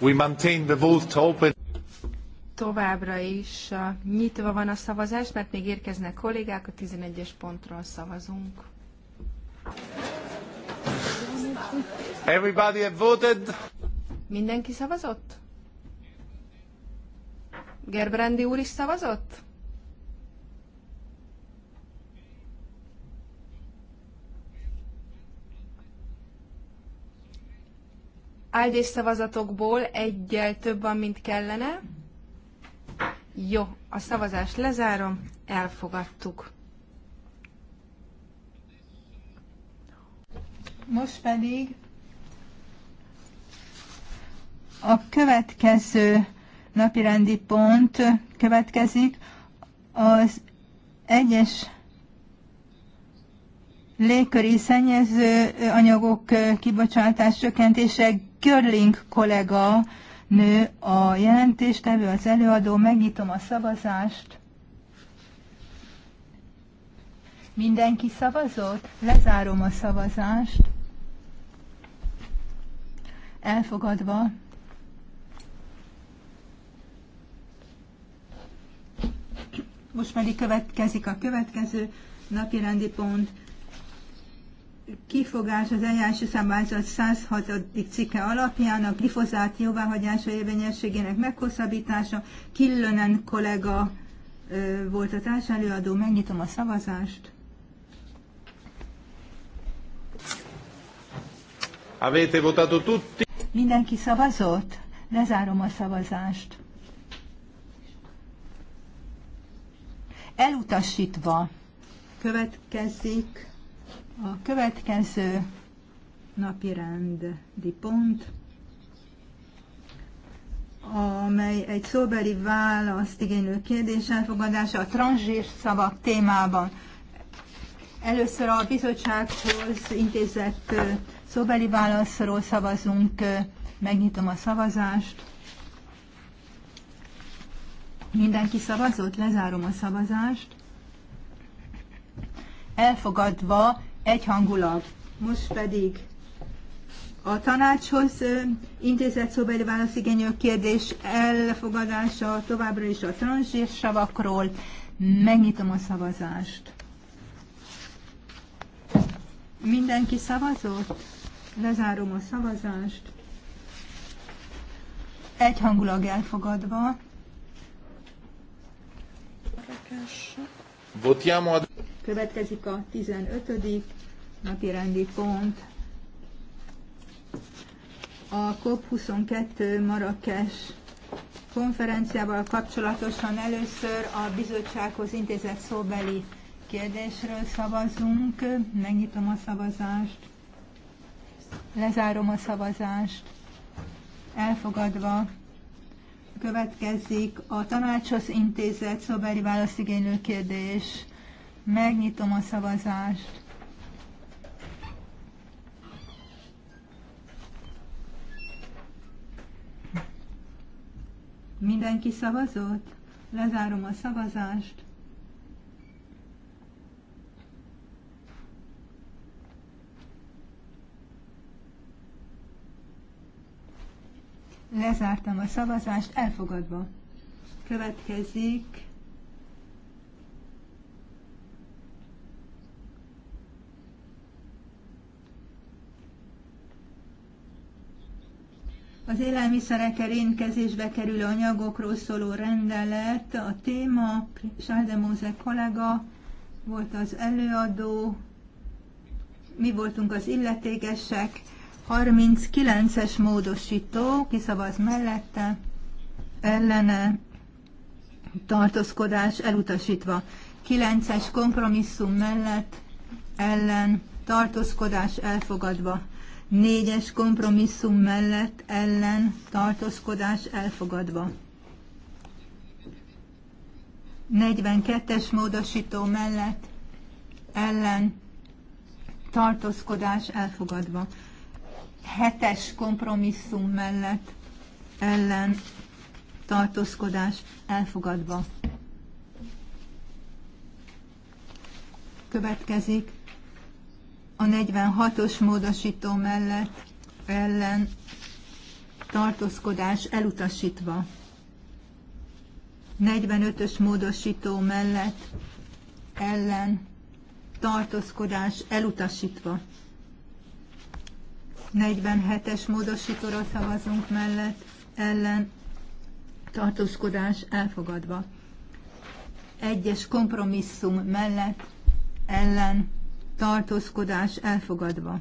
We maintain the vote open. Továbbra is uh, nyitva van a szavazás, mert még érkeznek kollégák, a 11-es pontról szavazunk. Everybody have voted. Mindenki szavazott? Gerbrandi úr is szavazott? áldés szavazatokból egyel több van, mint kellene. Jó, a szavazást lezárom, elfogadtuk. Most pedig a következő napirendi pont következik, az egyes légköri szennyező anyagok kibocsátás csökkentése. Görling kollega nő a jelentéstevő, az előadó, megnyitom a szavazást. Mindenki szavazott? Lezárom a szavazást. Elfogadva. Most pedig következik a következő napirendi pont kifogás az eljárási szabályzat 106. cikke alapján a glifozát jóváhagyása érvényességének meghosszabbítása. Killönen kollega volt a társelőadó, megnyitom a szavazást. Avete votato tutti? Mindenki szavazott? Lezárom a szavazást. Elutasítva következik a következő napi rendi pont, amely egy szóbeli választ igénylő kérdés elfogadása a transzsír szavak témában. Először a bizottsághoz intézett szóbeli válaszról szavazunk. Megnyitom a szavazást. Mindenki szavazott? Lezárom a szavazást. Elfogadva egyhangulag. Most pedig a tanácshoz intézett szóbeli válaszigényő kérdés elfogadása továbbra is a tranzsírsavakról. Megnyitom a szavazást. Mindenki szavazott? Lezárom a szavazást. Egyhangulag elfogadva. Votiamo ad... Következik a 15. napi rendi pont. A COP22 Marrakes konferenciával kapcsolatosan először a bizottsághoz intézett szóbeli kérdésről szavazunk. Megnyitom a szavazást. Lezárom a szavazást. Elfogadva következik a tanácshoz intézett szóbeli válaszigénylő kérdés Megnyitom a szavazást. Mindenki szavazott? Lezárom a szavazást. Lezártam a szavazást, elfogadva. Következik Az élelmiszerek énkezésbe kerülő anyagokról szóló rendelet, a téma, Sáldemóze kollega volt az előadó, mi voltunk az illetékesek, 39-es módosító, kiszavaz mellette, ellene tartózkodás elutasítva. 9-es kompromisszum mellett ellen tartózkodás elfogadva négyes kompromisszum mellett ellen tartózkodás elfogadva. 42-es módosító mellett ellen tartózkodás elfogadva. 7-es kompromisszum mellett ellen tartózkodás elfogadva. Következik 46-os módosító mellett ellen tartózkodás elutasítva. 45-ös módosító mellett ellen tartózkodás elutasítva. 47-es módosítóra szavazunk mellett ellen tartózkodás elfogadva. Egyes kompromisszum mellett ellen tartózkodás elfogadva.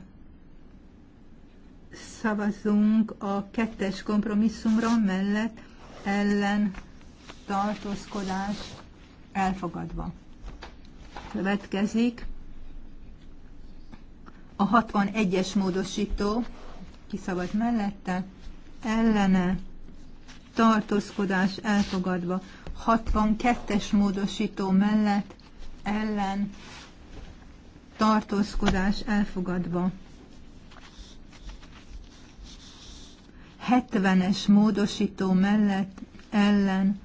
Szavazzunk a kettes kompromisszumra mellett ellen tartózkodás elfogadva. Következik a 61-es módosító, kiszavaz mellette, ellene tartózkodás elfogadva, 62-es módosító mellett ellen tartózkodás elfogadva. 70-es módosító mellett ellen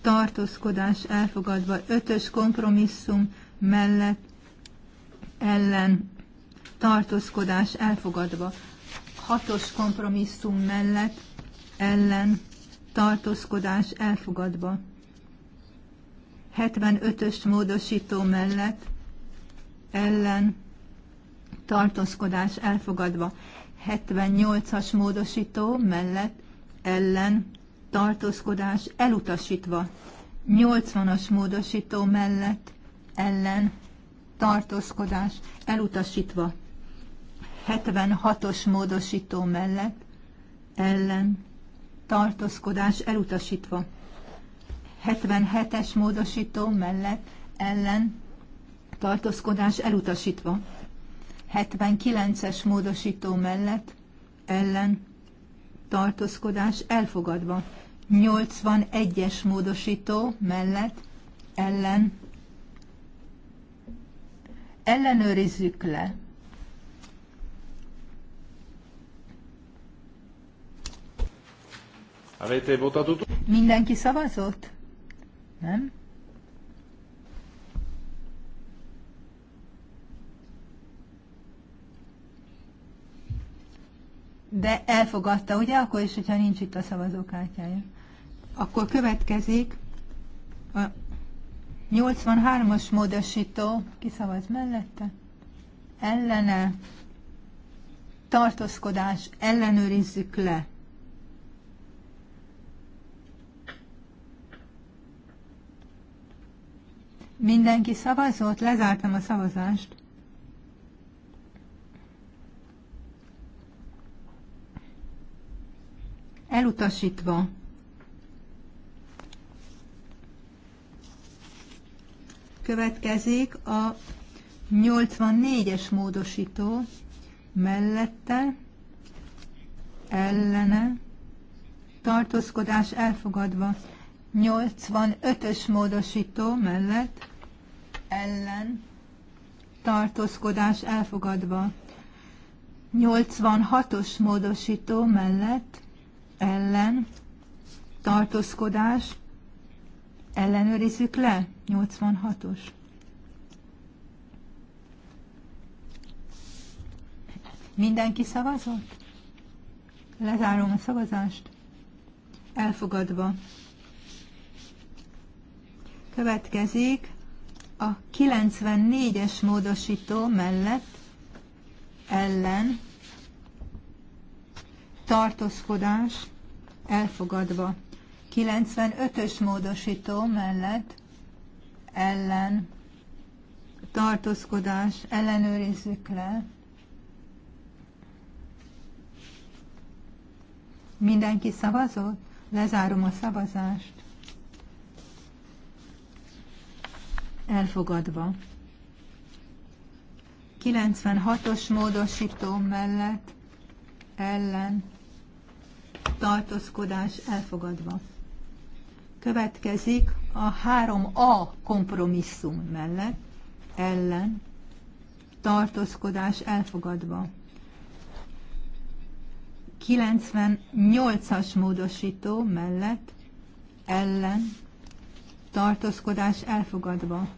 tartózkodás elfogadva, 5-ös kompromisszum mellett ellen tartózkodás elfogadva, 6-os kompromisszum mellett ellen tartózkodás elfogadva, 75-ös módosító mellett ellen tartózkodás elfogadva. 78-as módosító mellett ellen tartózkodás elutasítva. 80-as módosító mellett ellen tartózkodás elutasítva. 76-os módosító mellett ellen tartózkodás elutasítva. 77-es módosító mellett ellen tartózkodás elutasítva. 79-es módosító mellett ellen tartózkodás elfogadva. 81-es módosító mellett ellen ellenőrizzük le. Mindenki szavazott? Nem? de elfogadta, ugye, akkor is, hogyha nincs itt a szavazókártyája. Akkor következik a 83-as módosító, szavaz mellette, ellene, tartózkodás, ellenőrizzük le. Mindenki szavazott, lezártam a szavazást. elutasítva. Következik a 84-es módosító mellette ellene tartózkodás elfogadva. 85-ös módosító mellett ellen tartózkodás elfogadva. 86-os módosító mellett ellen tartózkodás ellenőrizzük le 86-os. Mindenki szavazott? Lezárom a szavazást. Elfogadva. Következik a 94-es módosító mellett ellen tartózkodás elfogadva. 95-ös módosító mellett ellen tartózkodás ellenőrizzük le. Mindenki szavazott? Lezárom a szavazást. Elfogadva. 96-os módosító mellett ellen tartózkodás elfogadva. Következik a 3A kompromisszum mellett, ellen, tartózkodás elfogadva. 98-as módosító mellett, ellen, tartózkodás elfogadva.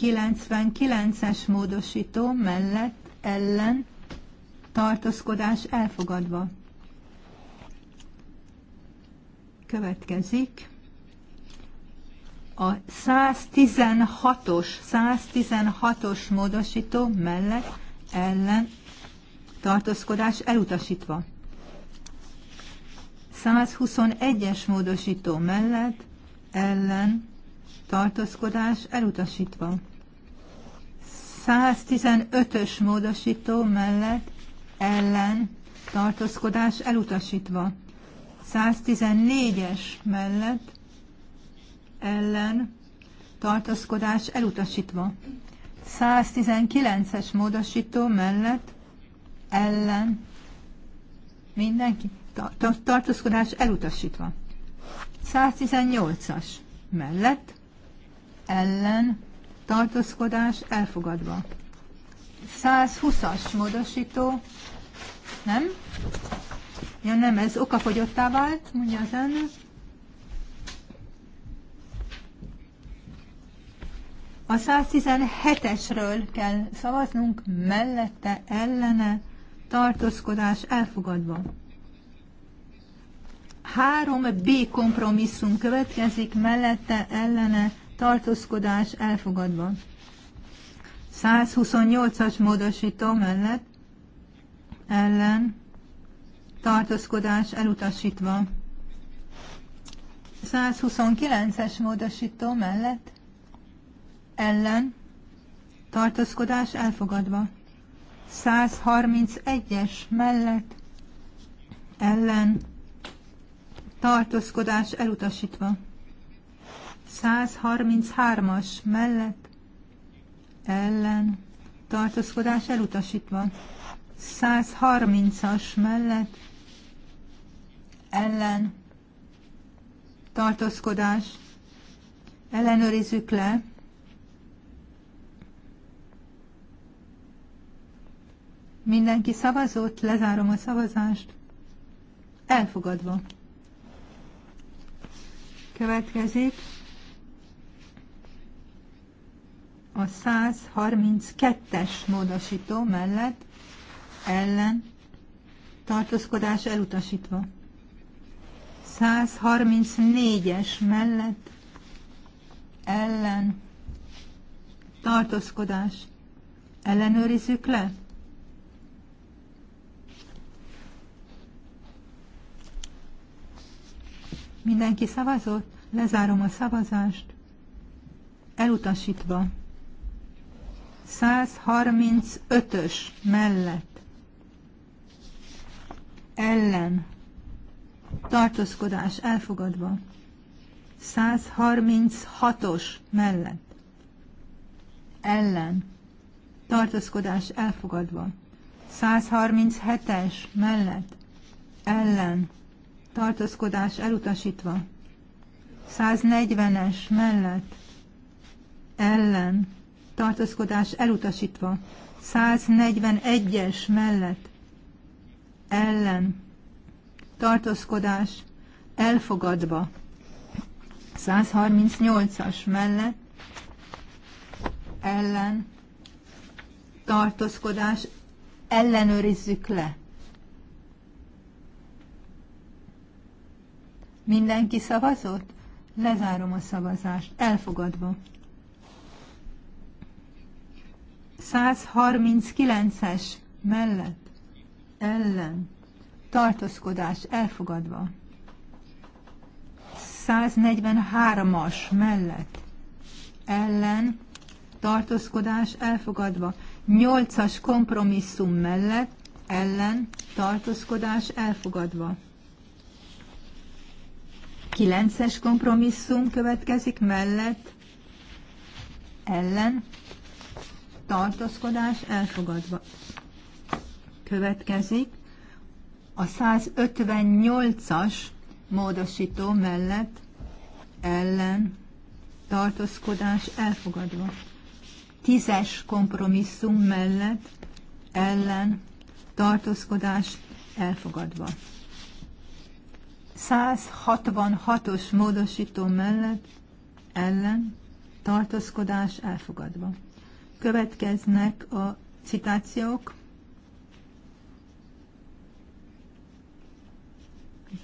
99-es módosító mellett, ellen, tartózkodás elfogadva. Következik a 116-os, 116-os módosító mellett ellen tartózkodás elutasítva. 121-es módosító mellett ellen tartózkodás elutasítva. 115-ös módosító mellett ellen tartózkodás elutasítva. 114-es mellett ellen tartaszkodás elutasítva. 119-es módosító mellett ellen mindenki tartózkodás elutasítva. 118-as mellett ellen tartózkodás elfogadva. 120-as módosító nem? Ja nem, ez okafogyottá vált, mondja az elnök. A 117-esről kell szavaznunk, mellette, ellene, tartózkodás elfogadva. 3B kompromisszum következik, mellette, ellene, tartózkodás elfogadva. 128-as módosító mellett, ellen, tartózkodás elutasítva. 129-es módosító mellett ellen tartózkodás elfogadva. 131-es mellett ellen tartózkodás elutasítva. 133-as mellett ellen tartózkodás elutasítva. 130-as mellett ellen, tartózkodás, ellenőrizzük le. Mindenki szavazott, lezárom a szavazást. Elfogadva. Következik a 132-es módosító mellett ellen tartózkodás elutasítva. 134-es mellett ellen tartózkodás ellenőrizzük le? Mindenki szavazott? Lezárom a szavazást. Elutasítva. 135-ös mellett. Ellen tartózkodás elfogadva. 136-os mellett ellen tartózkodás elfogadva. 137-es mellett ellen tartózkodás elutasítva. 140-es mellett ellen tartózkodás elutasítva. 141-es mellett ellen tartózkodás elfogadva. 138-as mellett ellen tartózkodás ellenőrizzük le. Mindenki szavazott? Lezárom a szavazást. Elfogadva. 139-es mellett ellen tartózkodás elfogadva. 143-as mellett ellen tartózkodás elfogadva. 8-as kompromisszum mellett ellen tartózkodás elfogadva. 9-es kompromisszum következik mellett ellen tartózkodás elfogadva. Következik a 158-as módosító mellett ellen tartózkodás elfogadva. Tízes kompromisszum mellett ellen tartózkodás elfogadva. 166-os módosító mellett ellen tartózkodás elfogadva. Következnek a citációk.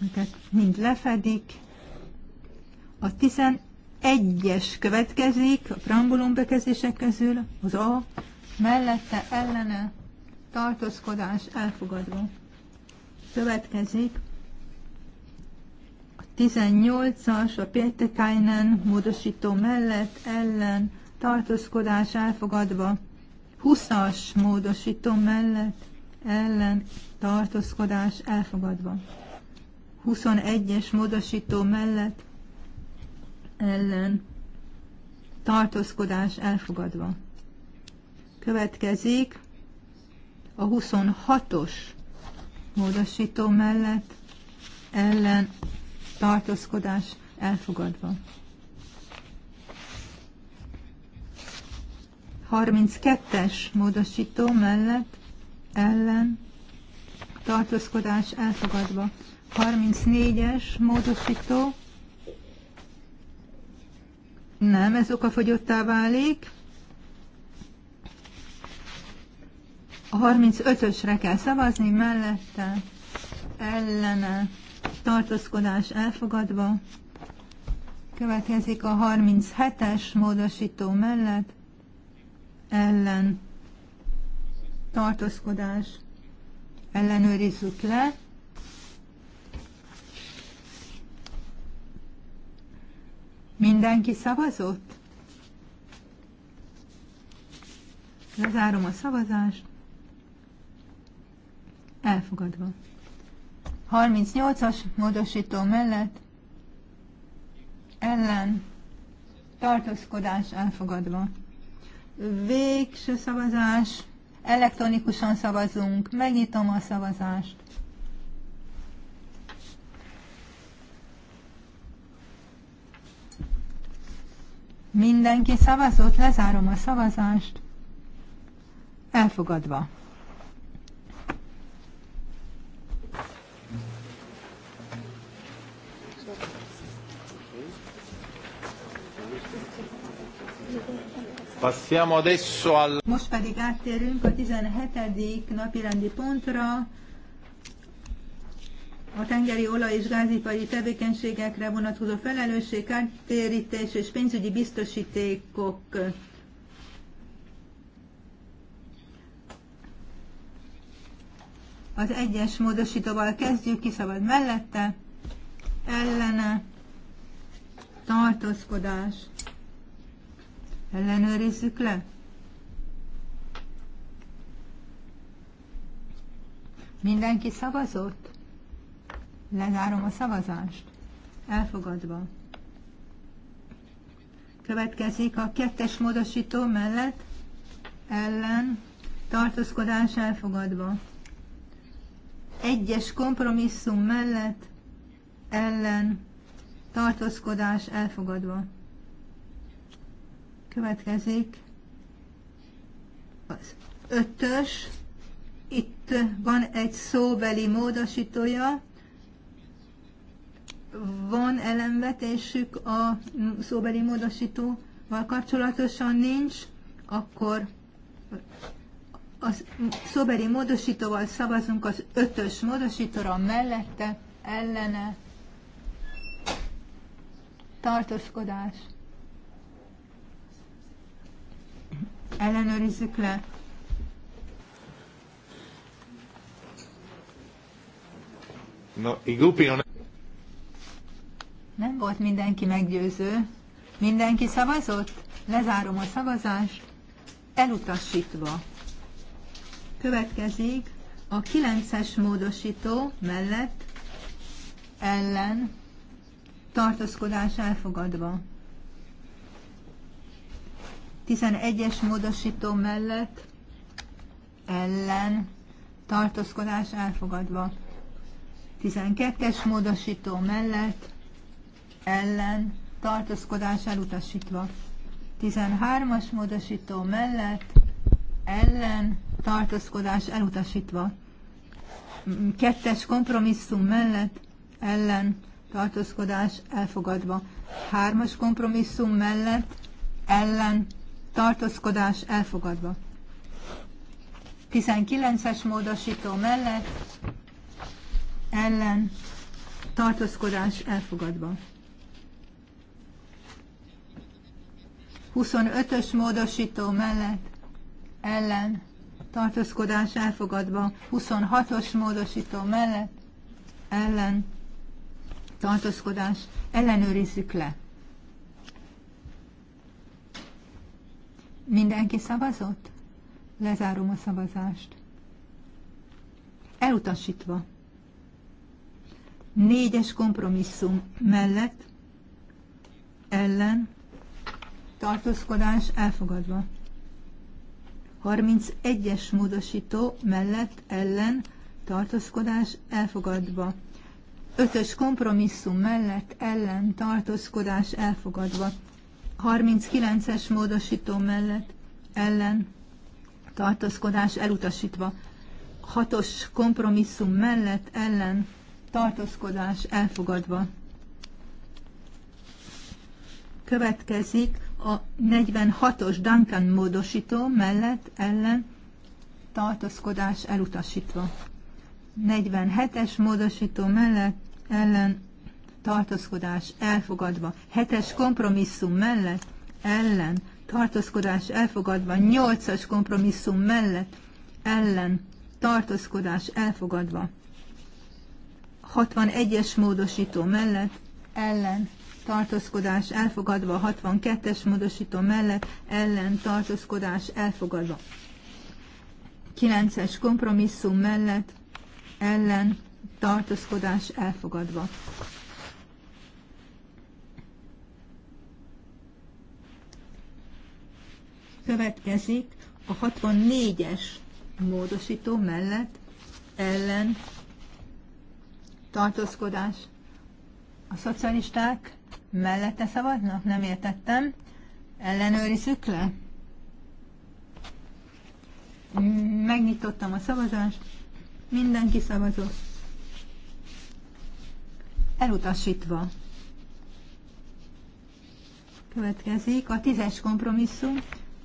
ezeket mind lefedik. A 11-es következik a prangulum bekezdések közül, az A, mellette ellene tartózkodás elfogadva. Következik a 18-as, a Pétekájnen módosító mellett ellen tartózkodás elfogadva. 20-as módosító mellett ellen tartózkodás elfogadva. 21-es módosító mellett ellen tartózkodás elfogadva. Következik a 26-os módosító mellett ellen tartózkodás elfogadva. 32-es módosító mellett ellen tartózkodás elfogadva. 34-es módosító. Nem, ez fogyottá válik. A 35-ösre kell szavazni, mellette, ellene, tartózkodás elfogadva. Következik a 37-es módosító mellett, ellen, tartózkodás, ellenőrizzük le. Mindenki szavazott? Lezárom a szavazást. Elfogadva. 38-as módosító mellett ellen tartózkodás elfogadva. Végső szavazás. Elektronikusan szavazunk. Megnyitom a szavazást. Mindenki szavazott, lezárom a szavazást. Elfogadva. Passiamo adesso al... Most pedig áttérünk a 17. napirendi pontra, a tengeri olaj és gázipari tevékenységekre vonatkozó felelősség, kártérítés és pénzügyi biztosítékok az egyes módosítóval kezdjük, kiszabad mellette, ellene, tartózkodás, ellenőrizzük le. Mindenki szavazott? Lezárom a szavazást. Elfogadva. Következik a kettes módosító mellett ellen tartózkodás elfogadva. Egyes kompromisszum mellett ellen tartózkodás elfogadva. Következik az ötös. Itt van egy szóbeli módosítója. Van ellenvetésük a szóbeli módosítóval kapcsolatosan? Nincs. Akkor a szóbeli módosítóval szavazunk az ötös módosítóra mellette, ellene, tartózkodás. Ellenőrizzük le. No, i gruppi non... Nem volt mindenki meggyőző. Mindenki szavazott? Lezárom a szavazást. Elutasítva. Következik a 9-es módosító mellett ellen tartózkodás elfogadva. 11-es módosító mellett ellen tartózkodás elfogadva. 12-es módosító mellett ellen tartózkodás elutasítva. 13-as módosító mellett ellen tartózkodás elutasítva. Kettes kompromisszum mellett ellen tartózkodás elfogadva. Hármas kompromisszum mellett ellen tartózkodás elfogadva. 19-es módosító mellett ellen tartózkodás elfogadva. 25-ös módosító mellett ellen tartózkodás elfogadva, 26-os módosító mellett ellen tartózkodás ellenőrizzük le. Mindenki szavazott? Lezárom a szavazást. Elutasítva. Négyes kompromisszum mellett ellen tartózkodás elfogadva. 31-es módosító mellett ellen tartózkodás elfogadva. 5-ös kompromisszum mellett ellen tartózkodás elfogadva. 39-es módosító mellett ellen tartózkodás elutasítva. 6-os kompromisszum mellett ellen tartózkodás elfogadva. Következik a 46-os Duncan módosító mellett ellen tartózkodás elutasítva. 47-es módosító mellett ellen tartózkodás elfogadva. 7-es kompromisszum mellett ellen tartózkodás elfogadva. 8-as kompromisszum mellett ellen tartózkodás elfogadva. 61-es módosító mellett ellen tartózkodás elfogadva, 62-es módosító mellett ellen tartózkodás elfogadva. 9-es kompromisszum mellett ellen tartózkodás elfogadva. Következik a 64-es módosító mellett ellen tartózkodás. A szocialisták mellette szavaznak? Nem értettem. Ellenőrizzük le? Megnyitottam a szavazást. Mindenki szavazott. Elutasítva. Következik a tízes kompromisszum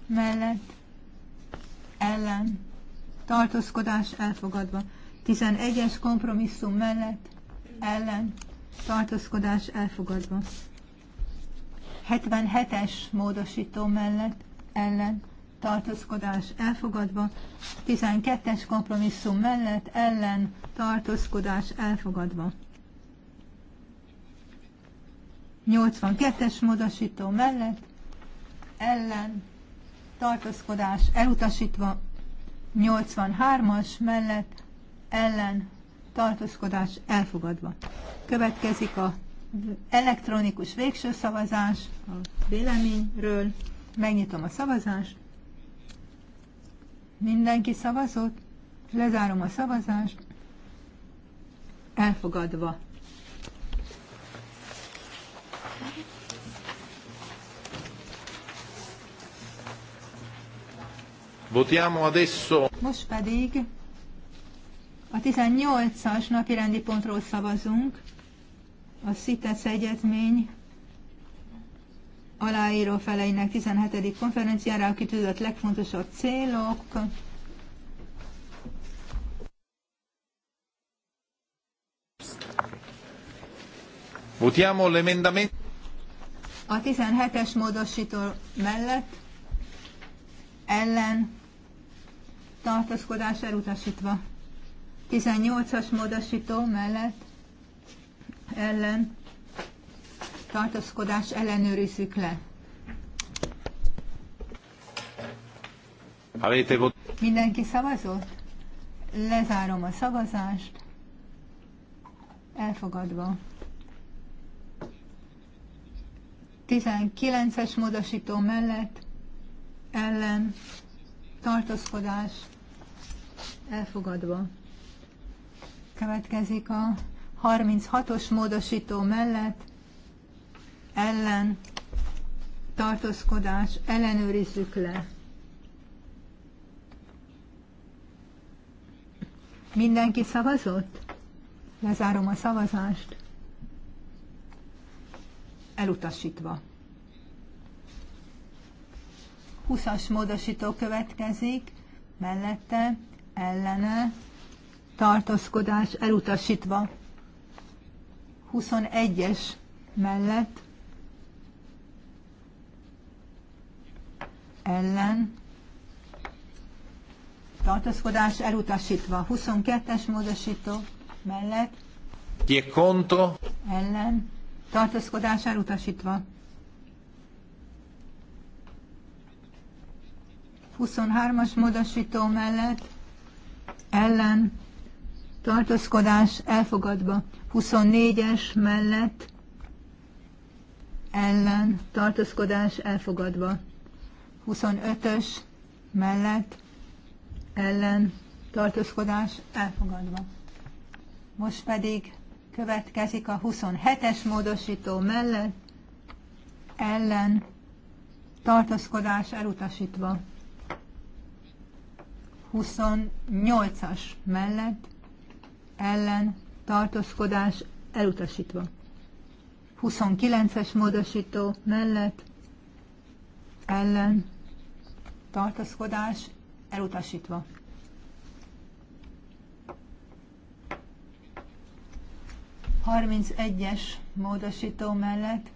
mellett ellen tartózkodás elfogadva. 11-es kompromisszum mellett ellen tartózkodás elfogadva. 77-es módosító mellett ellen tartózkodás elfogadva, 12-es kompromisszum mellett ellen tartózkodás elfogadva. 82-es módosító mellett ellen tartózkodás elutasítva, 83-as mellett ellen tartózkodás elfogadva. Következik a elektronikus végső szavazás a véleményről. Megnyitom a szavazást. Mindenki szavazott? Lezárom a szavazást. Elfogadva. Votiamo adesso. Most pedig a 18-as napirendi pontról szavazunk. A CITES Egyetmény aláíró feleinek 17. konferenciára kitűzött legfontosabb célok, Votiamo l'emendamento. A 17-es módosító mellett ellen tartózkodás elutasítva. 18-as módosító mellett ellen tartózkodás ellenőrizzük le. Mindenki szavazott? Lezárom a szavazást. Elfogadva. 19-es módosító mellett ellen tartózkodás elfogadva. Következik a 36-os módosító mellett ellen tartózkodás ellenőrizzük le. Mindenki szavazott? Lezárom a szavazást. Elutasítva. 20-as módosító következik, mellette, ellene, tartózkodás elutasítva. 21-es mellett ellen tartózkodás elutasítva. 22-es módosító mellett Die contro? ellen tartózkodás elutasítva. 23-as módosító mellett ellen tartózkodás elfogadva. 24-es mellett ellen tartózkodás elfogadva. 25-ös mellett ellen tartózkodás elfogadva. Most pedig következik a 27-es módosító mellett ellen tartózkodás elutasítva. 28-as mellett ellen tartózkodás elutasítva. 29-es módosító mellett ellen tartózkodás elutasítva. Harminc egyes módosító mellett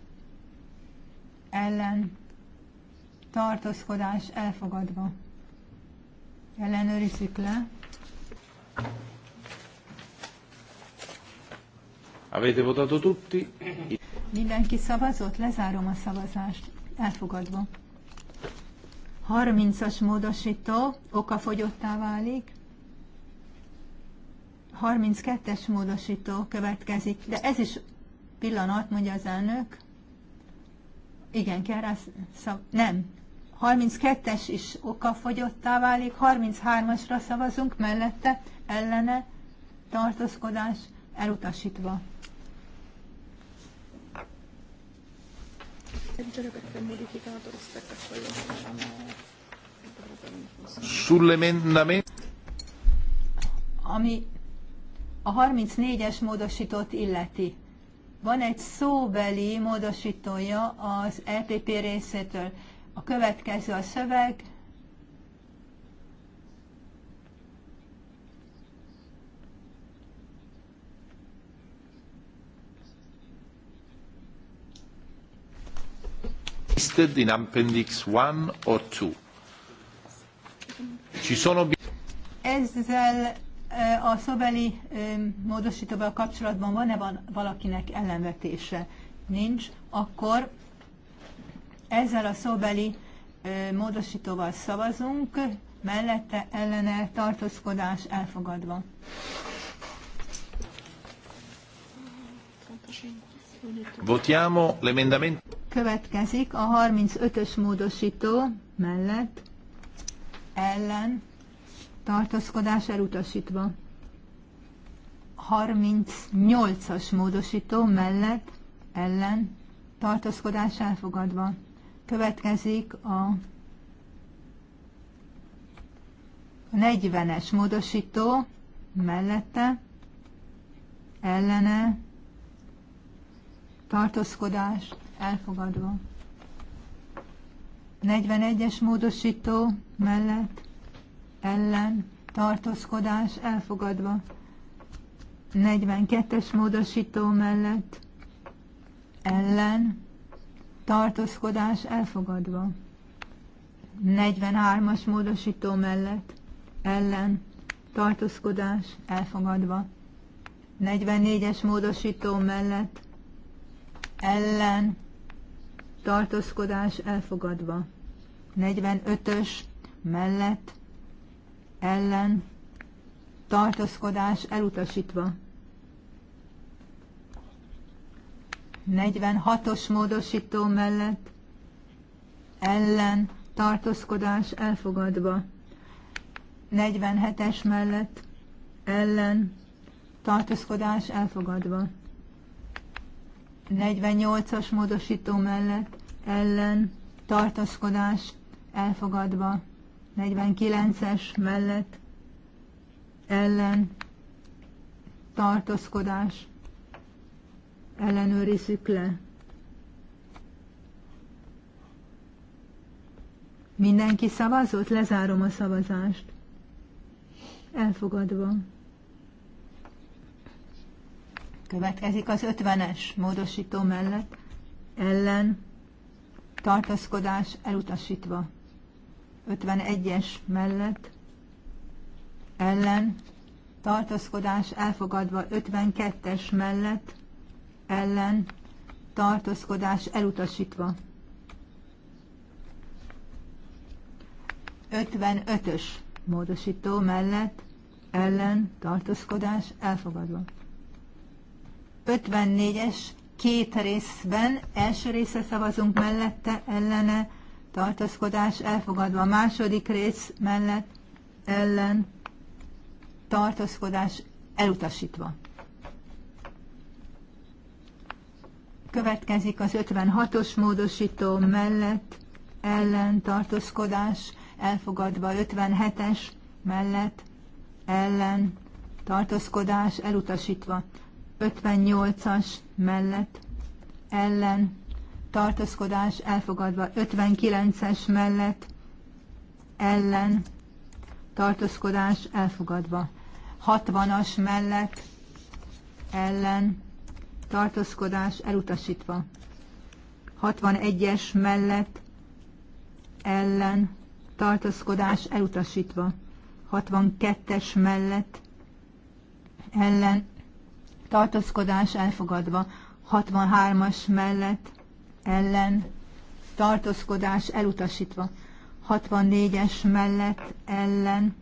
ellen tartózkodás elfogadva. Ellenőrizzük le. Avete votato tutti? Mindenki szavazott? Lezárom a szavazást. Elfogadva. 30-as módosító okafogyottá válik. 32-es módosító következik, de ez is pillanat, mondja az elnök. Igen, kell rá szav... Nem. 32-es is okafogyottá válik, 33-asra szavazunk, mellette, ellene, tartózkodás, elutasítva. Sull'emendamento. Ami a 34-es módosítót illeti. Van egy szóbeli módosítója az EPP részétől. A következő a szöveg, listed in appendix 1 or 2. Ci sono... Ezzel eh, a szobeli eh, módosítóval kapcsolatban van-e van valakinek ellenvetése? Nincs. Akkor ezzel a szóbeli eh, módosítóval szavazunk, mellette ellene tartózkodás elfogadva. Votiamo l'emendamento. Következik a 35-ös módosító mellett ellen tartózkodás elutasítva. 38-as módosító mellett ellen tartózkodás elfogadva. Következik a 40-es módosító mellette ellene tartózkodás elfogadva. 41-es módosító mellett ellen tartózkodás elfogadva. 42-es módosító mellett ellen tartózkodás elfogadva. 43-as módosító mellett ellen tartózkodás elfogadva. 44-es módosító mellett ellen tartózkodás elfogadva. 45-ös mellett ellen tartózkodás elutasítva. 46-os módosító mellett ellen tartózkodás elfogadva. 47-es mellett ellen tartózkodás elfogadva. 48-as módosító mellett ellen tartaszkodás elfogadva. 49-es mellett ellen tartaszkodás ellenőrizzük le. Mindenki szavazott? Lezárom a szavazást. Elfogadva. Következik az 50-es módosító mellett ellen tartaszkodás elutasítva. 51-es mellett ellen tartózkodás elfogadva. 52-es mellett ellen tartózkodás elutasítva. 55-ös módosító mellett ellen tartózkodás elfogadva. 54-es két részben, első része szavazunk mellette, ellene, tartózkodás elfogadva. Második rész mellett, ellen, tartózkodás elutasítva. Következik az 56-os módosító mellett, ellen, tartózkodás elfogadva. 57-es mellett, ellen, tartózkodás elutasítva. 58-as mellett ellen tartózkodás elfogadva 59-es mellett ellen tartózkodás elfogadva 60-as mellett ellen tartózkodás elutasítva 61-es mellett ellen tartózkodás elutasítva 62-es mellett ellen tartózkodás elfogadva, 63-as mellett ellen tartózkodás elutasítva, 64-es mellett ellen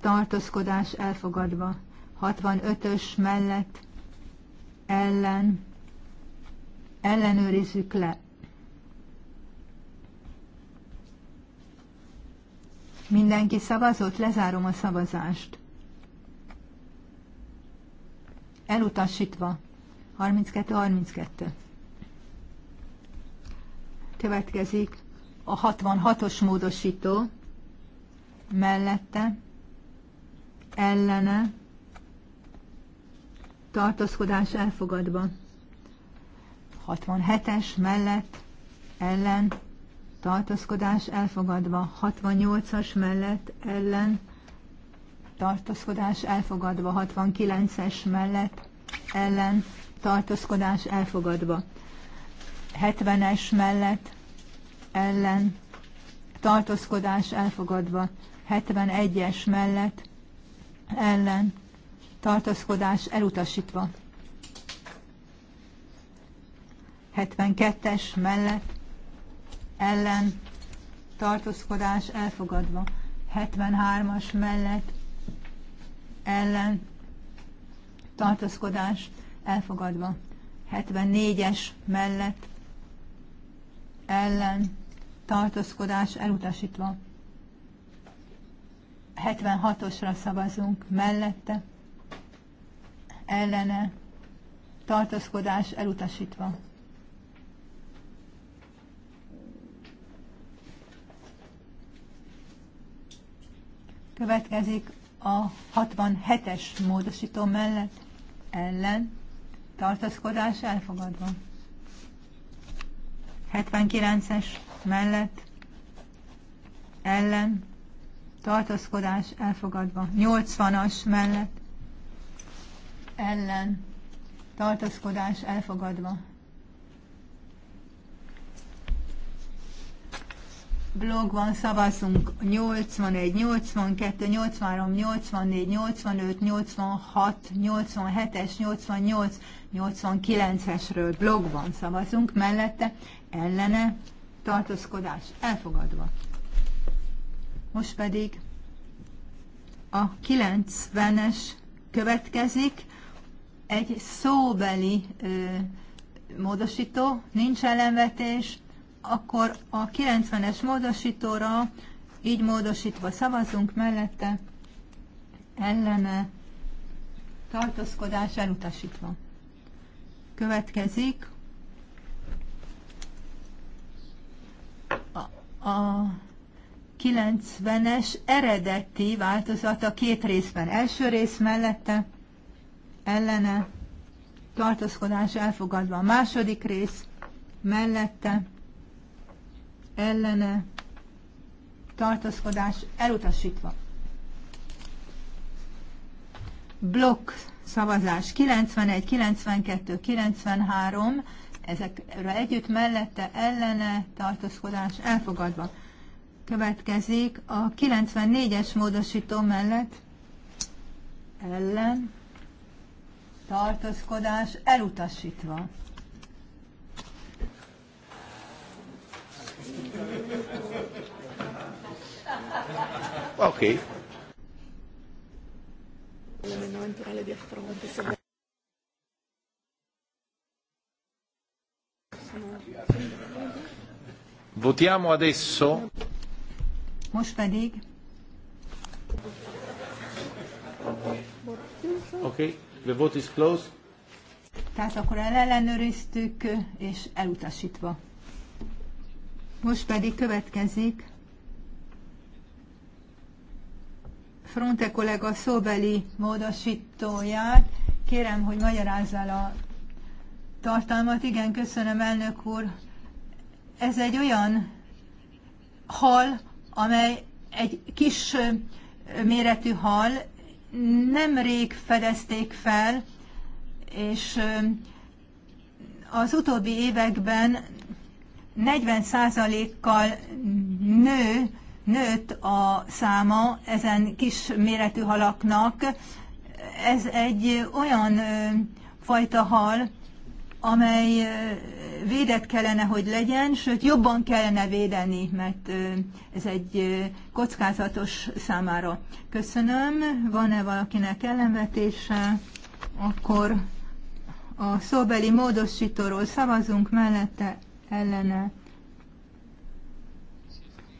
tartózkodás elfogadva, 65-ös mellett ellen ellenőrizzük le. Mindenki szavazott, lezárom a szavazást elutasítva. 32-32. Következik a 66-os módosító mellette ellene tartózkodás elfogadva. 67-es mellett ellen tartózkodás elfogadva. 68-as mellett ellen tartózkodás elfogadva, 69-es mellett ellen tartózkodás elfogadva, 70-es mellett ellen tartózkodás elfogadva, 71-es mellett ellen tartózkodás elutasítva. 72-es mellett ellen tartózkodás elfogadva. 73-as mellett ellen tartózkodás elfogadva. 74-es mellett ellen tartózkodás elutasítva. 76-osra szavazunk mellette ellene tartózkodás elutasítva. Következik a 67-es módosító mellett ellen tartaszkodás elfogadva. 79-es mellett ellen tartaszkodás elfogadva. 80-as mellett ellen tartaszkodás elfogadva. blog van szavazunk 81, 82, 83, 84, 85, 86, 87-es, 88, 89-esről blog van szavazunk, mellette ellene tartózkodás elfogadva. Most pedig a 90-es következik, egy szóbeli ö, módosító, nincs ellenvetés, akkor a 90-es módosítóra így módosítva szavazunk mellette, ellene, tartózkodás elutasítva. Következik a, a 90-es eredeti változata két részben. Első rész mellette, ellene, tartózkodás elfogadva. A második rész mellette, ellene tartózkodás elutasítva. Blokk szavazás 91, 92, 93, ezekre együtt mellette ellene tartózkodás elfogadva. Következik a 94-es módosító mellett ellen tartózkodás elutasítva. Okay. Votiamo adesso. Most pedig. Okay, the vote is closed. Tehát akkor ellenőriztük, és elutasítva. Most pedig következik Fronte kollega szóbeli módosítóját. Kérem, hogy magyarázzál a tartalmat. Igen, köszönöm, elnök úr. Ez egy olyan hal, amely egy kis méretű hal, nemrég fedezték fel, és az utóbbi években 40%-kal nő, nőtt a száma ezen kis méretű halaknak. Ez egy olyan fajta hal, amely védett kellene, hogy legyen, sőt jobban kellene védeni, mert ez egy kockázatos számára. Köszönöm. Van-e valakinek ellenvetése? Akkor a szóbeli módosítóról szavazunk mellette ellene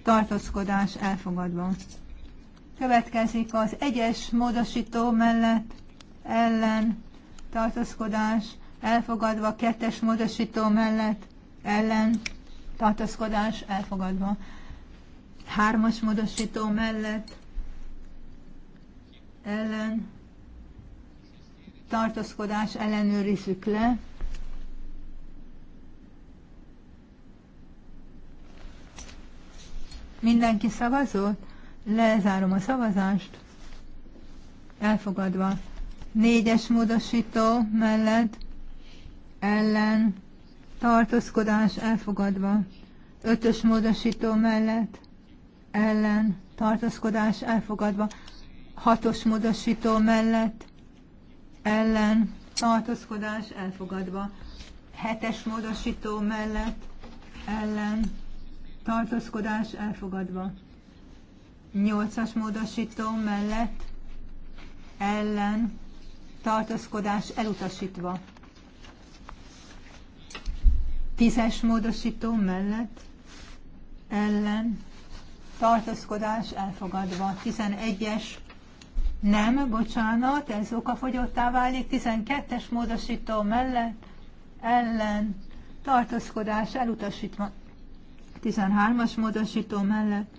tartózkodás elfogadva. Következik az egyes módosító mellett ellen tartózkodás elfogadva, kettes módosító mellett ellen tartózkodás elfogadva, hármas módosító mellett ellen tartózkodás ellenőrizzük le. Mindenki szavazott? Lezárom a szavazást. Elfogadva. Négyes módosító mellett ellen tartózkodás elfogadva. Ötös módosító mellett ellen tartózkodás elfogadva. Hatos módosító mellett ellen tartózkodás elfogadva. Hetes módosító mellett ellen tartózkodás elfogadva. nyolcas módosító mellett ellen tartózkodás elutasítva. tízes módosító mellett ellen tartózkodás elfogadva. tizenegyes, nem, bocsánat, ez okafogyottá válik. tizenkettes módosító mellett ellen tartózkodás elutasítva. 13-as módosító mellett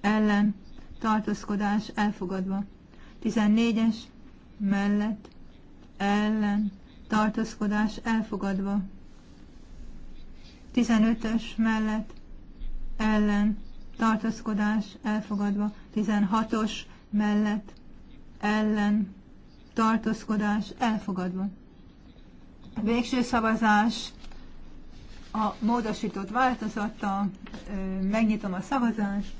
ellen tartózkodás elfogadva. 14-es mellett ellen tartózkodás elfogadva. 15-ös mellett ellen tartózkodás elfogadva. 16-os mellett ellen tartózkodás elfogadva. Végső szavazás a módosított változata, megnyitom a szavazást.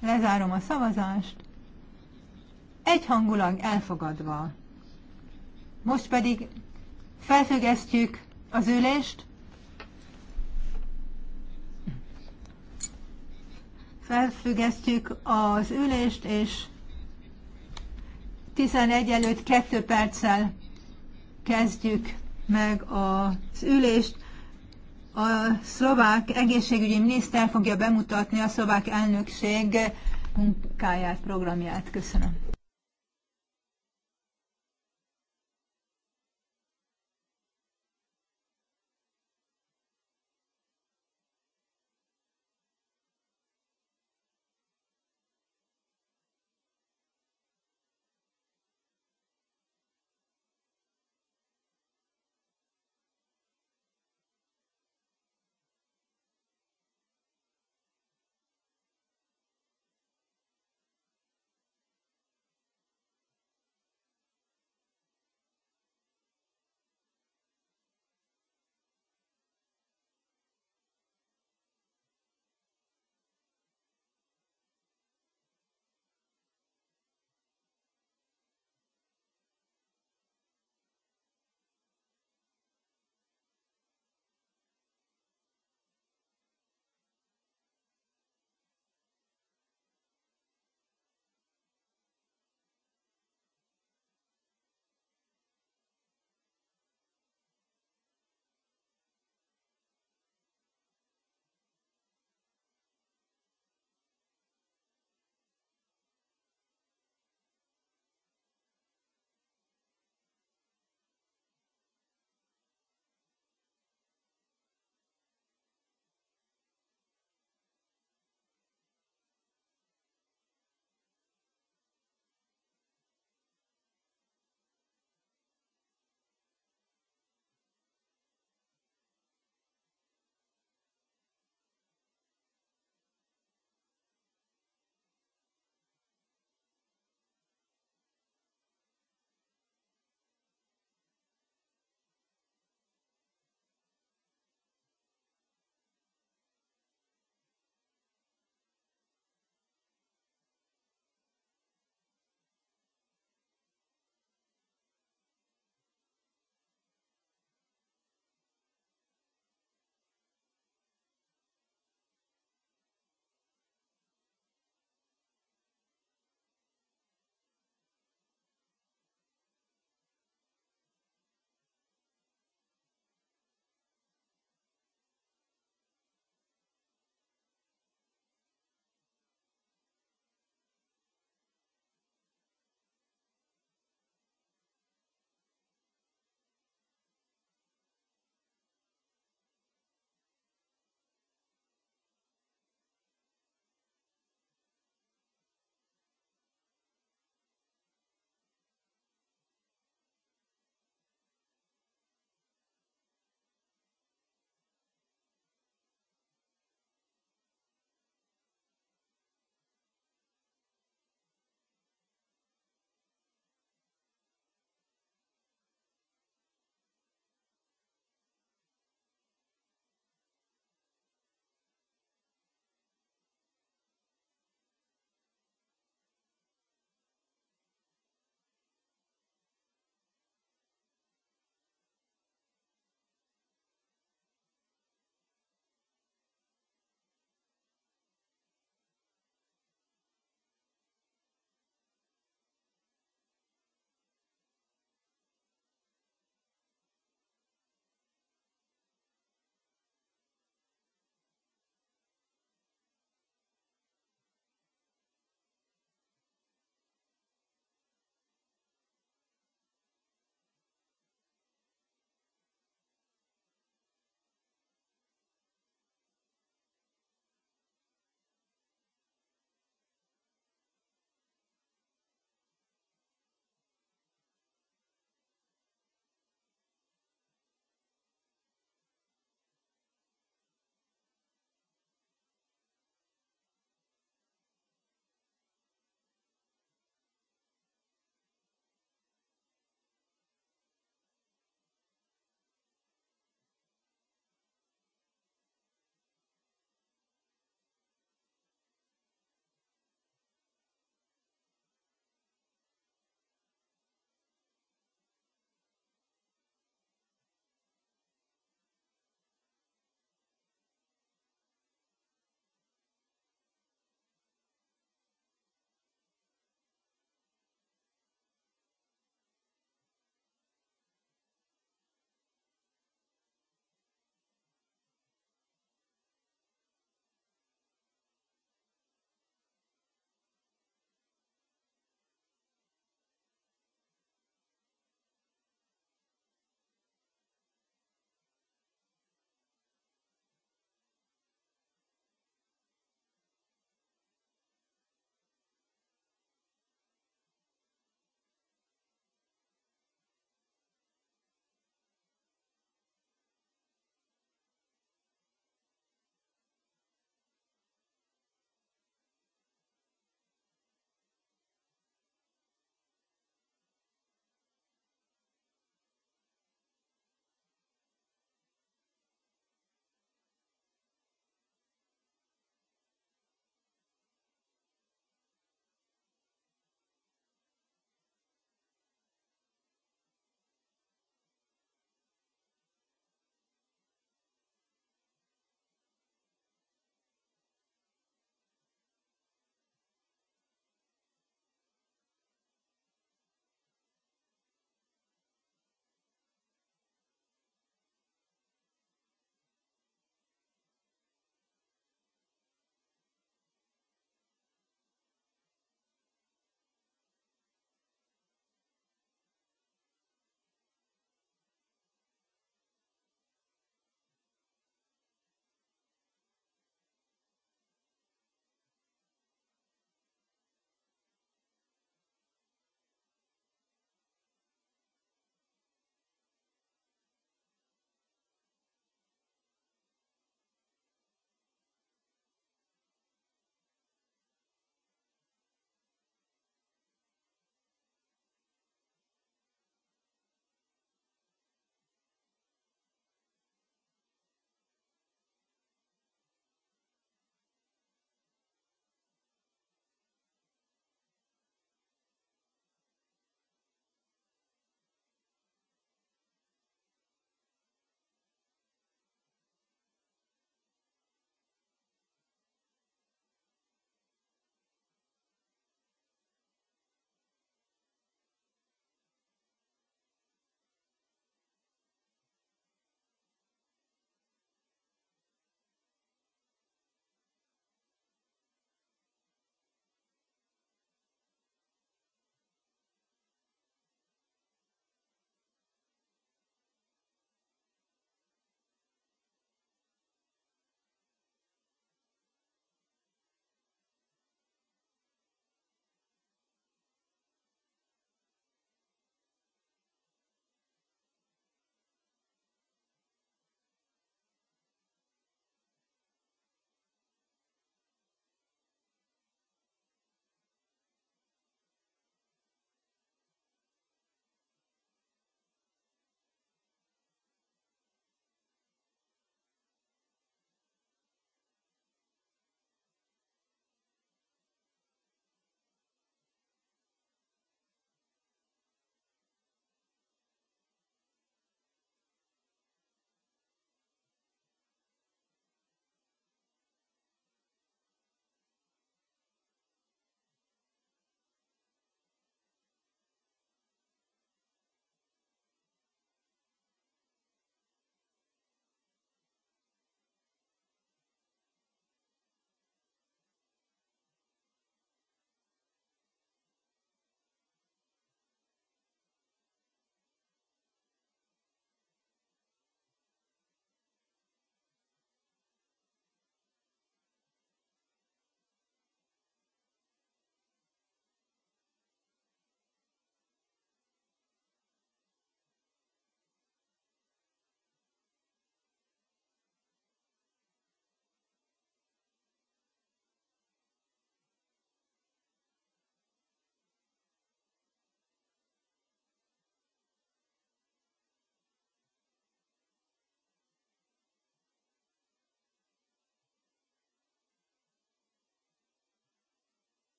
Lezárom a szavazást. Egyhangulag elfogadva. Most pedig felfüggesztjük az ülést. felfüggesztjük az ülést, és 11 előtt 2 perccel kezdjük meg az ülést. A szlovák egészségügyi miniszter fogja bemutatni a szlovák elnökség munkáját, programját. Köszönöm.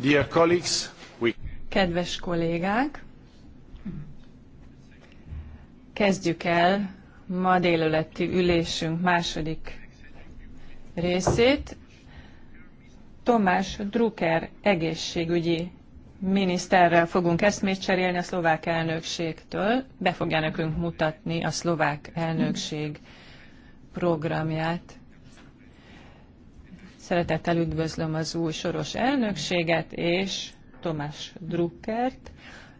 Dear colleagues, we... Kedves kollégák, kezdjük el ma délelőtti ülésünk második részét. Tomás Drucker egészségügyi miniszterrel fogunk eszmét cserélni a szlovák elnökségtől. Be fogja nekünk mutatni a szlovák elnökség programját. Szeretettel üdvözlöm az új soros elnökséget és Tomás Druckert.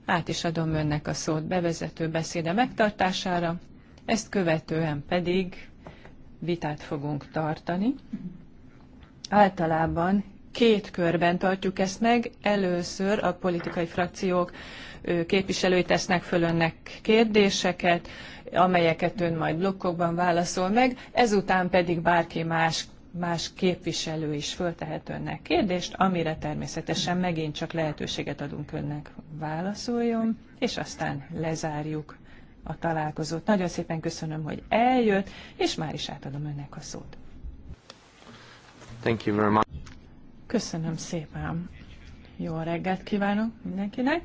Át is adom önnek a szót bevezető beszéde megtartására, ezt követően pedig vitát fogunk tartani. Általában két körben tartjuk ezt meg. Először a politikai frakciók képviselői tesznek föl önnek kérdéseket, amelyeket ön majd blokkokban válaszol meg, ezután pedig bárki más más képviselő is föltehet önnek kérdést, amire természetesen megint csak lehetőséget adunk önnek válaszoljon, és aztán lezárjuk a találkozót. Nagyon szépen köszönöm, hogy eljött, és már is átadom önnek a szót. Thank you very much. Köszönöm szépen. Jó reggelt kívánok mindenkinek.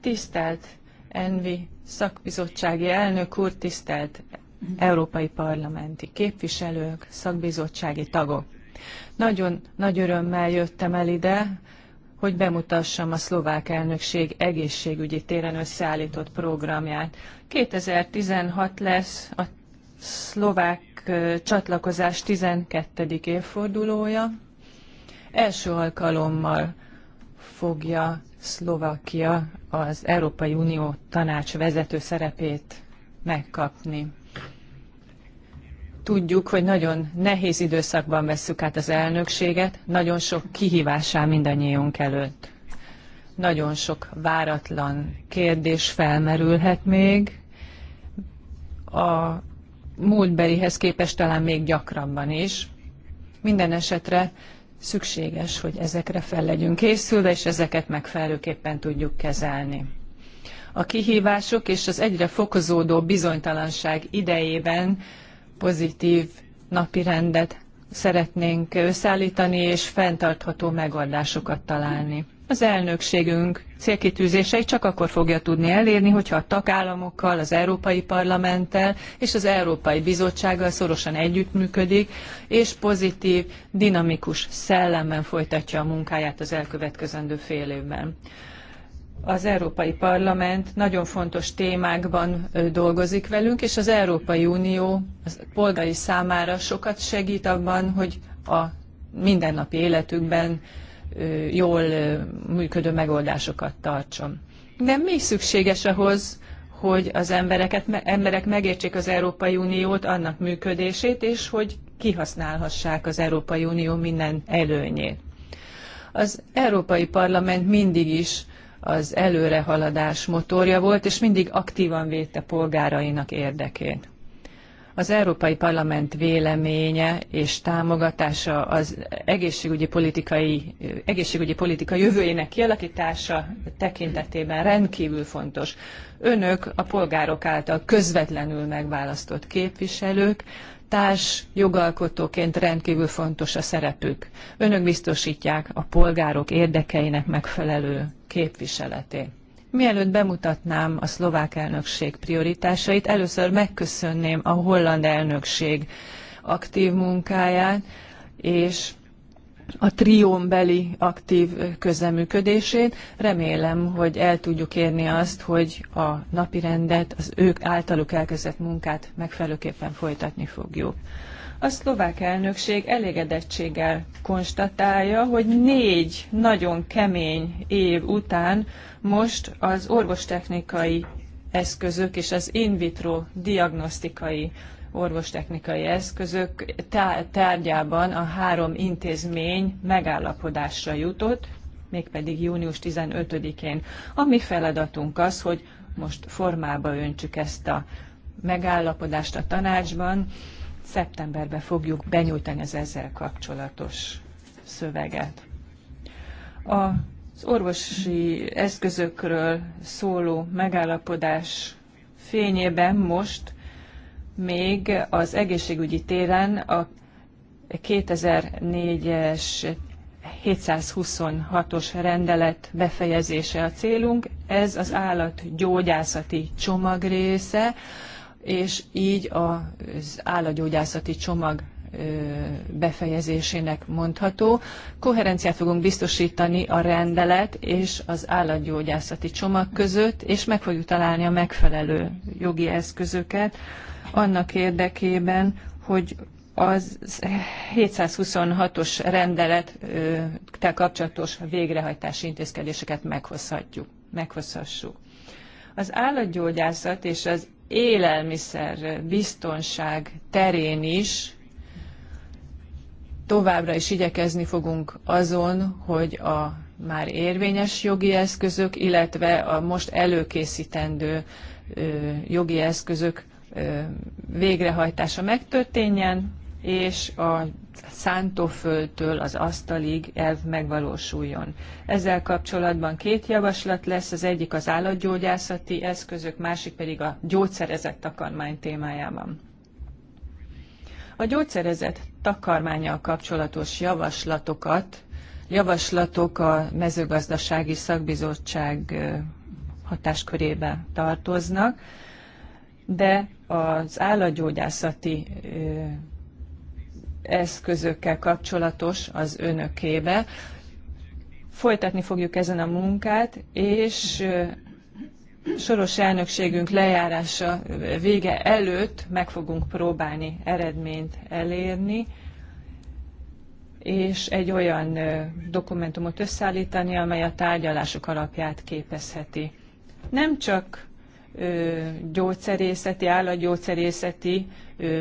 Tisztelt Envi szakbizottsági elnök úr, tisztelt európai parlamenti képviselők, szakbizottsági tagok. Nagyon nagy örömmel jöttem el ide, hogy bemutassam a szlovák elnökség egészségügyi téren összeállított programját. 2016 lesz a szlovák csatlakozás 12. évfordulója. Első alkalommal fogja Szlovákia az Európai Unió tanács vezető szerepét megkapni. Tudjuk, hogy nagyon nehéz időszakban vesszük át az elnökséget, nagyon sok kihívásá mindannyiunk előtt. Nagyon sok váratlan kérdés felmerülhet még. A múltbelihez képest talán még gyakrabban is. Minden esetre szükséges, hogy ezekre fel legyünk készülve, és ezeket megfelelőképpen tudjuk kezelni. A kihívások és az egyre fokozódó bizonytalanság idejében pozitív napirendet szeretnénk összeállítani és fenntartható megoldásokat találni. Az elnökségünk célkitűzéseit csak akkor fogja tudni elérni, hogyha a tagállamokkal, az Európai Parlamenttel és az Európai Bizottsággal szorosan együttműködik, és pozitív, dinamikus szellemben folytatja a munkáját az elkövetkezendő fél évben az Európai Parlament nagyon fontos témákban dolgozik velünk, és az Európai Unió az polgári számára sokat segít abban, hogy a mindennapi életükben jól működő megoldásokat tartson. De mi szükséges ahhoz, hogy az embereket, emberek megértsék az Európai Uniót, annak működését, és hogy kihasználhassák az Európai Unió minden előnyét. Az Európai Parlament mindig is az előrehaladás motorja volt, és mindig aktívan védte polgárainak érdekét. Az Európai Parlament véleménye és támogatása az egészségügyi, politikai, egészségügyi politika jövőjének kialakítása tekintetében rendkívül fontos. Önök a polgárok által közvetlenül megválasztott képviselők, társ jogalkotóként rendkívül fontos a szerepük. Önök biztosítják a polgárok érdekeinek megfelelő képviseletét. Mielőtt bemutatnám a szlovák elnökség prioritásait, először megköszönném a holland elnökség aktív munkáját, és a trión beli aktív közleműködését. Remélem, hogy el tudjuk érni azt, hogy a rendet, az ők általuk elkezdett munkát megfelelőképpen folytatni fogjuk. A szlovák elnökség elégedettséggel konstatálja, hogy négy nagyon kemény év után most az orvostechnikai eszközök és az in vitro diagnosztikai orvostechnikai eszközök tárgyában a három intézmény megállapodásra jutott, mégpedig június 15-én. A mi feladatunk az, hogy most formába öntsük ezt a megállapodást a tanácsban, szeptemberben fogjuk benyújtani az ezzel kapcsolatos szöveget. Az orvosi eszközökről szóló megállapodás fényében most még az egészségügyi téren a 2004-es 726-os rendelet befejezése a célunk. Ez az állatgyógyászati csomag része, és így az állatgyógyászati csomag befejezésének mondható. Koherenciát fogunk biztosítani a rendelet és az állatgyógyászati csomag között, és meg fogjuk találni a megfelelő jogi eszközöket, annak érdekében, hogy az 726-os rendelettel kapcsolatos végrehajtási intézkedéseket meghozhatjuk, meghozhassuk. Az állatgyógyászat és az élelmiszer biztonság terén is továbbra is igyekezni fogunk azon, hogy a már érvényes jogi eszközök, illetve a most előkészítendő jogi eszközök végrehajtása megtörténjen, és a szántóföldtől az asztalig elv megvalósuljon. Ezzel kapcsolatban két javaslat lesz, az egyik az állatgyógyászati eszközök, másik pedig a gyógyszerezett takarmány témájában. A gyógyszerezett takarmányjal kapcsolatos javaslatokat, javaslatok a mezőgazdasági szakbizottság hatáskörébe tartoznak de az állatgyógyászati eszközökkel kapcsolatos az önökébe. Folytatni fogjuk ezen a munkát, és soros elnökségünk lejárása vége előtt meg fogunk próbálni eredményt elérni, és egy olyan dokumentumot összeállítani, amely a tárgyalások alapját képezheti. Nem csak gyógyszerészeti, állatgyógyszerészeti,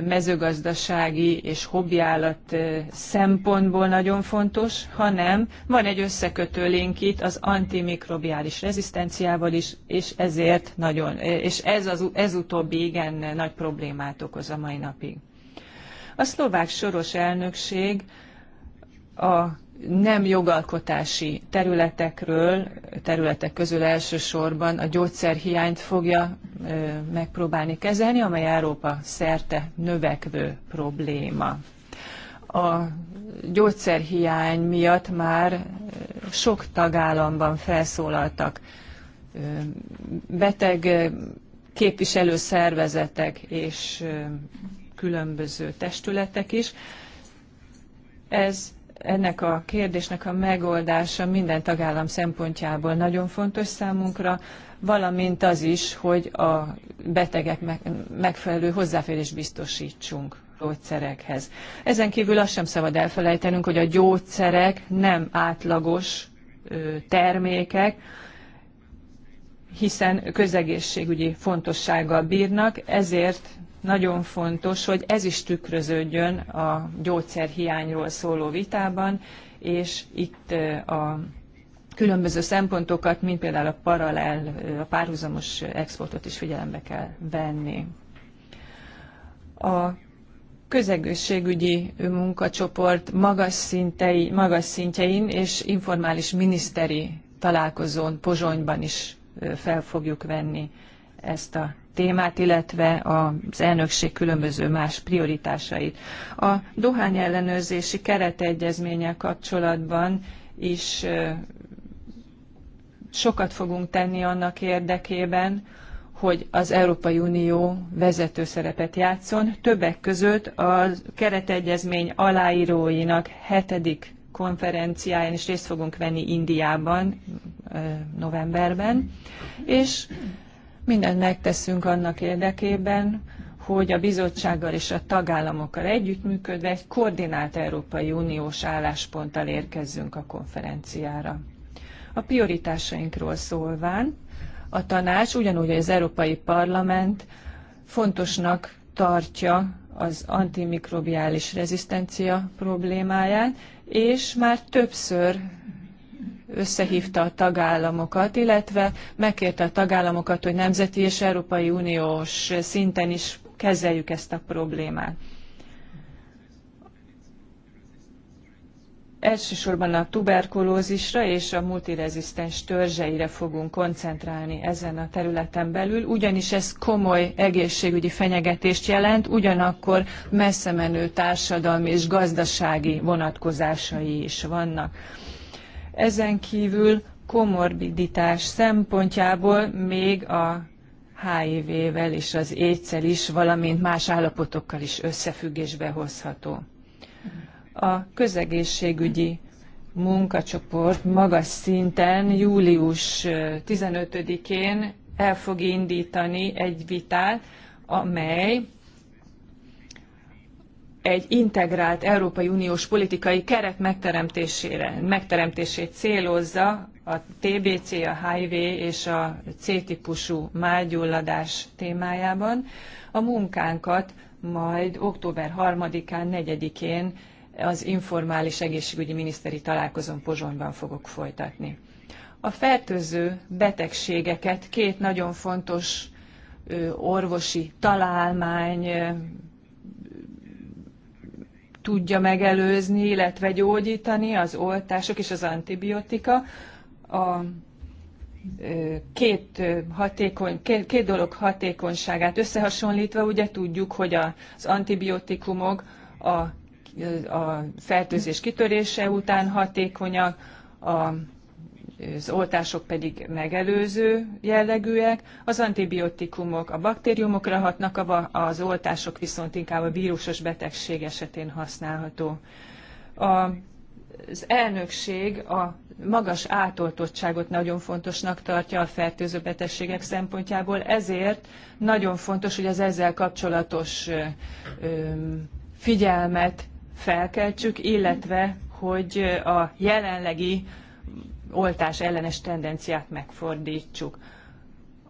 mezőgazdasági és hobbiállat szempontból nagyon fontos, hanem van egy összekötő link itt az antimikrobiális rezisztenciával is, és ezért nagyon, és ez, az, ez utóbbi igen nagy problémát okoz a mai napig. A szlovák soros elnökség a nem jogalkotási területekről, területek közül elsősorban a gyógyszerhiányt fogja megpróbálni kezelni, amely Európa szerte növekvő probléma. A gyógyszerhiány miatt már sok tagállamban felszólaltak beteg képviselő szervezetek és különböző testületek is. Ez ennek a kérdésnek a megoldása minden tagállam szempontjából nagyon fontos számunkra, valamint az is, hogy a betegek megfelelő hozzáférés biztosítsunk gyógyszerekhez. Ezen kívül azt sem szabad elfelejtenünk, hogy a gyógyszerek nem átlagos termékek, hiszen közegészségügyi fontossággal bírnak, ezért nagyon fontos, hogy ez is tükröződjön a gyógyszerhiányról szóló vitában, és itt a különböző szempontokat, mint például a paralel, a párhuzamos exportot is figyelembe kell venni. A közegészségügyi munkacsoport magas, szintei, magas szintjein és informális miniszteri találkozón Pozsonyban is fel fogjuk venni ezt a témát, illetve az elnökség különböző más prioritásait. A dohány ellenőrzési keretegyezménnyel kapcsolatban is sokat fogunk tenni annak érdekében, hogy az Európai Unió vezető szerepet játszon. Többek között a keretegyezmény aláíróinak hetedik konferenciáján is részt fogunk venni Indiában novemberben, és mindent megteszünk annak érdekében, hogy a bizottsággal és a tagállamokkal együttműködve egy koordinált Európai Uniós állásponttal érkezzünk a konferenciára. A prioritásainkról szólván a tanács, ugyanúgy az Európai Parlament fontosnak tartja az antimikrobiális rezisztencia problémáját, és már többször összehívta a tagállamokat, illetve megkérte a tagállamokat, hogy nemzeti és Európai Uniós szinten is kezeljük ezt a problémát. Elsősorban a tuberkulózisra és a multirezisztens törzseire fogunk koncentrálni ezen a területen belül, ugyanis ez komoly egészségügyi fenyegetést jelent, ugyanakkor messze menő társadalmi és gazdasági vonatkozásai is vannak ezen kívül komorbiditás szempontjából még a HIV-vel és az éjszel is, valamint más állapotokkal is összefüggésbe hozható. A közegészségügyi munkacsoport magas szinten július 15-én el fog indítani egy vitát, amely egy integrált Európai Uniós politikai keret megteremtésére, megteremtését célozza a TBC, a HIV és a C-típusú mágyulladás témájában. A munkánkat majd október 3-án, 4-én az informális egészségügyi miniszteri találkozón Pozsonyban fogok folytatni. A fertőző betegségeket két nagyon fontos orvosi találmány tudja megelőzni, illetve gyógyítani az oltások és az antibiotika. A két, hatékony, két, két dolog hatékonyságát összehasonlítva ugye tudjuk, hogy az antibiotikumok a, a fertőzés kitörése után hatékonyak, a az oltások pedig megelőző jellegűek, az antibiotikumok a baktériumokra hatnak, az oltások viszont inkább a vírusos betegség esetén használható. A az elnökség a magas átoltottságot nagyon fontosnak tartja a fertőző betegségek szempontjából, ezért nagyon fontos, hogy az ezzel kapcsolatos figyelmet felkeltsük, illetve hogy a jelenlegi oltás ellenes tendenciát megfordítsuk.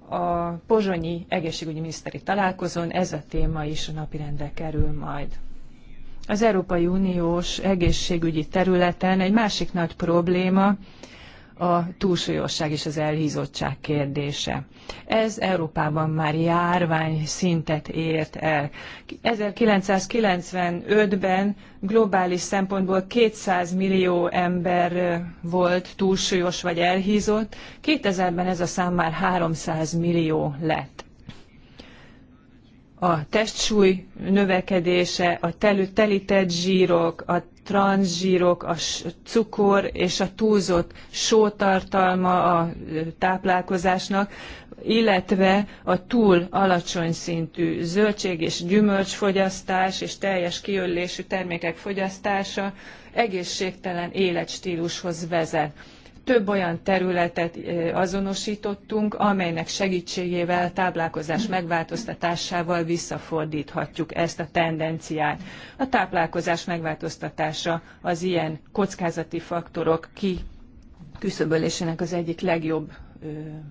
A pozsonyi egészségügyi miniszteri találkozón ez a téma is a napirendre kerül majd. Az Európai Uniós egészségügyi területen egy másik nagy probléma, a túlsúlyosság és az elhízottság kérdése. Ez Európában már járvány szintet ért el. 1995-ben globális szempontból 200 millió ember volt túlsúlyos vagy elhízott, 2000-ben ez a szám már 300 millió lett a testsúly növekedése, a telű, telített zsírok, a transzsírok, a cukor és a túlzott sótartalma a táplálkozásnak, illetve a túl alacsony szintű zöldség és gyümölcsfogyasztás és teljes kiöllésű termékek fogyasztása egészségtelen életstílushoz vezet több olyan területet azonosítottunk, amelynek segítségével, táplálkozás megváltoztatásával visszafordíthatjuk ezt a tendenciát. A táplálkozás megváltoztatása az ilyen kockázati faktorok kiküszöbölésének az egyik legjobb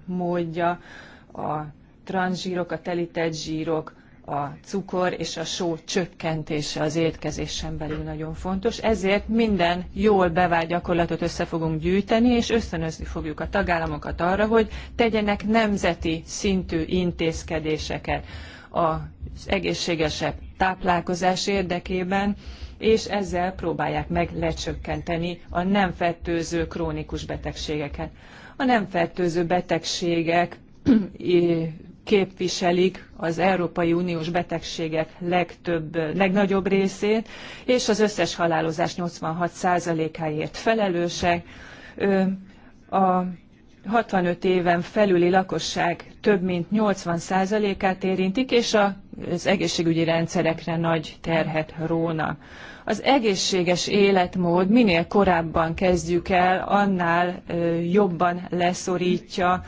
módja. A transzsírok, a telített zsírok, a cukor és a só csökkentése az étkezésen belül nagyon fontos. Ezért minden jól bevált gyakorlatot össze fogunk gyűjteni, és ösztönözni fogjuk a tagállamokat arra, hogy tegyenek nemzeti szintű intézkedéseket az egészségesebb táplálkozás érdekében, és ezzel próbálják meg lecsökkenteni a nem fertőző krónikus betegségeket. A nem fertőző betegségek képviselik az Európai Uniós betegségek legtöbb, legnagyobb részét, és az összes halálozás 86%-áért felelősek. A 65 éven felüli lakosság több mint 80%-át érintik, és az egészségügyi rendszerekre nagy terhet róna. Az egészséges életmód minél korábban kezdjük el, annál jobban leszorítja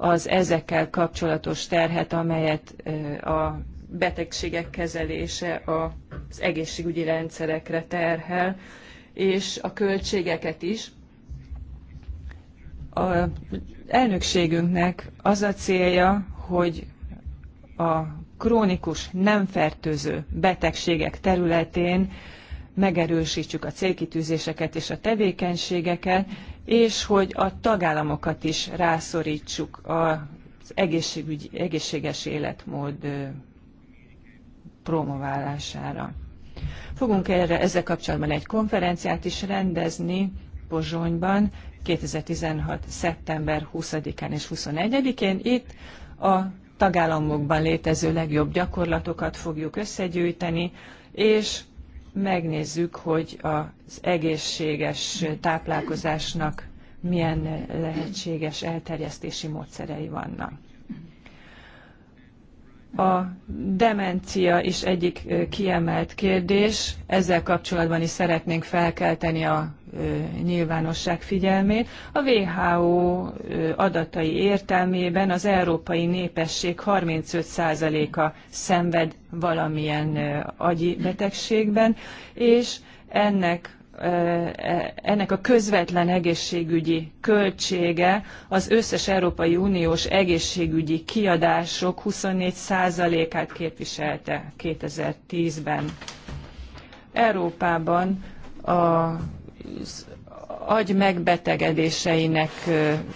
az ezekkel kapcsolatos terhet, amelyet a betegségek kezelése az egészségügyi rendszerekre terhel, és a költségeket is. A elnökségünknek az a célja, hogy a krónikus, nem fertőző betegségek területén megerősítsük a célkitűzéseket és a tevékenységeket, és hogy a tagállamokat is rászorítsuk az egészségügy, egészséges életmód promoválására. Fogunk erre ezzel kapcsolatban egy konferenciát is rendezni Pozsonyban 2016. szeptember 20-án és 21-én. Itt a tagállamokban létező legjobb gyakorlatokat fogjuk összegyűjteni, és megnézzük, hogy az egészséges táplálkozásnak milyen lehetséges elterjesztési módszerei vannak. A demencia is egyik kiemelt kérdés. Ezzel kapcsolatban is szeretnénk felkelteni a nyilvánosság figyelmét. A WHO adatai értelmében az európai népesség 35%-a szenved valamilyen agyi betegségben, és ennek e, ennek a közvetlen egészségügyi költsége az összes Európai Uniós egészségügyi kiadások 24%-át képviselte 2010-ben. Európában a agymegbetegedéseinek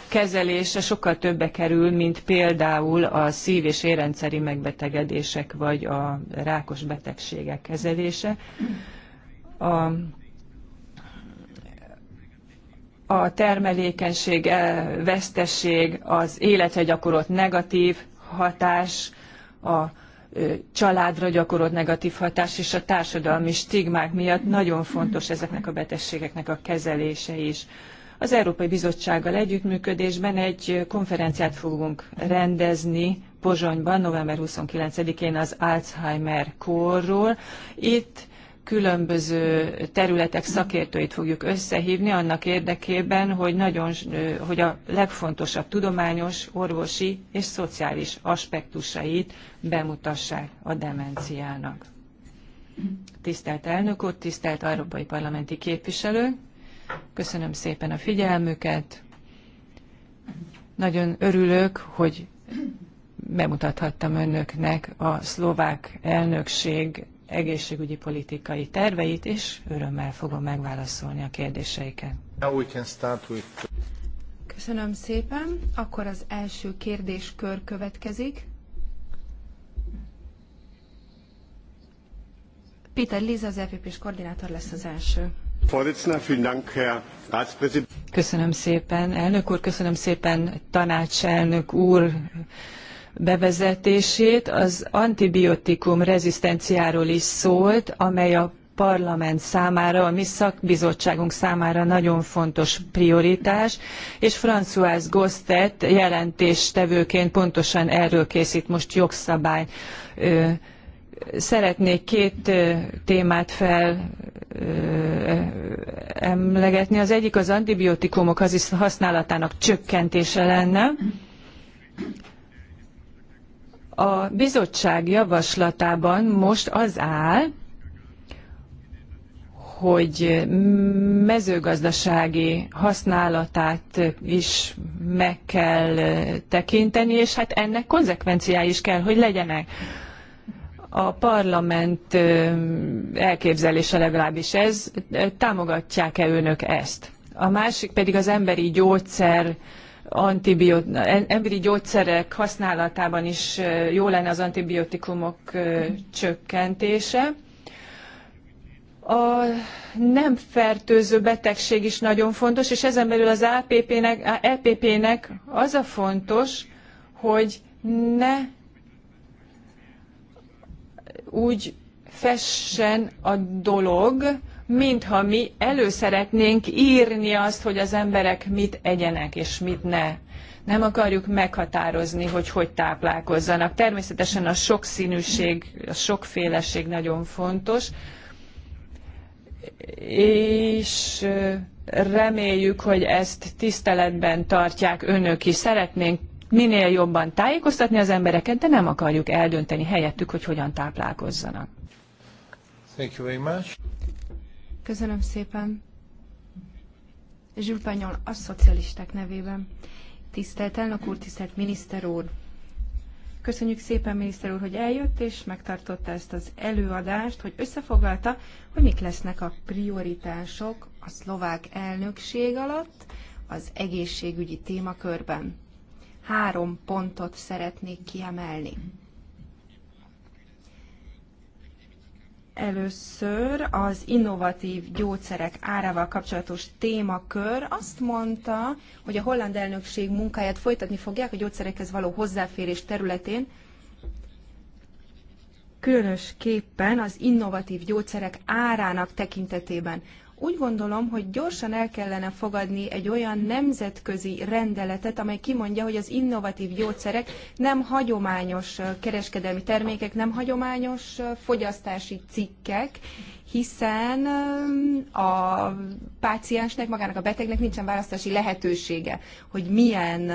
kezelése sokkal többe kerül, mint például a szív- és érrendszeri megbetegedések vagy a rákos betegségek kezelése. A, a termelékenység, e, veszteség, az életre gyakorolt negatív hatás, a családra gyakorolt negatív hatás és a társadalmi stigmák miatt nagyon fontos ezeknek a betegségeknek a kezelése is. Az Európai Bizottsággal együttműködésben egy konferenciát fogunk rendezni Pozsonyban november 29-én az Alzheimer kórról Itt különböző területek szakértőit fogjuk összehívni annak érdekében, hogy, nagyon, hogy a legfontosabb tudományos, orvosi és szociális aspektusait bemutassák a demenciának. Tisztelt elnök úr, tisztelt európai parlamenti képviselő, köszönöm szépen a figyelmüket. Nagyon örülök, hogy bemutathattam önöknek a szlovák elnökség egészségügyi politikai terveit, és örömmel fogom megválaszolni a kérdéseiket. Köszönöm szépen. Akkor az első kérdéskör következik. Peter Liza, az EPP-s koordinátor lesz az első. Köszönöm szépen, elnök úr, köszönöm szépen, tanácselnök úr, bevezetését, az antibiotikum rezisztenciáról is szólt, amely a parlament számára, a mi szakbizottságunk számára nagyon fontos prioritás, és François Gostet jelentéstevőként pontosan erről készít most jogszabály. Szeretnék két témát fel emlegetni. Az egyik az antibiotikumok használatának csökkentése lenne, a bizottság javaslatában most az áll, hogy mezőgazdasági használatát is meg kell tekinteni, és hát ennek konzekvenciái is kell, hogy legyenek. A parlament elképzelése legalábbis ez, támogatják-e önök ezt? A másik pedig az emberi gyógyszer antibiot, emberi gyógyszerek használatában is jó lenne az antibiotikumok csökkentése. A nem fertőző betegség is nagyon fontos, és ezen belül az APP-nek, EPP-nek az a fontos, hogy ne úgy fessen a dolog, mintha mi elő szeretnénk írni azt, hogy az emberek mit egyenek és mit ne. Nem akarjuk meghatározni, hogy hogy táplálkozzanak. Természetesen a sokszínűség, a sokféleség nagyon fontos, és reméljük, hogy ezt tiszteletben tartják önök is. Szeretnénk minél jobban tájékoztatni az embereket, de nem akarjuk eldönteni helyettük, hogy hogyan táplálkozzanak. Thank you very much. Köszönöm szépen. Zsülpányol a szocialisták nevében. Tisztelt elnök úr, tisztelt miniszter úr! Köszönjük szépen, miniszter úr, hogy eljött és megtartotta ezt az előadást, hogy összefoglalta, hogy mik lesznek a prioritások a szlovák elnökség alatt az egészségügyi témakörben. Három pontot szeretnék kiemelni. Először az innovatív gyógyszerek árával kapcsolatos témakör azt mondta, hogy a holland elnökség munkáját folytatni fogják a gyógyszerekhez való hozzáférés területén, különösképpen az innovatív gyógyszerek árának tekintetében. Úgy gondolom, hogy gyorsan el kellene fogadni egy olyan nemzetközi rendeletet, amely kimondja, hogy az innovatív gyógyszerek nem hagyományos kereskedelmi termékek, nem hagyományos fogyasztási cikkek, hiszen a páciensnek, magának a betegnek nincsen választási lehetősége, hogy milyen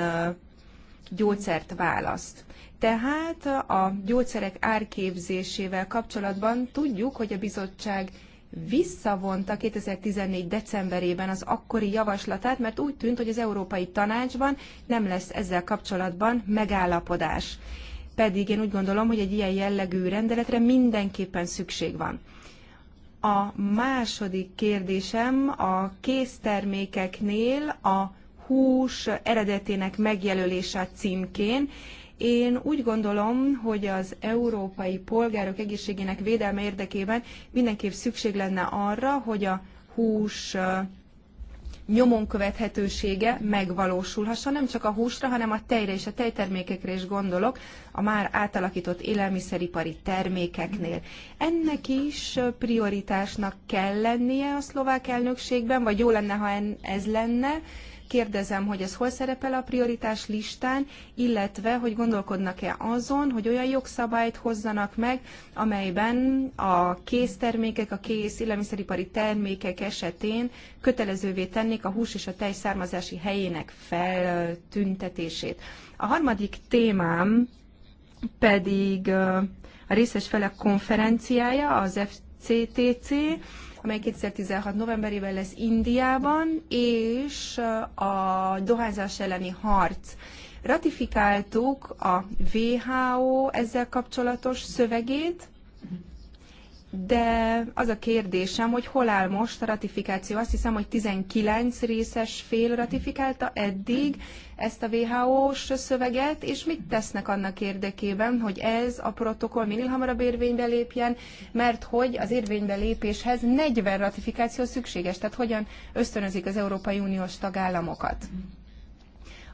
gyógyszert választ. Tehát a gyógyszerek árképzésével kapcsolatban tudjuk, hogy a bizottság visszavonta 2014. decemberében az akkori javaslatát, mert úgy tűnt, hogy az Európai Tanácsban nem lesz ezzel kapcsolatban megállapodás. Pedig én úgy gondolom, hogy egy ilyen jellegű rendeletre mindenképpen szükség van. A második kérdésem a késztermékeknél a hús eredetének megjelölése a címkén. Én úgy gondolom, hogy az európai polgárok egészségének védelme érdekében mindenképp szükség lenne arra, hogy a hús nyomon követhetősége megvalósulhasson, nem csak a húsra, hanem a tejre és a tejtermékekre is gondolok, a már átalakított élelmiszeripari termékeknél. Ennek is prioritásnak kell lennie a szlovák elnökségben, vagy jó lenne, ha ez lenne, Kérdezem, hogy ez hol szerepel a prioritás listán, illetve hogy gondolkodnak-e azon, hogy olyan jogszabályt hozzanak meg, amelyben a késztermékek, a kész élelmiszeripari termékek esetén kötelezővé tennék a hús és a tej származási helyének feltüntetését. A harmadik témám pedig a részes felek konferenciája, az FCTC, amely 2016 novemberében lesz Indiában, és a dohányzás elleni harc. Ratifikáltuk a WHO ezzel kapcsolatos szövegét, de az a kérdésem, hogy hol áll most a ratifikáció. Azt hiszem, hogy 19 részes fél ratifikálta eddig ezt a WHO-s szöveget, és mit tesznek annak érdekében, hogy ez a protokoll minél hamarabb érvénybe lépjen, mert hogy az érvénybe lépéshez 40 ratifikáció szükséges, tehát hogyan ösztönözik az Európai Uniós tagállamokat.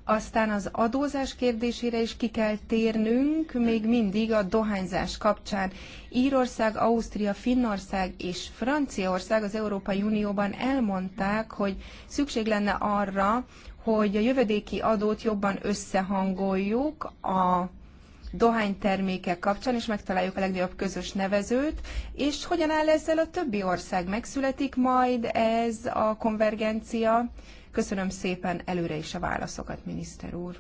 Aztán az adózás kérdésére is ki kell térnünk, még mindig a dohányzás kapcsán. Írország, Ausztria, Finnország és Franciaország az Európai Unióban elmondták, hogy szükség lenne arra, hogy a jövedéki adót jobban összehangoljuk a dohánytermékek kapcsán, és megtaláljuk a legnagyobb közös nevezőt, és hogyan áll ezzel a többi ország? Megszületik majd ez a konvergencia Köszönöm szépen előre is a válaszokat, miniszter úr.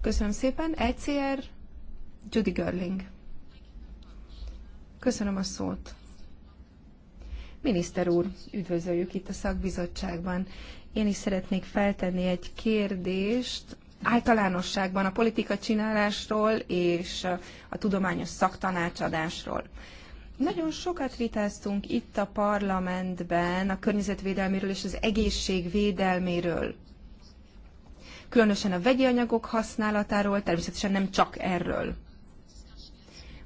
Köszönöm szépen. ECR, Judy Görling. Köszönöm a szót. Miniszter úr, üdvözöljük itt a szakbizottságban. Én is szeretnék feltenni egy kérdést általánosságban a politika csinálásról és a tudományos szaktanácsadásról. Nagyon sokat vitáztunk itt a parlamentben a környezetvédelméről és az egészségvédelméről. Különösen a vegyi anyagok használatáról, természetesen nem csak erről.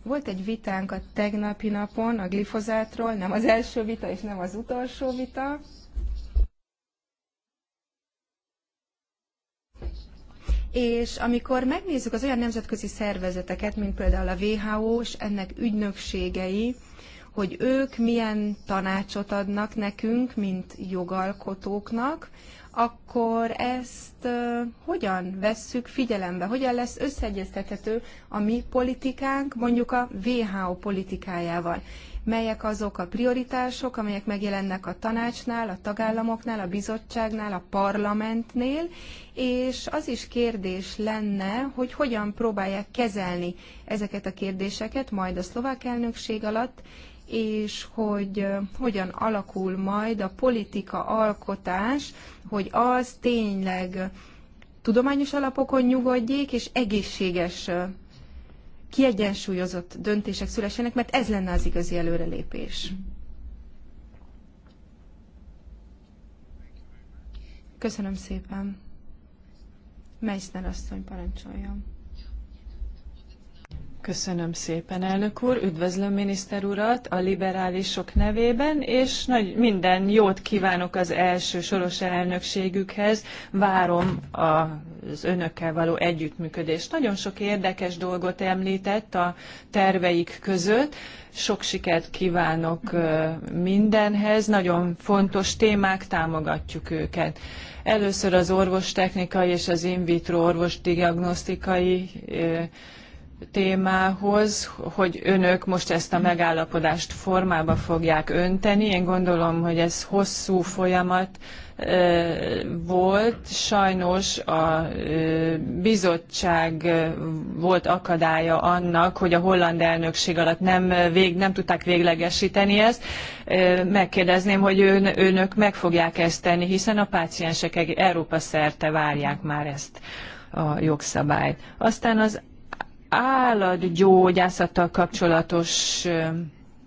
Volt egy vitánk a tegnapi napon a glifozátról, nem az első vita és nem az utolsó vita. és amikor megnézzük az olyan nemzetközi szervezeteket, mint például a WHO és ennek ügynökségei, hogy ők milyen tanácsot adnak nekünk, mint jogalkotóknak, akkor ezt hogyan vesszük figyelembe? Hogyan lesz összeegyeztethető a mi politikánk mondjuk a WHO politikájával? melyek azok a prioritások, amelyek megjelennek a tanácsnál, a tagállamoknál, a bizottságnál, a parlamentnél, és az is kérdés lenne, hogy hogyan próbálják kezelni ezeket a kérdéseket majd a szlovák elnökség alatt, és hogy hogyan alakul majd a politika alkotás, hogy az tényleg tudományos alapokon nyugodjék, és egészséges kiegyensúlyozott döntések szülessenek, mert ez lenne az igazi előrelépés. Köszönöm szépen. Meissner asszony parancsoljon. Köszönöm szépen, elnök úr. Üdvözlöm miniszter urat a liberálisok nevében, és nagy, minden jót kívánok az első soros elnökségükhez. Várom az önökkel való együttműködést. Nagyon sok érdekes dolgot említett a terveik között. Sok sikert kívánok mindenhez. Nagyon fontos témák, támogatjuk őket. Először az orvostechnikai és az in vitro orvosdiagnosztikai diagnosztikai témához, hogy önök most ezt a megállapodást formába fogják önteni. Én gondolom, hogy ez hosszú folyamat volt. Sajnos a bizottság volt akadálya annak, hogy a holland elnökség alatt nem, vég, nem tudták véglegesíteni ezt. Megkérdezném, hogy ön, önök meg fogják ezt tenni, hiszen a páciensek Európa szerte várják már ezt a jogszabályt. Aztán az állatgyógyászattal kapcsolatos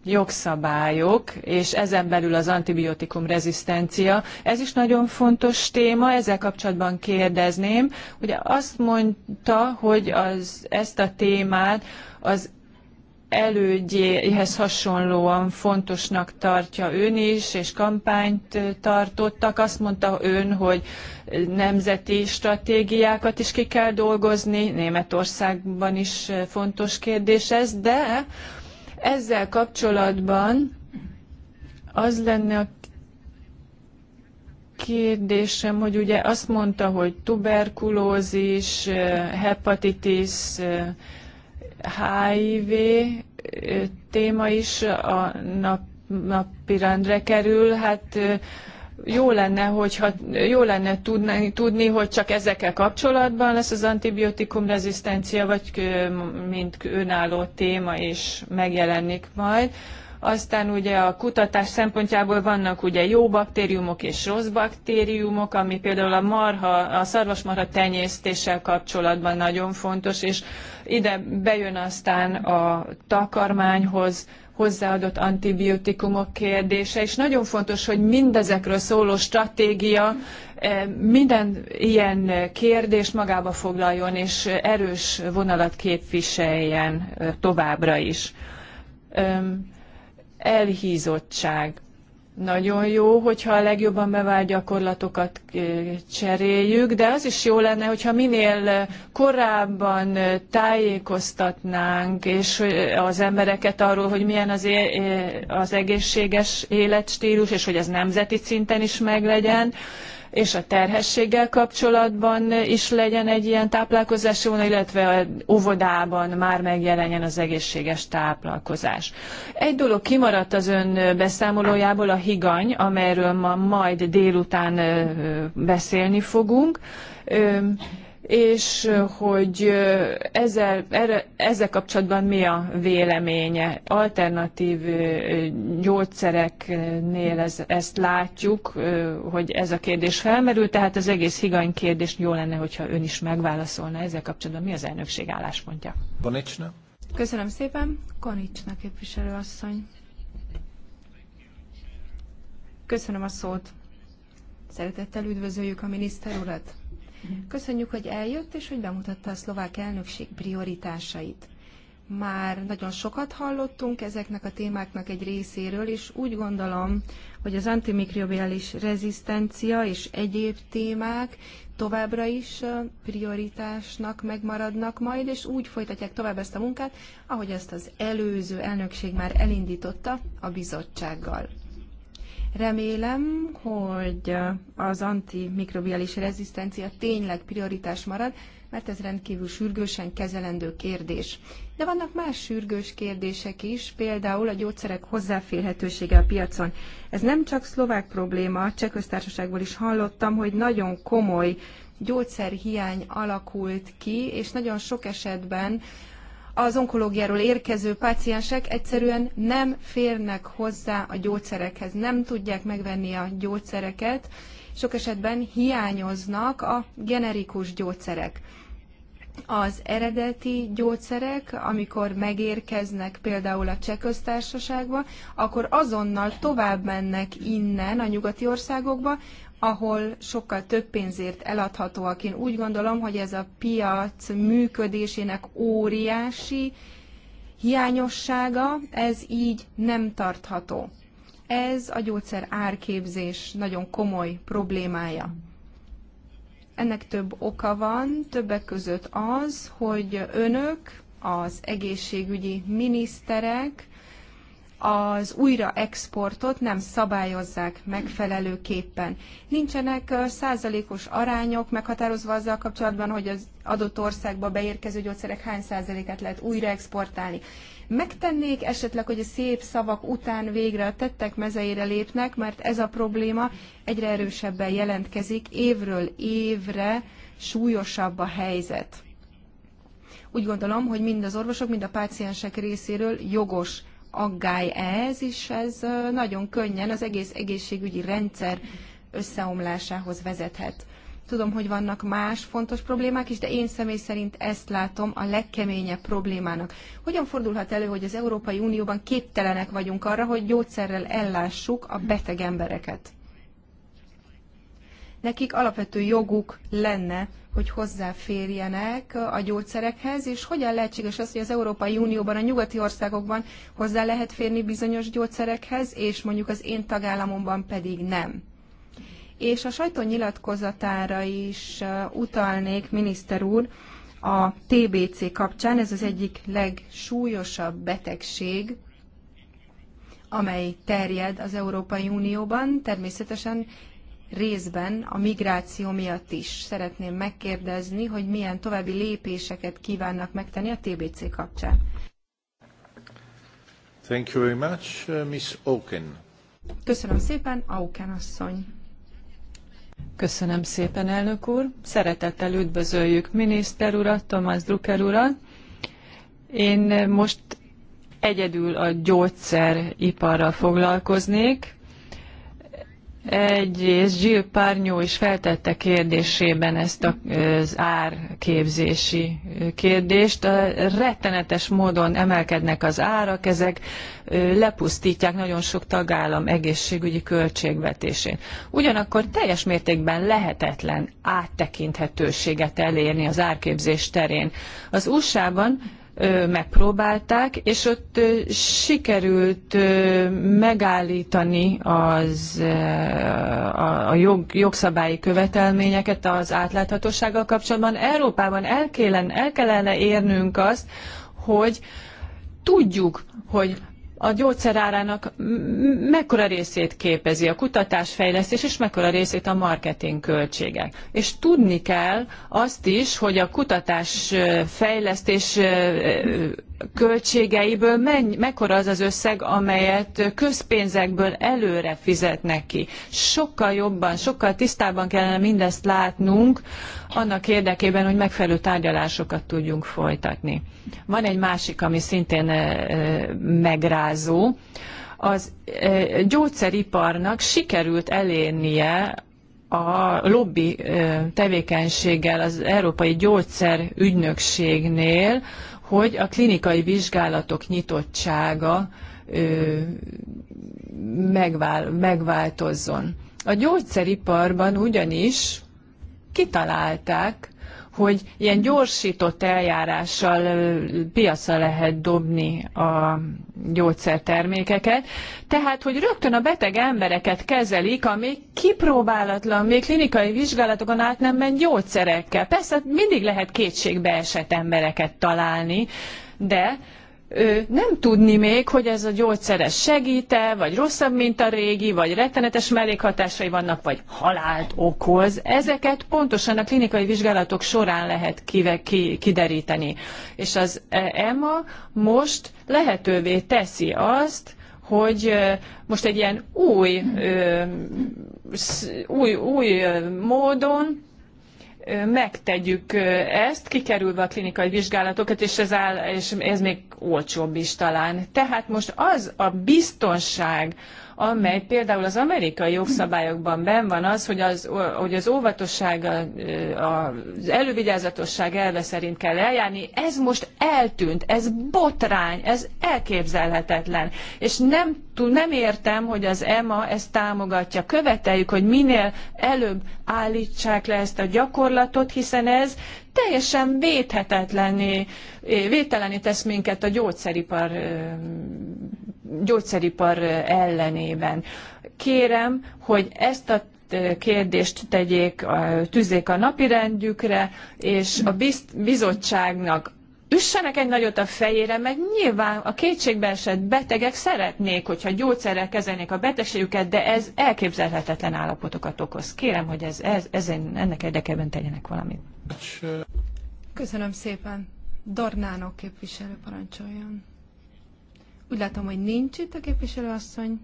jogszabályok, és ezen belül az antibiotikum rezisztencia. Ez is nagyon fontos téma, ezzel kapcsolatban kérdezném. Ugye azt mondta, hogy az, ezt a témát az elődjéhez hasonlóan fontosnak tartja ön is, és kampányt tartottak. Azt mondta ön, hogy nemzeti stratégiákat is ki kell dolgozni, Németországban is fontos kérdés ez, de ezzel kapcsolatban az lenne a kérdésem, hogy ugye azt mondta, hogy tuberkulózis, hepatitis, HIV téma is a nap, napirendre kerül, hát jó lenne, hogyha, jó lenne tudni, tudni, hogy csak ezekkel kapcsolatban lesz az antibiotikum rezisztencia, vagy mint önálló téma is megjelenik majd. Aztán ugye a kutatás szempontjából vannak ugye jó baktériumok és rossz baktériumok, ami például a marha, a szarvasmarha tenyésztéssel kapcsolatban nagyon fontos, és ide bejön aztán a takarmányhoz, hozzáadott antibiotikumok kérdése, és nagyon fontos, hogy mindezekről szóló stratégia eh, minden ilyen kérdést magába foglaljon, és erős vonalat képviseljen eh, továbbra is elhízottság. Nagyon jó, hogyha a legjobban bevált gyakorlatokat cseréljük, de az is jó lenne, hogyha minél korábban tájékoztatnánk és az embereket arról, hogy milyen az, az egészséges életstílus, és hogy ez nemzeti szinten is meglegyen. Mm és a terhességgel kapcsolatban is legyen egy ilyen táplálkozási vonal, illetve a óvodában már megjelenjen az egészséges táplálkozás. Egy dolog kimaradt az ön beszámolójából, a higany, amelyről ma majd délután beszélni fogunk és hogy ezzel, erre, ezzel kapcsolatban mi a véleménye. Alternatív gyógyszereknél ez, ezt látjuk, hogy ez a kérdés felmerül, tehát az egész higany kérdés jó lenne, hogyha ön is megválaszolna ezzel kapcsolatban. Mi az elnökség álláspontja? Konicsna. Köszönöm szépen. Konicsna képviselőasszony. Köszönöm a szót. Szeretettel üdvözöljük a miniszter urat. Köszönjük, hogy eljött, és hogy bemutatta a szlovák elnökség prioritásait. Már nagyon sokat hallottunk ezeknek a témáknak egy részéről, és úgy gondolom, hogy az antimikrobiális rezisztencia és egyéb témák továbbra is prioritásnak megmaradnak majd, és úgy folytatják tovább ezt a munkát, ahogy ezt az előző elnökség már elindította a bizottsággal. Remélem, hogy az antimikrobiális rezisztencia tényleg prioritás marad, mert ez rendkívül sürgősen kezelendő kérdés. De vannak más sürgős kérdések is, például a gyógyszerek hozzáférhetősége a piacon. Ez nem csak szlovák probléma, a Csehköztársaságból is hallottam, hogy nagyon komoly gyógyszerhiány alakult ki, és nagyon sok esetben az onkológiáról érkező páciensek egyszerűen nem férnek hozzá a gyógyszerekhez, nem tudják megvenni a gyógyszereket, sok esetben hiányoznak a generikus gyógyszerek. Az eredeti gyógyszerek, amikor megérkeznek például a cseh köztársaságba, akkor azonnal tovább mennek innen a nyugati országokba, ahol sokkal több pénzért eladhatóak. Én úgy gondolom, hogy ez a piac működésének óriási hiányossága, ez így nem tartható. Ez a gyógyszer árképzés nagyon komoly problémája. Ennek több oka van, többek között az, hogy önök, az egészségügyi miniszterek az újraexportot nem szabályozzák megfelelőképpen. Nincsenek százalékos arányok meghatározva azzal kapcsolatban, hogy az adott országba beérkező gyógyszerek hány százalékát lehet újraexportálni. Megtennék esetleg, hogy a szép szavak után végre a tettek mezeire lépnek, mert ez a probléma egyre erősebben jelentkezik, évről évre súlyosabb a helyzet. Úgy gondolom, hogy mind az orvosok, mind a páciensek részéről jogos aggály ez, és ez nagyon könnyen az egész egészségügyi rendszer összeomlásához vezethet. Tudom, hogy vannak más fontos problémák is, de én személy szerint ezt látom a legkeményebb problémának. Hogyan fordulhat elő, hogy az Európai Unióban képtelenek vagyunk arra, hogy gyógyszerrel ellássuk a beteg embereket? nekik alapvető joguk lenne, hogy hozzáférjenek a gyógyszerekhez, és hogyan lehetséges az, hogy az Európai Unióban, a nyugati országokban hozzá lehet férni bizonyos gyógyszerekhez, és mondjuk az én tagállamomban pedig nem. És a sajtó nyilatkozatára is utalnék, miniszter úr, a TBC kapcsán, ez az egyik legsúlyosabb betegség, amely terjed az Európai Unióban. Természetesen részben a migráció miatt is. Szeretném megkérdezni, hogy milyen további lépéseket kívánnak megtenni a TBC kapcsán. Thank you very much, uh, Miss Oaken. Köszönöm szépen, Auken asszony. Köszönöm szépen, elnök úr. Szeretettel üdvözöljük miniszter urat, Tomás Drucker urat. Én most egyedül a gyógyszeriparral foglalkoznék, Egyrészt Jill Párnyó is feltette kérdésében ezt az árképzési kérdést. Rettenetes módon emelkednek az árak, ezek lepusztítják nagyon sok tagállam egészségügyi költségvetését. Ugyanakkor teljes mértékben lehetetlen áttekinthetőséget elérni az árképzés terén. Az USA-ban megpróbálták, és ott sikerült megállítani az, a, jog, jogszabályi követelményeket az átláthatósággal kapcsolatban. Európában el kellene, el kellene érnünk azt, hogy tudjuk, hogy a gyógyszerárának mekkora részét képezi a kutatás fejlesztés és mekkora részét a marketing költségek. És tudni kell azt is, hogy a kutatás fejlesztés költségeiből menny, mekkora az az összeg, amelyet közpénzekből előre fizetnek ki. Sokkal jobban, sokkal tisztábban kellene mindezt látnunk, annak érdekében, hogy megfelelő tárgyalásokat tudjunk folytatni. Van egy másik, ami szintén e, e, megrázó. Az e, gyógyszeriparnak sikerült elérnie a lobby tevékenységgel az Európai Gyógyszerügynökségnél, hogy a klinikai vizsgálatok nyitottsága megvál, megváltozzon. A gyógyszeriparban ugyanis kitalálták, hogy ilyen gyorsított eljárással piacra lehet dobni a gyógyszertermékeket. Tehát, hogy rögtön a beteg embereket kezelik, ami kipróbálatlan, még klinikai vizsgálatokon át nem ment gyógyszerekkel. Persze mindig lehet kétségbeesett embereket találni, de nem tudni még, hogy ez a gyógyszeres segíte, vagy rosszabb, mint a régi, vagy rettenetes mellékhatásai vannak, vagy halált okoz. Ezeket pontosan a klinikai vizsgálatok során lehet kive, ki, kideríteni. És az EMA e most lehetővé teszi azt, hogy most egy ilyen új, új, új módon megtegyük ezt, kikerülve a klinikai vizsgálatokat, és ez, áll, és ez még olcsóbb is talán. Tehát most az a biztonság, amely például az amerikai jogszabályokban ben van az, hogy az, hogy az óvatosság, az elővigyázatosság elve szerint kell eljárni, ez most eltűnt, ez botrány, ez elképzelhetetlen. És nem, nem értem, hogy az EMA ezt támogatja. Követeljük, hogy minél előbb állítsák le ezt a gyakorlatot, hiszen ez teljesen védhetetlenné, védtelenné tesz minket a gyógyszeripar gyógyszeripar ellenében. Kérem, hogy ezt a kérdést tegyék, tűzzék a napirendjükre, és a bizottságnak üssenek egy nagyot a fejére, mert nyilván a kétségbeesett betegek szeretnék, hogyha gyógyszerrel kezelnék a betegségüket, de ez elképzelhetetlen állapotokat okoz. Kérem, hogy ez, ez, ez ennek érdekében tegyenek valamit. Köszönöm szépen. Dornánok képviselő parancsoljon. Úgy látom, hogy nincs itt a képviselőasszony.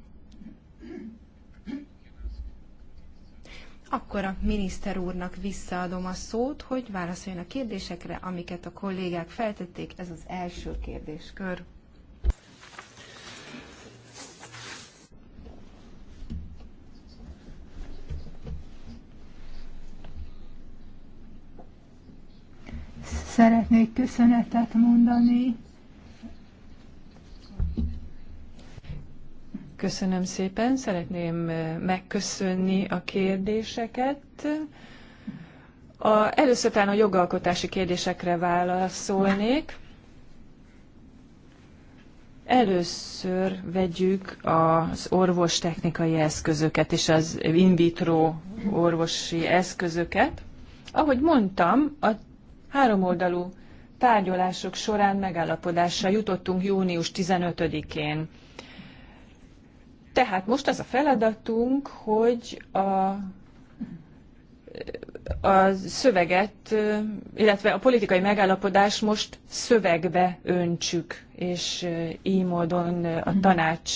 Akkor a miniszter úrnak visszaadom a szót, hogy válaszoljon a kérdésekre, amiket a kollégák feltették. Ez az első kérdéskör. Szeretnék köszönetet mondani Köszönöm szépen, szeretném eh, megköszönni a kérdéseket. A, először talán a jogalkotási kérdésekre válaszolnék. Először vegyük az orvostechnikai eszközöket és az in vitro orvosi eszközöket. Ahogy mondtam, a háromoldalú tárgyalások során megállapodásra jutottunk június 15-én tehát most az a feladatunk, hogy a a szöveget, illetve a politikai megállapodás most szövegbe öntsük, és így módon a tanács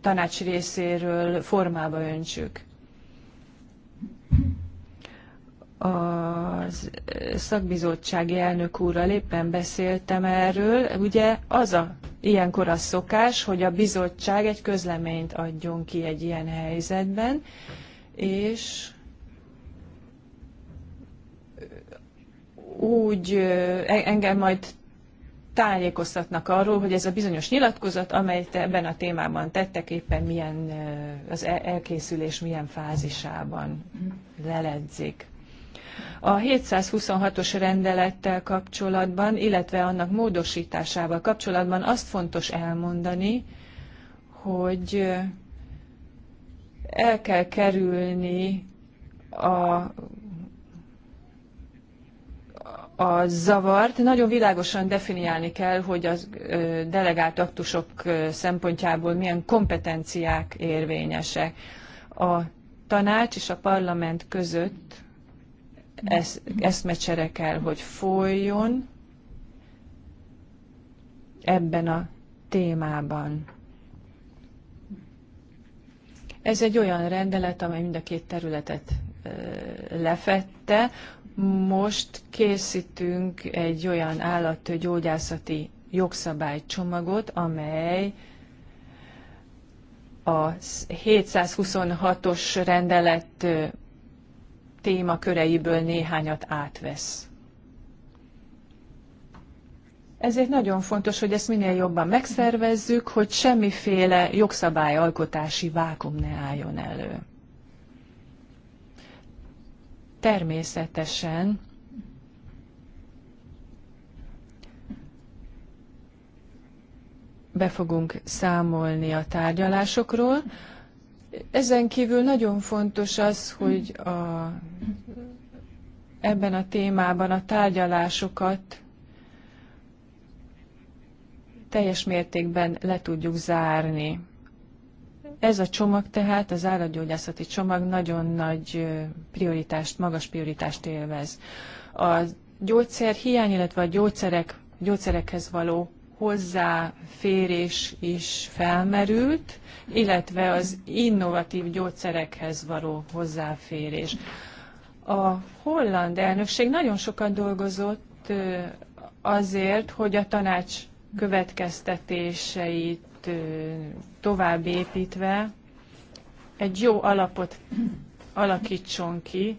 tanács részéről formába öntsük a szakbizottsági elnök úrral éppen beszéltem erről. Ugye az a ilyenkor a szokás, hogy a bizottság egy közleményt adjon ki egy ilyen helyzetben, és úgy engem majd tájékoztatnak arról, hogy ez a bizonyos nyilatkozat, amelyet ebben a témában tettek, éppen milyen az e-, elkészülés milyen fázisában mhm. leledzik. A 726-os rendelettel kapcsolatban, illetve annak módosításával kapcsolatban azt fontos elmondani, hogy el kell kerülni a a zavart. Nagyon világosan definiálni kell, hogy a delegált aktusok szempontjából milyen kompetenciák érvényesek. A tanács és a parlament között ez, eszmecsere kell, hogy folyjon ebben a témában. Ez egy olyan rendelet, amely mind a két területet lefette. Most készítünk egy olyan állatgyógyászati jogszabálycsomagot, amely a 726-os rendelet témaköreiből néhányat átvesz. Ezért nagyon fontos, hogy ezt minél jobban megszervezzük, hogy semmiféle jogszabályalkotási vákum ne álljon elő. Természetesen be fogunk számolni a tárgyalásokról, ezen kívül nagyon fontos az, hogy a, ebben a témában a tárgyalásokat teljes mértékben le tudjuk zárni. Ez a csomag tehát, az állatgyógyászati csomag nagyon nagy prioritást, magas prioritást élvez. A gyógyszer hiány, illetve a gyógyszerek, gyógyszerekhez való hozzáférés is felmerült, illetve az innovatív gyógyszerekhez való hozzáférés. A holland elnökség nagyon sokat dolgozott azért, hogy a tanács következtetéseit tovább építve egy jó alapot alakítson ki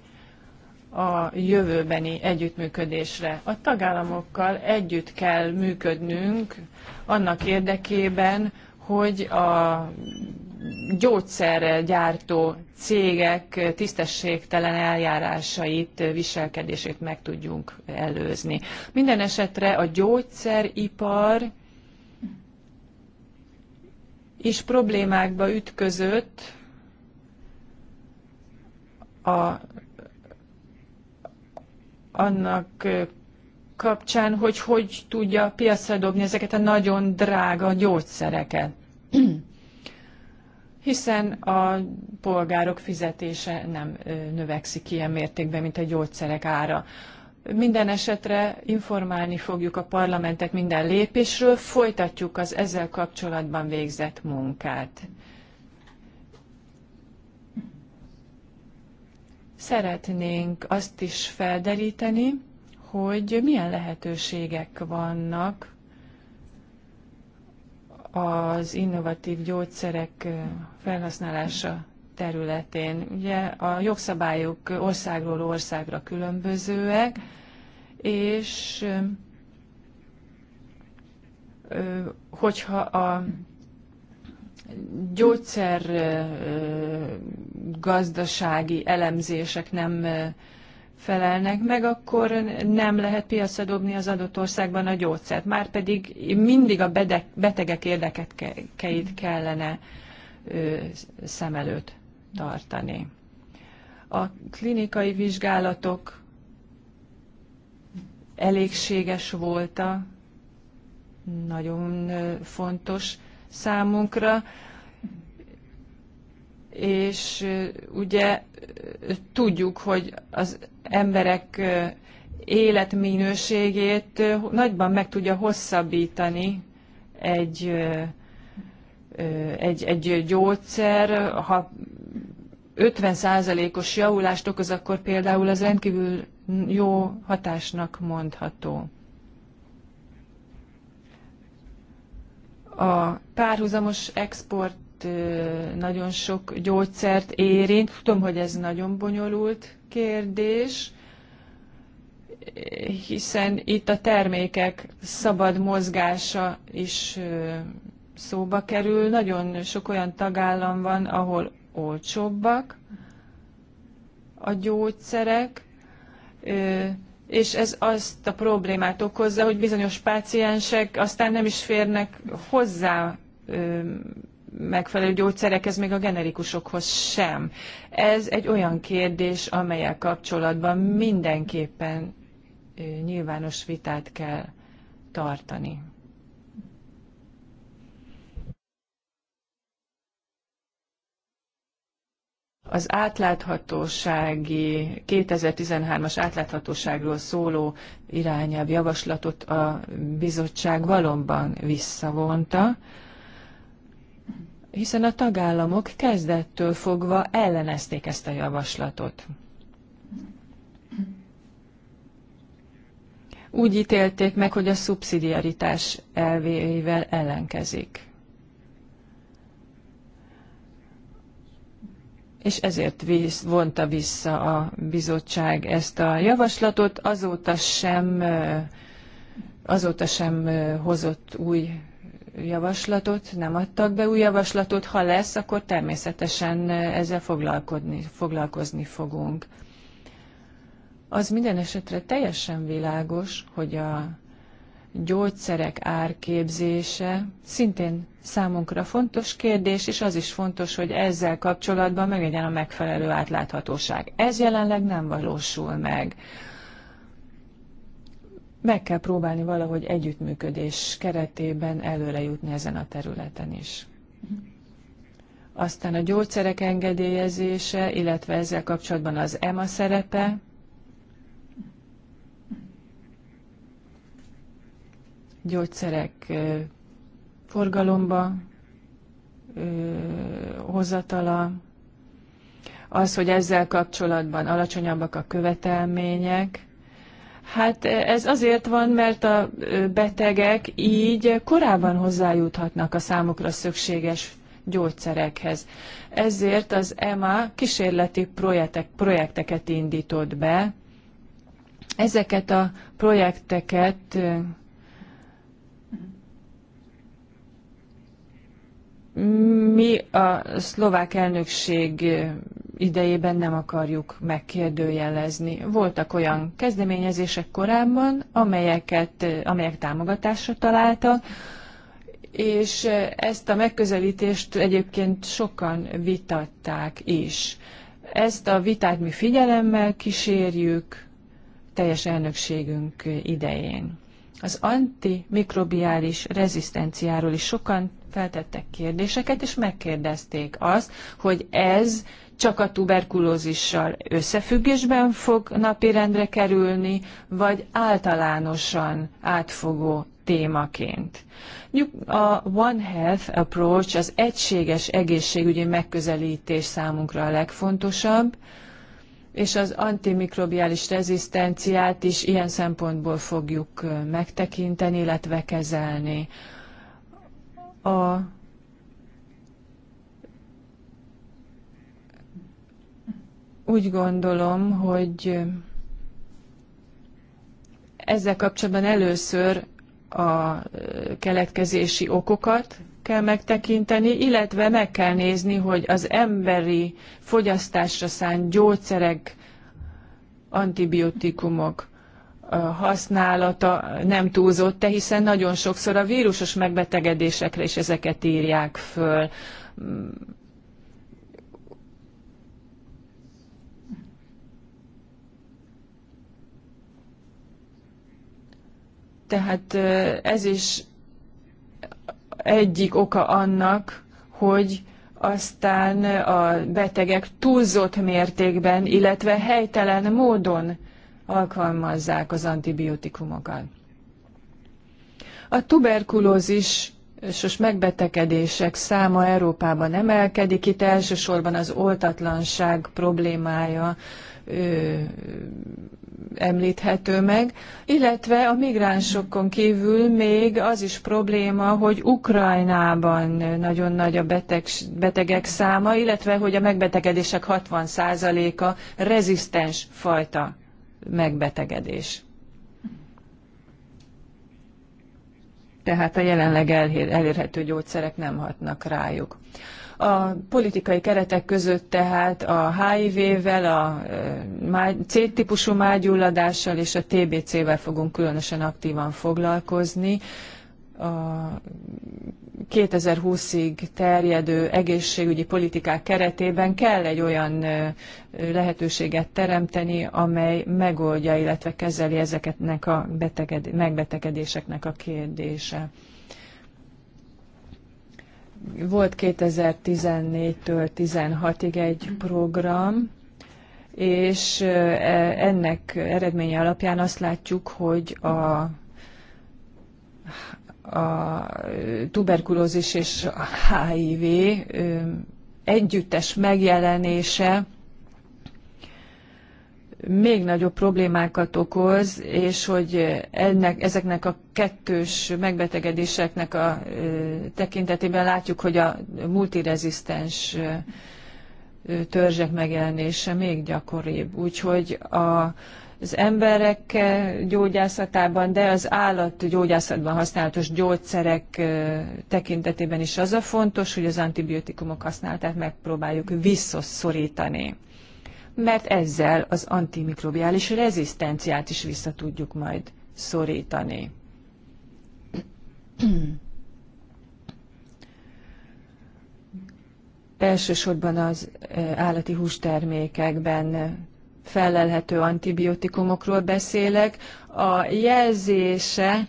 a jövőbeni együttműködésre. A tagállamokkal együtt kell működnünk annak érdekében, hogy a gyártó cégek tisztességtelen eljárásait, viselkedését meg tudjunk előzni. Minden esetre a gyógyszeripar is problémákba ütközött a annak kapcsán, hogy hogy tudja piacra dobni ezeket a nagyon drága gyógyszereket. Hiszen a polgárok fizetése nem növekszik ilyen mértékben, mint a gyógyszerek ára. Minden esetre informálni fogjuk a parlamentet minden lépésről, folytatjuk az ezzel kapcsolatban végzett munkát. Szeretnénk azt is felderíteni, hogy milyen lehetőségek vannak az innovatív gyógyszerek felhasználása területén. Ugye a jogszabályok országról országra különbözőek, és hogyha a gyógyszer gazdasági elemzések nem felelnek meg, akkor nem lehet piacra dobni az adott országban a gyógyszert. Márpedig mindig a betegek érdekeit kellene szem előtt tartani. A klinikai vizsgálatok elégséges voltak, nagyon fontos számunkra, és ugye tudjuk, hogy az emberek életminőségét nagyban meg tudja hosszabbítani egy, egy, egy gyógyszer. Ha 50%-os javulást okoz, akkor például az rendkívül jó hatásnak mondható. A párhuzamos export nagyon sok gyógyszert érint. Tudom, hogy ez nagyon bonyolult kérdés, hiszen itt a termékek szabad mozgása is szóba kerül. Nagyon sok olyan tagállam van, ahol olcsóbbak a gyógyszerek, és ez azt a problémát okozza, hogy bizonyos páciensek aztán nem is férnek hozzá megfelelő gyógyszerekhez, még a generikusokhoz sem. Ez egy olyan kérdés, amelyel kapcsolatban mindenképpen nyilvános vitát kell tartani. az átláthatósági 2013-as átláthatóságról szóló irányelv javaslatot a bizottság valóban visszavonta, hiszen a tagállamok kezdettől fogva ellenezték ezt a javaslatot. Úgy ítélték meg, hogy a szubszidiaritás elvével ellenkezik. és ezért visz, vonta vissza a bizottság ezt a javaslatot. Azóta sem, azóta sem hozott új javaslatot, nem adtak be új javaslatot. Ha lesz, akkor természetesen ezzel foglalkozni, foglalkozni fogunk. Az minden esetre teljesen világos, hogy a gyógyszerek árképzése szintén számunkra fontos kérdés, és az is fontos, hogy ezzel kapcsolatban meglegyen a megfelelő átláthatóság. Ez jelenleg nem valósul meg. Meg kell próbálni valahogy együttműködés keretében előre jutni ezen a területen is. Aztán a gyógyszerek engedélyezése, illetve ezzel kapcsolatban az EMA szerepe, gyógyszerek forgalomba hozatala, az, hogy ezzel kapcsolatban alacsonyabbak a követelmények, Hát ez azért van, mert a betegek így korábban hozzájuthatnak a számukra szükséges gyógyszerekhez. Ezért az EMA kísérleti projektek, projekteket indított be. Ezeket a projekteket mi a szlovák elnökség idejében nem akarjuk megkérdőjelezni. Voltak olyan kezdeményezések korábban, amelyeket, amelyek támogatásra találtak, és ezt a megközelítést egyébként sokan vitatták is. Ezt a vitát mi figyelemmel kísérjük teljes elnökségünk idején. Az antimikrobiális rezisztenciáról is sokan feltettek kérdéseket, és megkérdezték azt, hogy ez csak a tuberkulózissal összefüggésben fog napirendre kerülni, vagy általánosan átfogó témaként. A One Health Approach, az egységes egészségügyi megközelítés számunkra a legfontosabb, és az antimikrobiális rezisztenciát is ilyen szempontból fogjuk megtekinteni, illetve kezelni a úgy gondolom, hogy ezzel kapcsolatban először a keletkezési okokat kell megtekinteni, illetve meg kell nézni, hogy az emberi fogyasztásra szánt gyógyszerek, antibiotikumok használata nem túlzott-e, hiszen nagyon sokszor a vírusos megbetegedésekre is ezeket írják föl. Tehát ez is egyik oka annak, hogy aztán a betegek túlzott mértékben, illetve helytelen módon alkalmazzák az antibiotikumokat. A tuberkulózis sos megbetegedések száma Európában emelkedik, itt elsősorban az oltatlanság problémája ö, említhető meg, illetve a migránsokon kívül még az is probléma, hogy Ukrajnában nagyon nagy a beteg, betegek száma, illetve hogy a megbetegedések 60%-a rezisztens fajta megbetegedés. Tehát a jelenleg elérhető gyógyszerek nem hatnak rájuk. A politikai keretek között tehát a HIV-vel, a C-típusú mágyulladással és a TBC-vel fogunk különösen aktívan foglalkozni a 2020-ig terjedő egészségügyi politikák keretében kell egy olyan lehetőséget teremteni, amely megoldja, illetve kezeli ezeknek a beteged, megbetegedéseknek a kérdése. Volt 2014-től 16-ig egy program, és e, ennek eredménye alapján azt látjuk, hogy a a tuberkulózis és a HIV együttes megjelenése még nagyobb problémákat okoz, és hogy ennek, ezeknek a kettős megbetegedéseknek a tekintetében látjuk, hogy a multirezisztens törzsek megjelenése még gyakoribb. Úgyhogy a az emberek eh, gyógyászatában, de az állat gyógyászatban használatos gyógyszerek eh, tekintetében is az a fontos, hogy az antibiotikumok használatát megpróbáljuk visszaszorítani. Mert ezzel az antimikrobiális rezisztenciát is vissza tudjuk majd szorítani. Elsősorban az eh, állati hústermékekben felelhető antibiotikumokról beszélek. A jelzése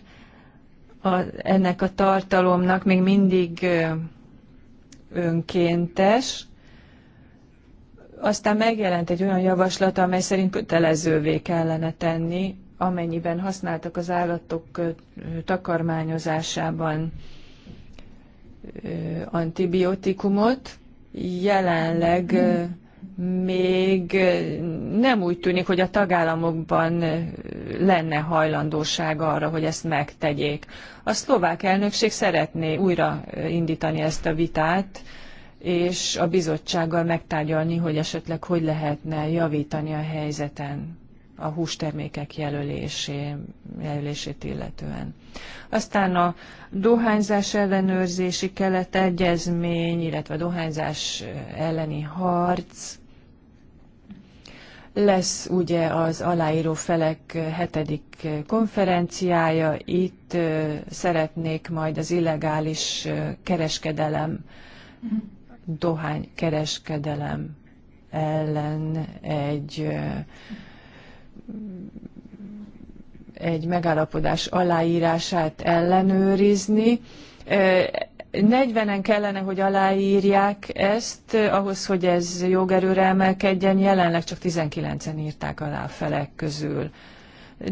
a, ennek a tartalomnak még mindig önkéntes, aztán megjelent egy olyan javaslat, amely szerint kötelezővé kellene tenni, amennyiben használtak az állatok takarmányozásában antibiotikumot. Jelenleg még nem úgy tűnik, hogy a tagállamokban lenne hajlandóság arra, hogy ezt megtegyék. A szlovák elnökség szeretné újra indítani ezt a vitát, és a bizottsággal megtárgyalni, hogy esetleg hogy lehetne javítani a helyzeten a hústermékek jelölésé, jelölését illetően. Aztán a dohányzás ellenőrzési kelet egyezmény, illetve a dohányzás elleni harc, lesz ugye az aláíró felek hetedik konferenciája, itt szeretnék majd az illegális kereskedelem, Dohány kereskedelem ellen egy egy megállapodás aláírását ellenőrizni. 40-en kellene, hogy aláírják ezt, eh, ahhoz, hogy ez jogerőre emelkedjen, jelenleg csak 19-en írták alá a felek közül.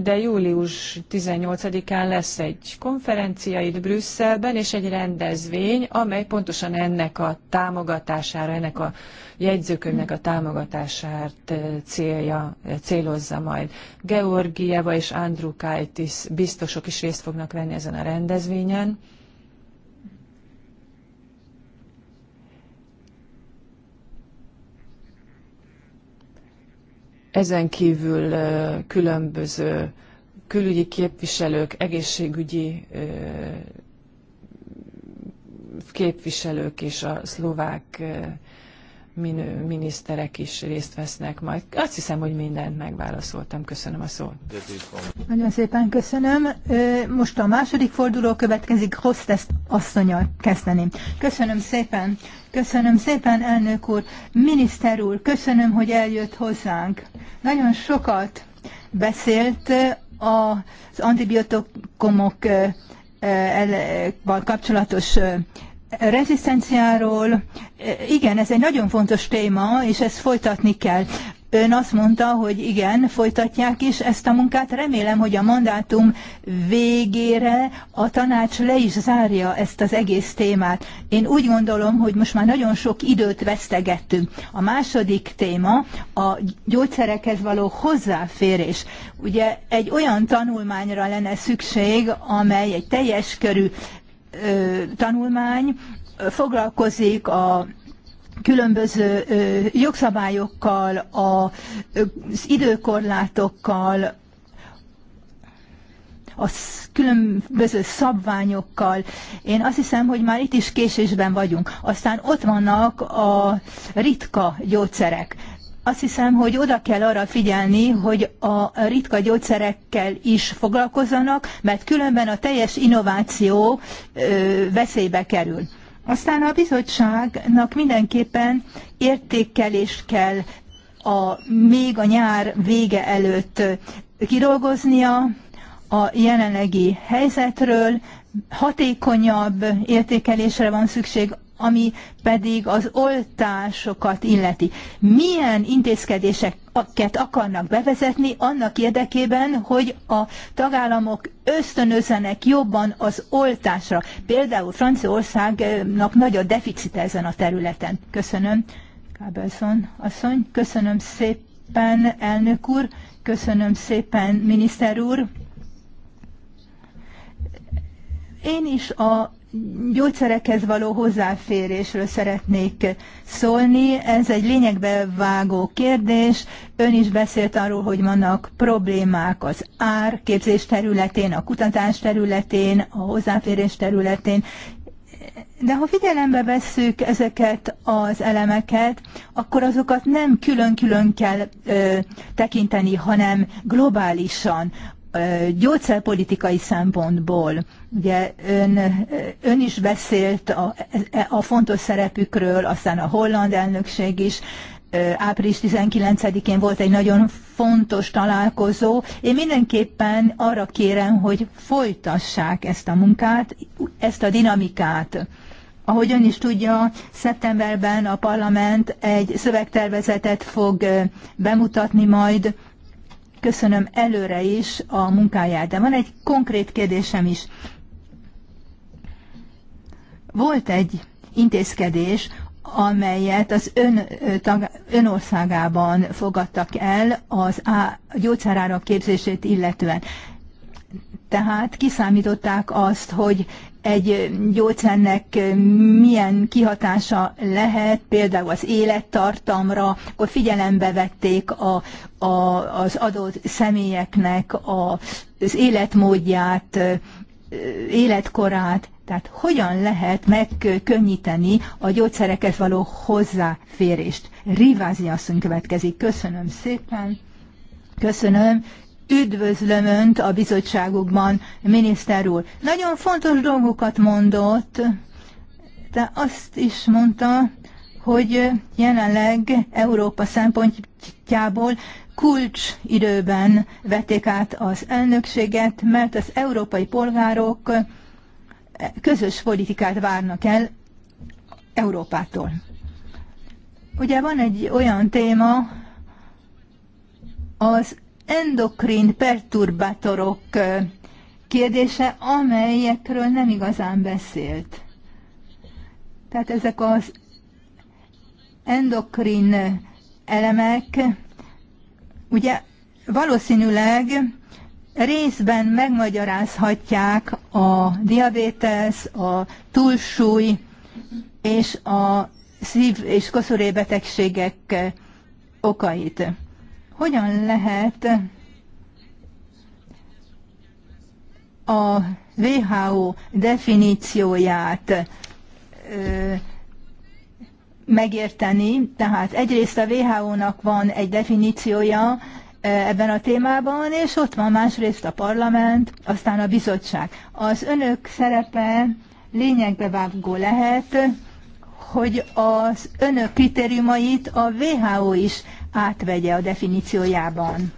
De július 18-án lesz egy konferencia itt Brüsszelben, és egy rendezvény, amely pontosan ennek a támogatására, ennek a jegyzőkönyvnek a támogatását eh, célja, eh, célozza majd. Georgieva és Andrew Kaitis biztosok is részt fognak venni ezen a rendezvényen Ezen kívül különböző külügyi képviselők, egészségügyi képviselők és a szlovák miniszterek is részt vesznek majd. Azt hiszem, hogy mindent megválaszoltam. Köszönöm a szót. Nagyon szépen köszönöm. Most a második forduló következik. Hostess asszonyal kezdeném. Köszönöm szépen. Köszönöm szépen, elnök úr. Miniszter úr, köszönöm, hogy eljött hozzánk. Nagyon sokat beszélt az antibiotikumok kapcsolatos rezisztenciáról. Igen, ez egy nagyon fontos téma, és ezt folytatni kell. Ön azt mondta, hogy igen, folytatják is ezt a munkát. Remélem, hogy a mandátum végére a tanács le is zárja ezt az egész témát. Én úgy gondolom, hogy most már nagyon sok időt vesztegettünk. A második téma a gyógyszerekhez való hozzáférés. Ugye egy olyan tanulmányra lenne szükség, amely egy teljes körű ö, tanulmány, foglalkozik a különböző jogszabályokkal, az időkorlátokkal, a különböző szabványokkal. Én azt hiszem, hogy már itt is késésben vagyunk. Aztán ott vannak a ritka gyógyszerek. Azt hiszem, hogy oda kell arra figyelni, hogy a ritka gyógyszerekkel is foglalkozzanak, mert különben a teljes innováció veszélybe kerül. Aztán a bizottságnak mindenképpen értékelés kell a, még a nyár vége előtt kidolgoznia a jelenlegi helyzetről, hatékonyabb értékelésre van szükség ami pedig az oltásokat illeti. Milyen intézkedéseket akarnak bevezetni annak érdekében, hogy a tagállamok ösztönözzenek jobban az oltásra. Például Franciaországnak nagy a deficit ezen a területen. Köszönöm, Kábelszon asszony. Köszönöm szépen, elnök úr. Köszönöm szépen, miniszter úr. Én is a gyógyszerekhez való hozzáférésről szeretnék szólni. Ez egy lényegbe vágó kérdés. Ön is beszélt arról, hogy vannak problémák az ár képzés területén, a kutatás területén, a hozzáférés területén. De ha figyelembe vesszük ezeket az elemeket, akkor azokat nem külön-külön kell ö, tekinteni, hanem globálisan gyógyszerpolitikai szempontból, ugye ön, ön is beszélt a, a fontos szerepükről, aztán a holland elnökség is, április 19-én volt egy nagyon fontos találkozó. Én mindenképpen arra kérem, hogy folytassák ezt a munkát, ezt a dinamikát. Ahogy ön is tudja, szeptemberben a parlament egy szövegtervezetet fog bemutatni majd, köszönöm előre is a munkáját, de van egy konkrét kérdésem is. Volt egy intézkedés, amelyet az ön, tag, országában fogadtak el az a gyógyszerára képzését illetően. Tehát kiszámították azt, hogy egy gyógyszernek milyen kihatása lehet, például az élettartamra, akkor figyelembe vették a, a, az adott személyeknek a, az életmódját, életkorát, tehát hogyan lehet megkönnyíteni a gyógyszerekhez való hozzáférést? Rivázi asszony következik. Köszönöm szépen. Köszönöm. Üdvözlöm Önt a bizottságukban, miniszter úr. Nagyon fontos dolgokat mondott, de azt is mondta, hogy jelenleg Európa szempontjából kulcs időben vették át az elnökséget, mert az európai polgárok közös politikát várnak el Európától. Ugye van egy olyan téma, az endokrin perturbátorok kérdése, amelyekről nem igazán beszélt. Tehát ezek az endokrin elemek, ugye valószínűleg részben megmagyarázhatják a diabétesz, a túlsúly és a szív- és koszorébetegségek okait. Hogyan lehet a WHO definícióját ö, megérteni. Tehát egyrészt a WHO-nak van egy definíciója ebben a témában, és ott van másrészt a parlament, aztán a bizottság. Az önök szerepe lényegbe vágó lehet, hogy az önök kritériumait a WHO is átvegye a definíciójában.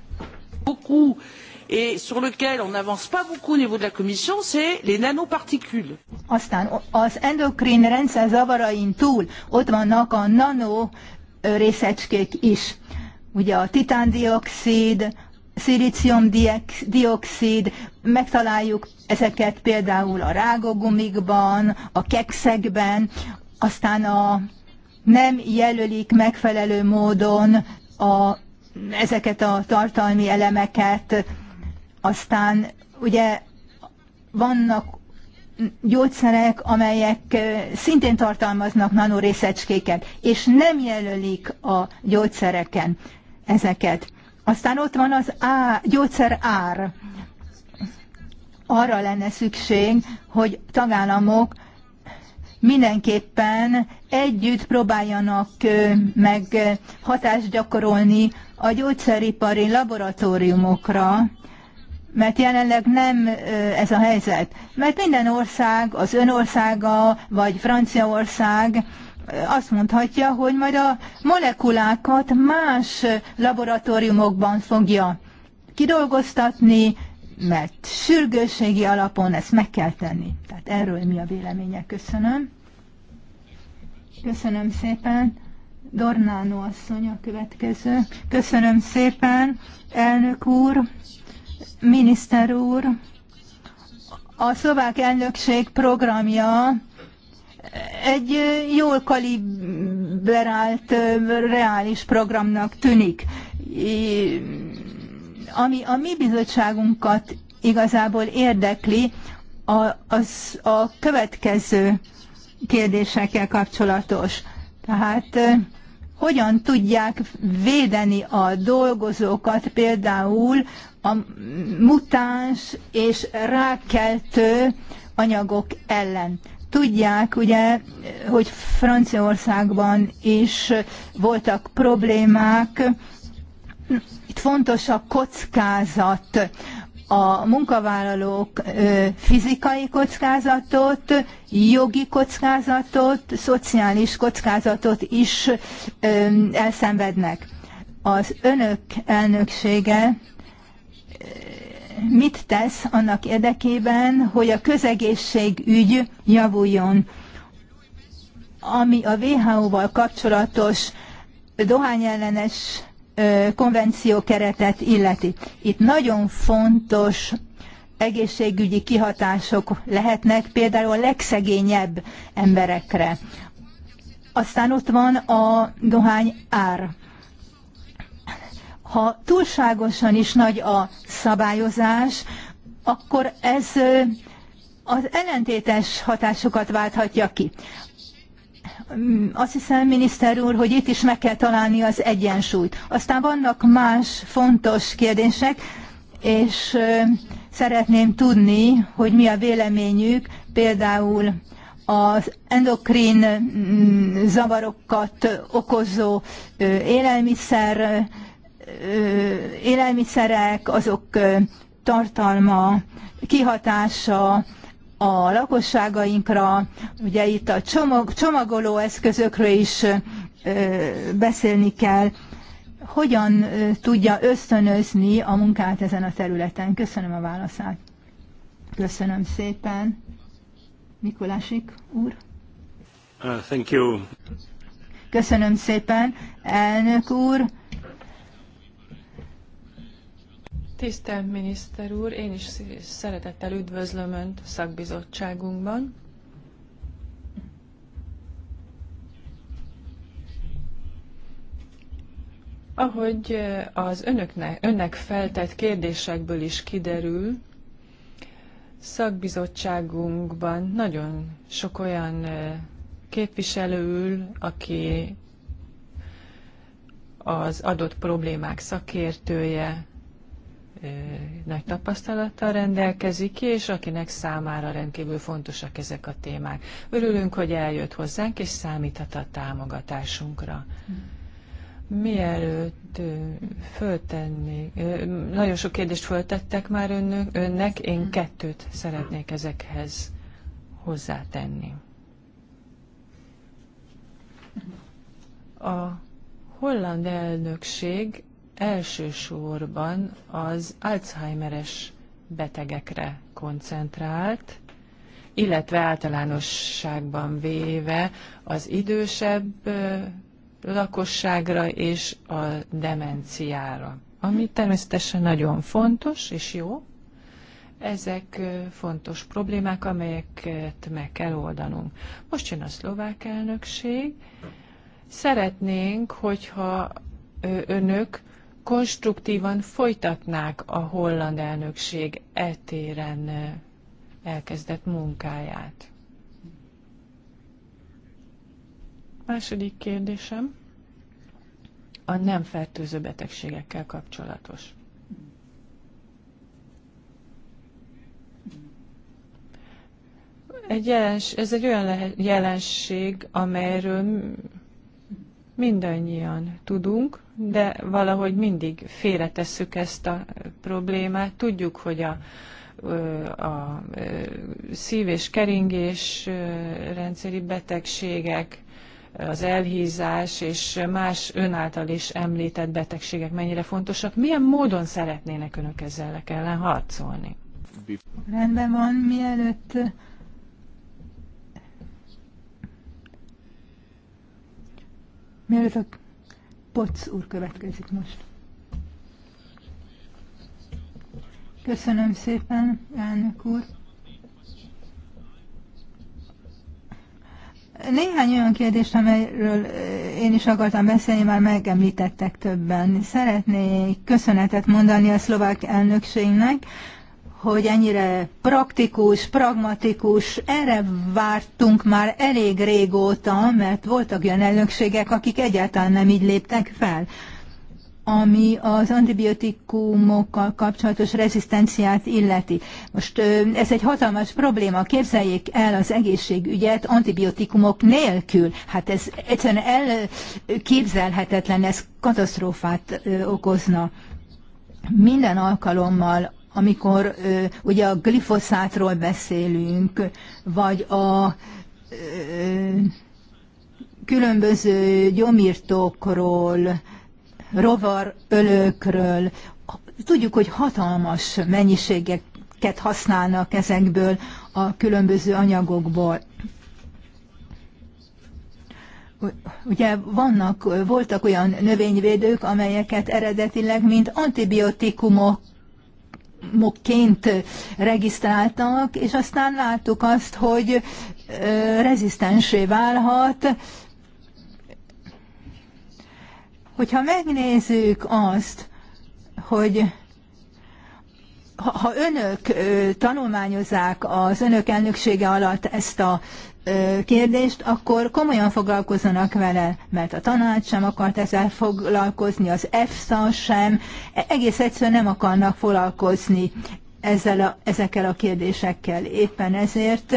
sur lequel on n'avance pas beaucoup niveau de la Commission, c'est les nanoparticules. Aztán az endokrin rendszer zavarain túl ott vannak a nano részecskék is. Ugye a titándioxid, szilíciumdioxid, megtaláljuk ezeket például a rágogumikban, a kekszekben, aztán a nem jelölik megfelelő módon a, ezeket a tartalmi elemeket, aztán ugye vannak gyógyszerek, amelyek szintén tartalmaznak nanorészecskéket, és nem jelölik a gyógyszereken ezeket. Aztán ott van az á, gyógyszer ár. Arra lenne szükség, hogy tagállamok mindenképpen együtt próbáljanak meg hatást gyakorolni a gyógyszeripari laboratóriumokra, mert jelenleg nem ez a helyzet. Mert minden ország, az ön országa, vagy Franciaország azt mondhatja, hogy majd a molekulákat más laboratóriumokban fogja kidolgoztatni, mert sürgősségi alapon ezt meg kell tenni. Tehát erről mi a véleménye? Köszönöm. Köszönöm szépen. Dornánó asszony a következő. Köszönöm szépen, elnök úr, miniszter úr. A szlovák elnökség programja egy jól kalibrált, reális programnak tűnik ami a mi bizottságunkat igazából érdekli, a, az a következő kérdésekkel kapcsolatos. Tehát hogyan tudják védeni a dolgozókat például a mutáns és rákeltő anyagok ellen. Tudják ugye, hogy Franciaországban is voltak problémák itt fontos a kockázat, a munkavállalók fizikai kockázatot, jogi kockázatot, szociális kockázatot is elszenvednek. Az önök elnöksége mit tesz annak érdekében, hogy a közegészségügy javuljon, ami a WHO-val kapcsolatos dohányellenes konvenció keretet illeti. Itt nagyon fontos egészségügyi kihatások lehetnek például a legszegényebb emberekre. Aztán ott van a dohány ár. Ha túlságosan is nagy a szabályozás, akkor ez az ellentétes hatásokat válthatja ki. Mm, azt hiszem, miniszter úr, hogy itt is meg kell találni az egyensúlyt. Aztán vannak más fontos kérdések, és szeretném tudni, hogy mi a véleményük például az endokrin mm, zavarokat okozó élelmiszer, élelmiszerek, azok tartalma, kihatása a lakosságainkra, ugye itt a csomag, csomagoló eszközökről is beszélni kell, hogyan tudja ösztönözni a munkát ezen a területen. Köszönöm a válaszát. Köszönöm szépen. Mikulásik úr. Uh, thank you. Köszönöm szépen, elnök úr. Tisztelt miniszter úr, én is szeretettel üdvözlöm Önt a szakbizottságunkban. Ahogy eh, az önöknek, önnek feltett kérdésekből is kiderül, szakbizottságunkban nagyon sok olyan eh, képviselő ül, aki az adott problémák szakértője, nagy tapasztalattal rendelkezik, és akinek számára rendkívül fontosak ezek a témák. Örülünk, hogy eljött hozzánk, és számíthat a támogatásunkra. Mielőtt föltenni, nagyon sok kérdést föltettek már önök, önnek, én kettőt szeretnék ezekhez hozzátenni. A holland elnökség elsősorban az Alzheimeres betegekre koncentrált, illetve általánosságban véve az idősebb lakosságra és a demenciára, ami természetesen nagyon fontos és jó. Ezek fontos problémák, amelyeket meg kell oldanunk. Most jön a szlovák elnökség. Szeretnénk, hogyha önök konstruktívan folytatnák a holland elnökség etéren elkezdett munkáját. Második kérdésem a nem fertőző betegségekkel kapcsolatos. Egy jelens, ez egy olyan jelenség, amelyről mindannyian tudunk, de valahogy mindig félretesszük ezt a problémát. Tudjuk, hogy a, a szív- és keringés rendszeri betegségek, az elhízás és más önáltal is említett betegségek mennyire fontosak. Milyen módon szeretnének önök ezzel ellen harcolni? Rendben van, mielőtt mielőtt a Poc úr következik most. Köszönöm szépen, elnök úr. Néhány olyan kérdést, amelyről eh, én is akartam beszélni, már megemlítettek többen. Szeretnék köszönetet mondani a szlovák elnökségnek, hogy ennyire praktikus, pragmatikus, erre vártunk már elég régóta, mert voltak olyan elnökségek, akik egyáltalán nem így léptek fel. Ami az antibiotikumokkal kapcsolatos rezisztenciát illeti. Most ez egy hatalmas probléma, képzeljék el az egészségügyet antibiotikumok nélkül. Hát ez egyszerűen elképzelhetetlen, ez katasztrófát okozna. Minden alkalommal amikor ugye a glifoszátról beszélünk, vagy a különböző gyomírtókról, rovarölőkről, tudjuk, hogy hatalmas mennyiségeket használnak ezekből a különböző anyagokból. Ugye vannak, voltak olyan növényvédők, amelyeket eredetileg, mint antibiotikumok mokként regisztráltak, és aztán láttuk azt, hogy rezisztensé válhat. Hogyha megnézzük azt, hogy ha önök tanulmányozzák az önök elnöksége alatt ezt a kérdést, akkor komolyan foglalkozzanak vele, mert a tanács sem akart ezzel foglalkozni, az EFSA sem, egész egyszerűen nem akarnak foglalkozni ezzel a, ezekkel a kérdésekkel. Éppen ezért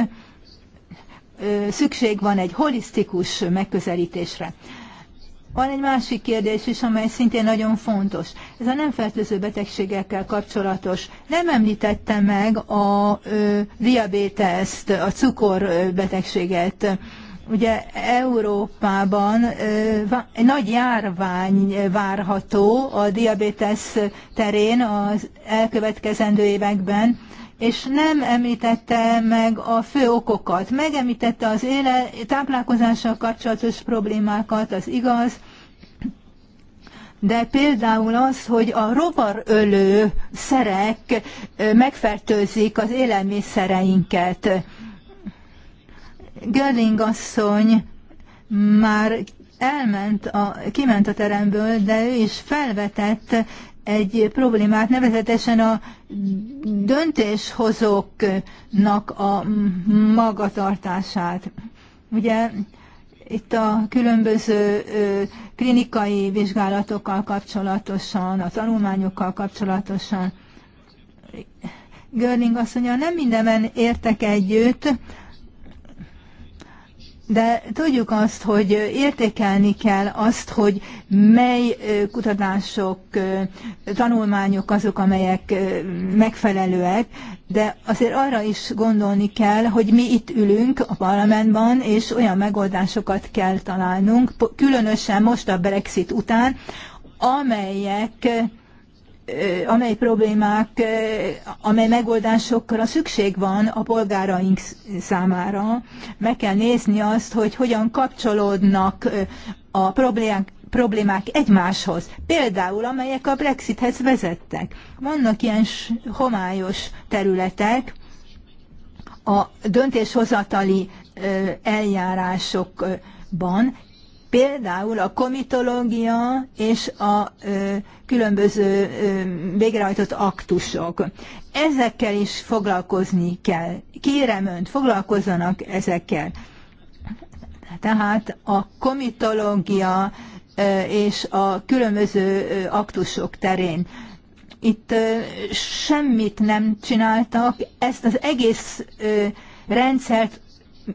szükség van egy holisztikus megközelítésre. Van egy másik kérdés is, amely szintén nagyon fontos. Ez a nem fertőző betegségekkel kapcsolatos. Nem említette meg a ö, diabéteszt, a cukorbetegséget. Ugye Európában ö, egy nagy járvány várható a diabétesz terén az elkövetkezendő években. Ö, és nem említette meg a fő okokat. Megemlítette az éle, táplálkozással kapcsolatos problémákat, az igaz, de például az, hogy a rovarölő szerek megfertőzik az élelmiszereinket. Görling asszony már elment, a, kiment a teremből, de ő is felvetett egy problémát, nevezetesen a döntéshozóknak a magatartását. Ugye itt a különböző klinikai vizsgálatokkal kapcsolatosan, a tanulmányokkal kapcsolatosan. Görling azt mondja, nem mindenben értek együtt de tudjuk azt, hogy értékelni kell azt, hogy mely kutatások, tanulmányok azok, amelyek megfelelőek, de azért arra is gondolni kell, hogy mi itt ülünk a parlamentban, és olyan megoldásokat kell találnunk, különösen most a Brexit után, amelyek amely problémák, amely megoldásokra szükség van a polgáraink számára. Meg kell nézni azt, hogy hogyan kapcsolódnak a problémák, problémák egymáshoz, például amelyek a Brexithez vezettek. Vannak ilyen homályos területek, a döntéshozatali eljárásokban Például a komitológia és a különböző végrehajtott aktusok. Ezekkel is foglalkozni kell. Kérem önt, foglalkozzanak ezekkel. Tehát a komitológia és a különböző aktusok terén. Itt semmit nem csináltak, ezt az egész rendszert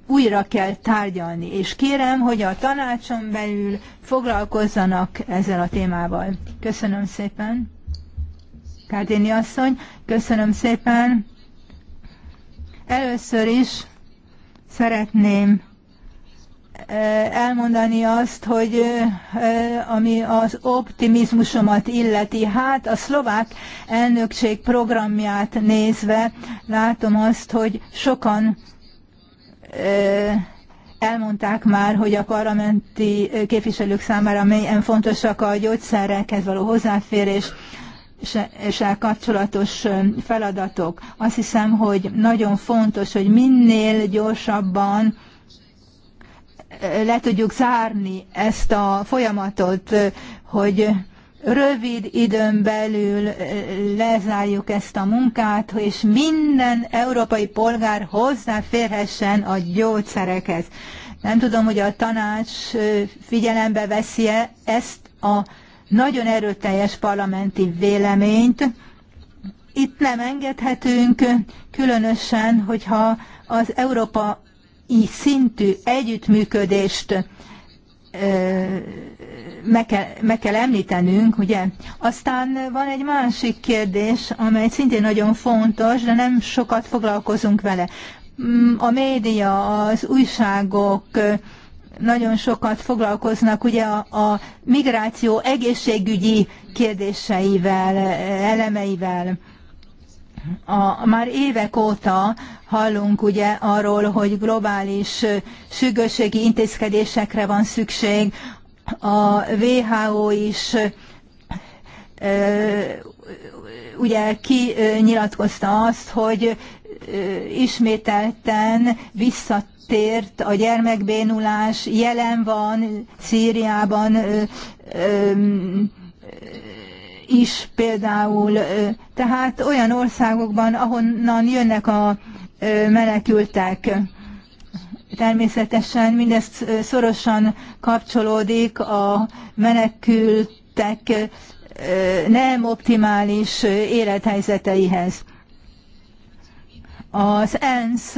újra kell tárgyalni, és kérem, hogy a tanácson belül foglalkozzanak ezzel a témával. Köszönöm szépen. Kárdéni asszony, köszönöm szépen. Először is szeretném elmondani azt, hogy ami az optimizmusomat illeti, hát a szlovák elnökség programját nézve látom azt, hogy sokan elmondták már, hogy a parlamenti képviselők számára milyen fontosak a gyógyszerekhez való hozzáférés, és kapcsolatos feladatok. Azt hiszem, hogy nagyon fontos, hogy minél gyorsabban le tudjuk zárni ezt a folyamatot, hogy rövid időn belül lezárjuk ezt a munkát, és minden európai polgár hozzáférhessen a gyógyszerekhez. Nem tudom, hogy a tanács figyelembe veszi -e ezt a nagyon erőteljes parlamenti véleményt. Itt nem engedhetünk, különösen, hogyha az európai szintű együttműködést meg kell, meg kell említenünk, ugye? Aztán van egy másik kérdés, amely szintén nagyon fontos, de nem sokat foglalkozunk vele. Mm, a média, az újságok nagyon sokat foglalkoznak ugye a, a migráció egészségügyi kérdéseivel, elemeivel. A, már évek óta hallunk ugye arról, hogy globális sürgősségi intézkedésekre van szükség a WHO is ugye kinyilatkozta azt, hogy ismételten visszatért a gyermekbénulás, jelen van Szíriában is például, tehát olyan országokban, ahonnan jönnek a menekültek. Természetesen mindezt szorosan kapcsolódik a menekültek nem optimális élethelyzeteihez. Az ENSZ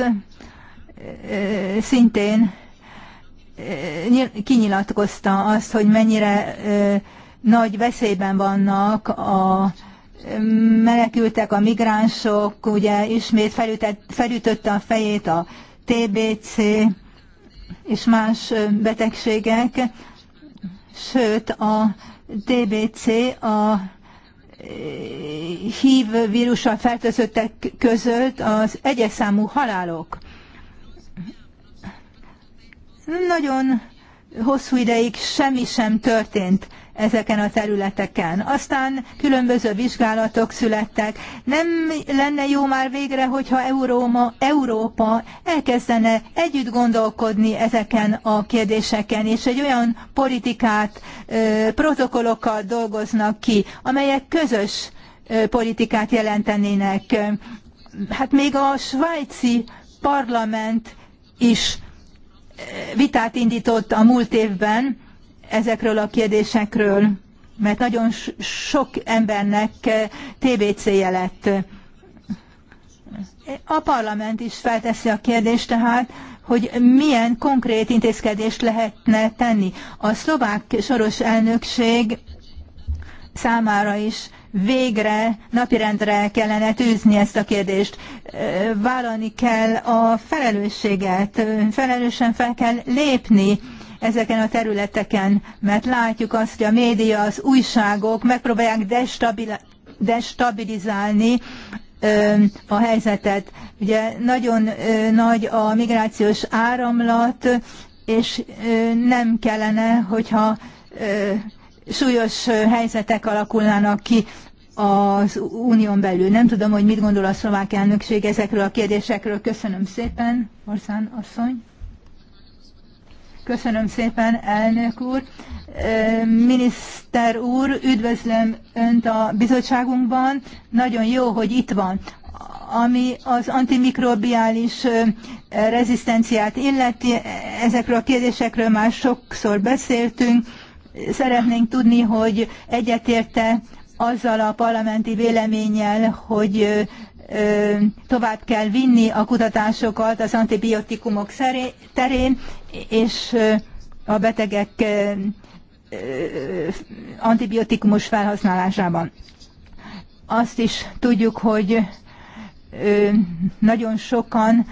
szintén kinyilatkozta azt, hogy mennyire nagy veszélyben vannak a menekültek, a migránsok, ugye ismét felütött felütötte a fejét a TBC és más betegségek, sőt a TBC a HIV vírussal fertőzöttek között az egyes számú halálok. Nagyon hosszú ideig semmi sem történt ezeken a területeken. Aztán különböző vizsgálatok születtek. Nem lenne jó már végre, hogyha Euróma, Európa elkezdene együtt gondolkodni ezeken a kérdéseken, és egy olyan politikát, protokollokat dolgoznak ki, amelyek közös politikát jelentenének. Hát még a svájci parlament is vitát indított a múlt évben ezekről a kérdésekről, mert nagyon sok embernek eh, TBC-je lett. A parlament is felteszi a kérdést tehát, hogy milyen konkrét intézkedést lehetne tenni. A szlovák soros elnökség számára is végre napirendre kellene tűzni ezt a kérdést. Vállalni kell a felelősséget, felelősen fel kell lépni ezeken a területeken, mert látjuk azt, hogy a média, az újságok megpróbálják destabilizálni a helyzetet. Ugye nagyon nagy a migrációs áramlat, és nem kellene, hogyha súlyos helyzetek alakulnának ki az unión belül. Nem tudom, hogy mit gondol a szlovák elnökség ezekről a kérdésekről. Köszönöm szépen, Orszán, asszony. Köszönöm szépen, elnök úr. Miniszter úr, üdvözlöm Önt a bizottságunkban. Nagyon jó, hogy itt van. Ami az antimikrobiális rezisztenciát illeti, ezekről a kérdésekről már sokszor beszéltünk Szeretnénk tudni, hogy egyetérte azzal a parlamenti véleménnyel, hogy tovább kell vinni a kutatásokat az antibiotikumok terén, és a betegek antibiotikumos felhasználásában. Azt is tudjuk, hogy nagyon sokan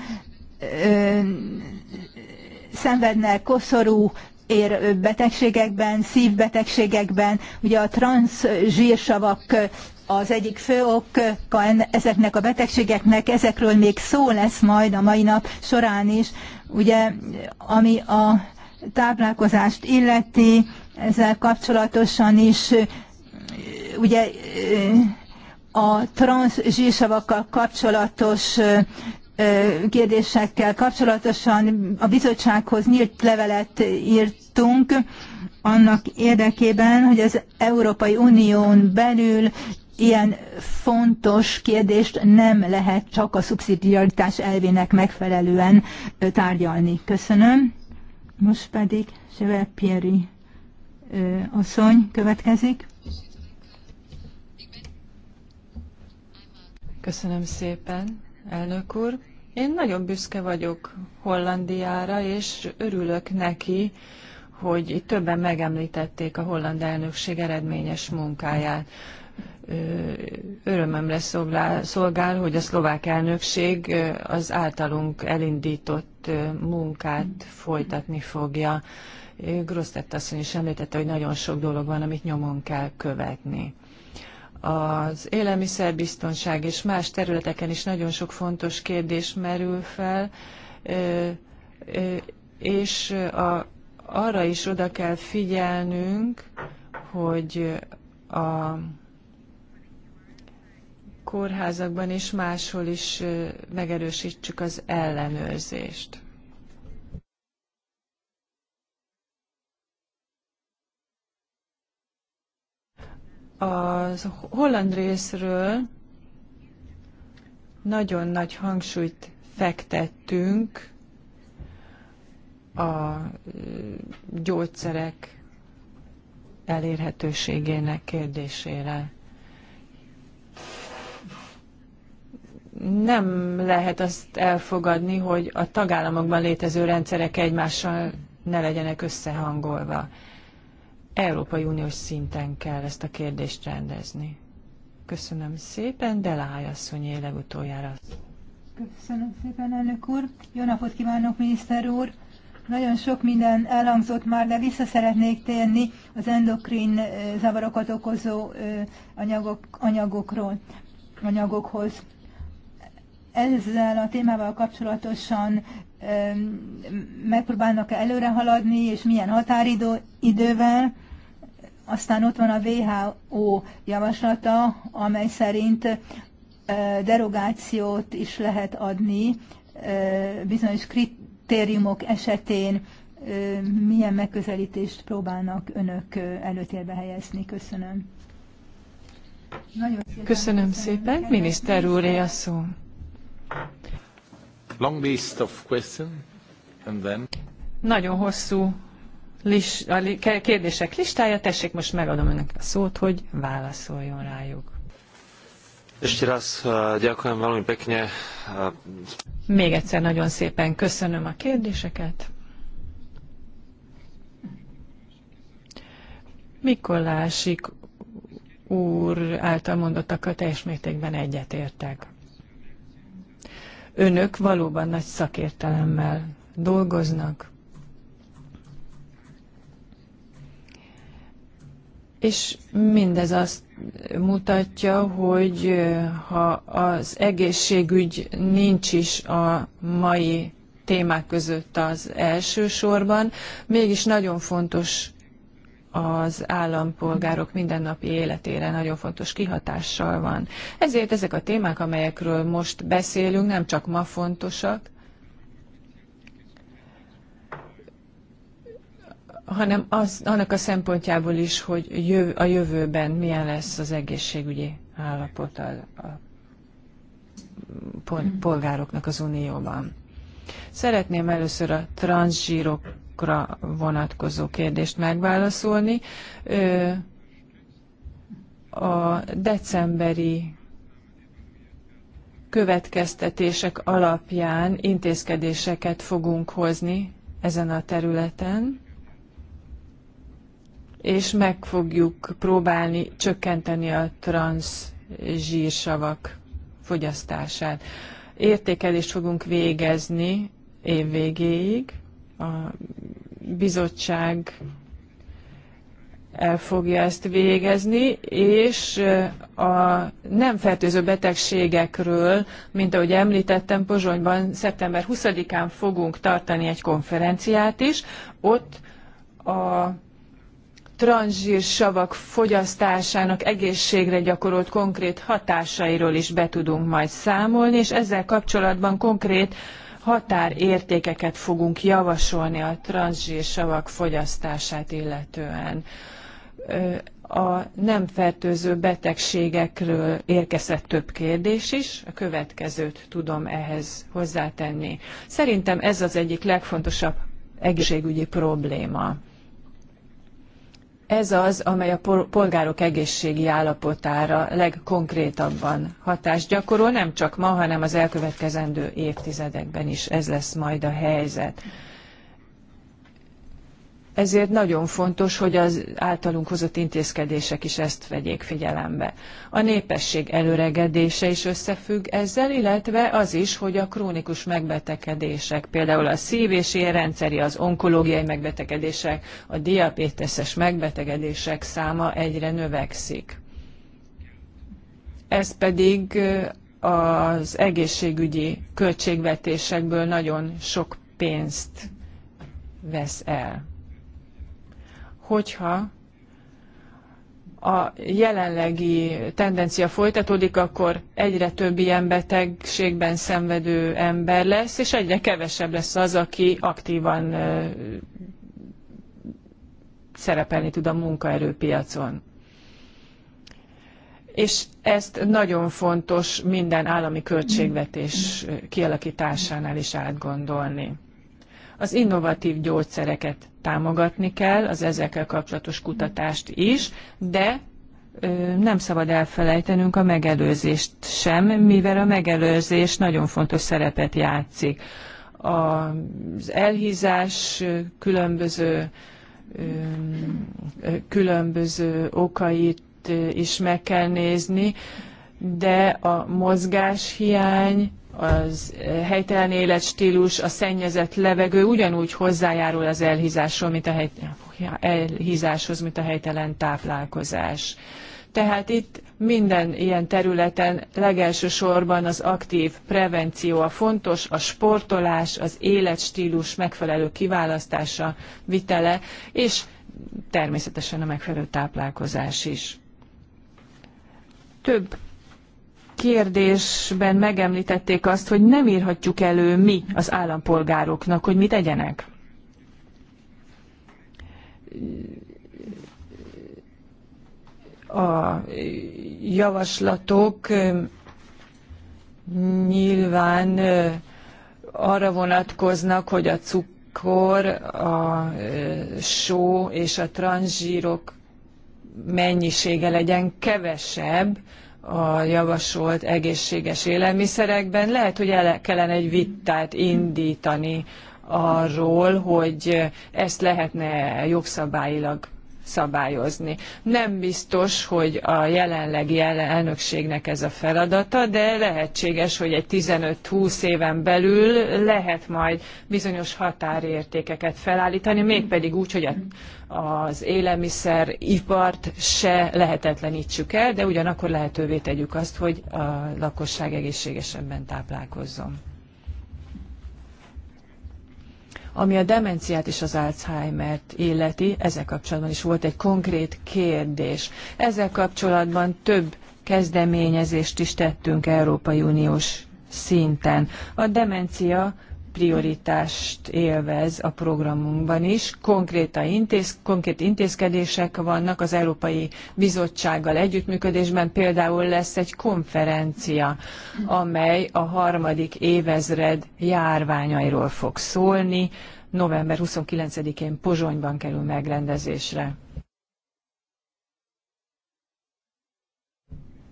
szenvednek koszorú ér betegségekben, szívbetegségekben. Ugye a transzsírsavak az egyik fő oka ezeknek a betegségeknek, ezekről még szó lesz majd a mai nap során is, ugye ami a táplálkozást illeti, ezzel kapcsolatosan is ugye a transzsírsavakkal kapcsolatos kérdésekkel kapcsolatosan a bizottsághoz nyílt levelet írtunk annak érdekében, hogy az Európai Unión belül ilyen fontos kérdést nem lehet csak a szubszidiaritás elvének megfelelően tárgyalni. Köszönöm. Most pedig Sever Pieri asszony következik. Köszönöm szépen, elnök úr. Én nagyon büszke vagyok Hollandiára, és örülök neki, hogy itt többen megemlítették a holland elnökség eredményes munkáját. Örömömre szolgál, hogy a szlovák elnökség az általunk elindított munkát folytatni fogja. Grosztett asszony is említette, hogy nagyon sok dolog van, amit nyomon kell követni az élelmiszerbiztonság és más területeken is nagyon sok fontos kérdés merül fel, és a, arra is oda kell figyelnünk, hogy a kórházakban és máshol is megerősítsük az ellenőrzést. A holland részről nagyon nagy hangsúlyt fektettünk a gyógyszerek elérhetőségének kérdésére. Nem lehet azt elfogadni, hogy a tagállamokban létező rendszerek egymással ne legyenek összehangolva. Európai Uniós szinten kell ezt a kérdést rendezni. Köszönöm szépen, de asszonyé legutoljára. Köszönöm szépen, elnök úr. Jó napot kívánok, miniszter úr. Nagyon sok minden elhangzott már, de vissza szeretnék térni az endokrin zavarokat okozó anyagok, anyagokról, anyagokhoz. Ezzel a témával kapcsolatosan megpróbálnak -e előre haladni, és milyen határidővel. Aztán ott van a WHO javaslata, amely szerint derogációt is lehet adni bizonyos kritériumok esetén. Milyen megközelítést próbálnak önök előtérbe helyezni? Köszönöm. Nagyon szépen, köszönöm, szépen. Miniszter úr, a szó. Long list of questions, and then... Nagyon hosszú list, a kérdések listája. Tessék, most megadom önnek a szót, hogy válaszoljon rájuk. Ešte raz eh, ďakujem pekne. Eh, Még egyszer nagyon szépen köszönöm a kérdéseket. Mikolásik úr által mondottakkal teljes mértékben egyetértek. Önök valóban nagy szakértelemmel dolgoznak, És mindez azt mutatja, hogy ha az egészségügy nincs is a mai témák között az első sorban, mégis nagyon fontos az állampolgárok mindennapi életére nagyon fontos kihatással van. Ezért ezek a témák, amelyekről most beszélünk, nem csak ma fontosak, hanem az, annak a szempontjából is, hogy jöv, a jövőben milyen lesz az egészségügyi állapot a, a hmm. polgároknak az Unióban. Szeretném először a transzsírokra vonatkozó kérdést megválaszolni. A decemberi következtetések alapján intézkedéseket fogunk hozni ezen a területen és meg fogjuk próbálni csökkenteni a transz zsírsavak fogyasztását. Értékelést fogunk végezni év végéig. A bizottság el fogja ezt végezni, és a nem fertőző betegségekről, mint ahogy említettem, Pozsonyban szeptember 20-án fogunk tartani egy konferenciát is. Ott a transzsírsavak fogyasztásának egészségre gyakorolt konkrét hatásairól is be tudunk majd számolni, és ezzel kapcsolatban konkrét határértékeket fogunk javasolni a transzsírsavak fogyasztását illetően. A nem fertőző betegségekről érkezett több kérdés is, a következőt tudom ehhez hozzátenni. Szerintem ez az egyik legfontosabb egészségügyi probléma ez az, amely a polgárok egészségi állapotára legkonkrétabban hatást gyakorol, nem csak ma, hanem az elkövetkezendő évtizedekben is ez lesz majd a helyzet ezért nagyon fontos, hogy az általunk hozott intézkedések is ezt vegyék figyelembe. A népesség előregedése is összefügg ezzel, illetve az is, hogy a krónikus megbetegedések, például a szív- és érrendszeri, az onkológiai megbetegedések, a diabéteses megbetegedések száma egyre növekszik. Ez pedig az egészségügyi költségvetésekből nagyon sok pénzt vesz el hogyha a jelenlegi tendencia folytatódik, akkor egyre több ilyen betegségben szenvedő ember lesz, és egyre kevesebb lesz az, aki aktívan szerepelni tud a munkaerőpiacon. És ezt nagyon fontos minden állami költségvetés kialakításánál is átgondolni. Az innovatív gyógyszereket támogatni kell, az ezekkel kapcsolatos kutatást is, de nem szabad elfelejtenünk a megelőzést sem, mivel a megelőzés nagyon fontos szerepet játszik. Az elhízás különböző, különböző okait is meg kell nézni, de a mozgáshiány az eh, helytelen életstílus, a szennyezett levegő ugyanúgy hozzájárul az elhízáshoz, mint a, hely, elhízáshoz, mint a helytelen táplálkozás. Tehát itt minden ilyen területen legelső sorban az aktív prevenció a fontos, a sportolás, az életstílus megfelelő kiválasztása, vitele, és természetesen a megfelelő táplálkozás is. Több kérdésben megemlítették azt, hogy nem írhatjuk elő mi az állampolgároknak, hogy mit tegyenek. A javaslatok nyilván arra vonatkoznak, hogy a cukor, a só és a transzsírok mennyisége legyen kevesebb, a javasolt egészséges élelmiszerekben. Lehet, hogy el kellene egy vitát indítani arról, hogy ezt lehetne jogszabályilag szabályozni. Nem biztos, hogy a jelenlegi elnökségnek ez a feladata, de lehetséges, hogy egy 15-20 éven belül lehet majd bizonyos határértékeket felállítani, mégpedig úgy, hogy a az ipart se lehetetlenítsük el, de ugyanakkor lehetővé tegyük azt, hogy a lakosság egészségesebben táplálkozzon. Ami a demenciát és az Alzheimer-t illeti, ezzel kapcsolatban is volt egy konkrét kérdés. Ezzel kapcsolatban több kezdeményezést is tettünk Európai Uniós szinten. A demencia prioritást élvez a programunkban is. Konkréta intéz, konkrét intézkedések vannak az Európai Bizottsággal együttműködésben. Például lesz egy konferencia, amely a harmadik évezred járványairól fog szólni. November 29-én Pozsonyban kerül megrendezésre.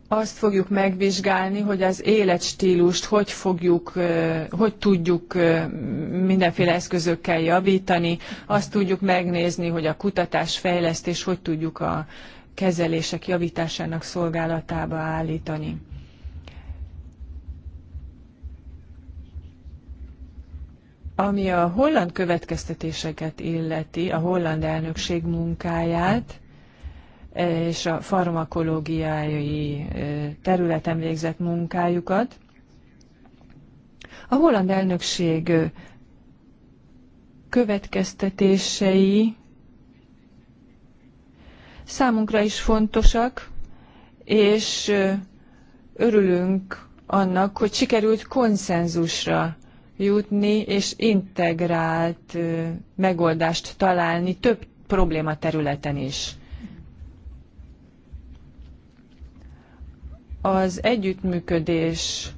azt fogjuk megvizsgálni, hogy az életstílust hogy fogjuk, hogy tudjuk mindenféle eszközökkel javítani, azt tudjuk megnézni, hogy a kutatás, fejlesztés hogy tudjuk a kezelések javításának szolgálatába állítani. Ami a holland következtetéseket illeti, a holland elnökség munkáját, és a farmakológiai területen végzett munkájukat. A holland elnökség következtetései számunkra is fontosak, és örülünk annak, hogy sikerült konszenzusra jutni, és integrált megoldást találni több probléma területen is. Az együttműködés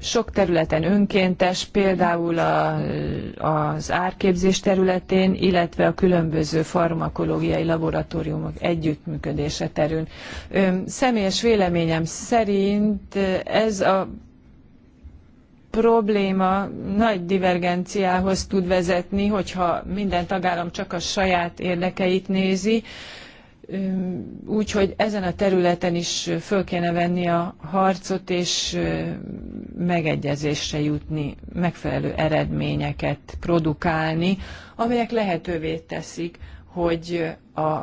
sok területen önkéntes, például a, az árképzés területén, illetve a különböző farmakológiai laboratóriumok együttműködése terén. Személyes véleményem szerint ez a probléma nagy divergenciához tud vezetni, hogyha minden tagállam csak a saját érdekeit nézi, Úgyhogy ezen a területen is föl kéne venni a harcot, és megegyezésre jutni, megfelelő eredményeket produkálni, amelyek lehetővé teszik, hogy a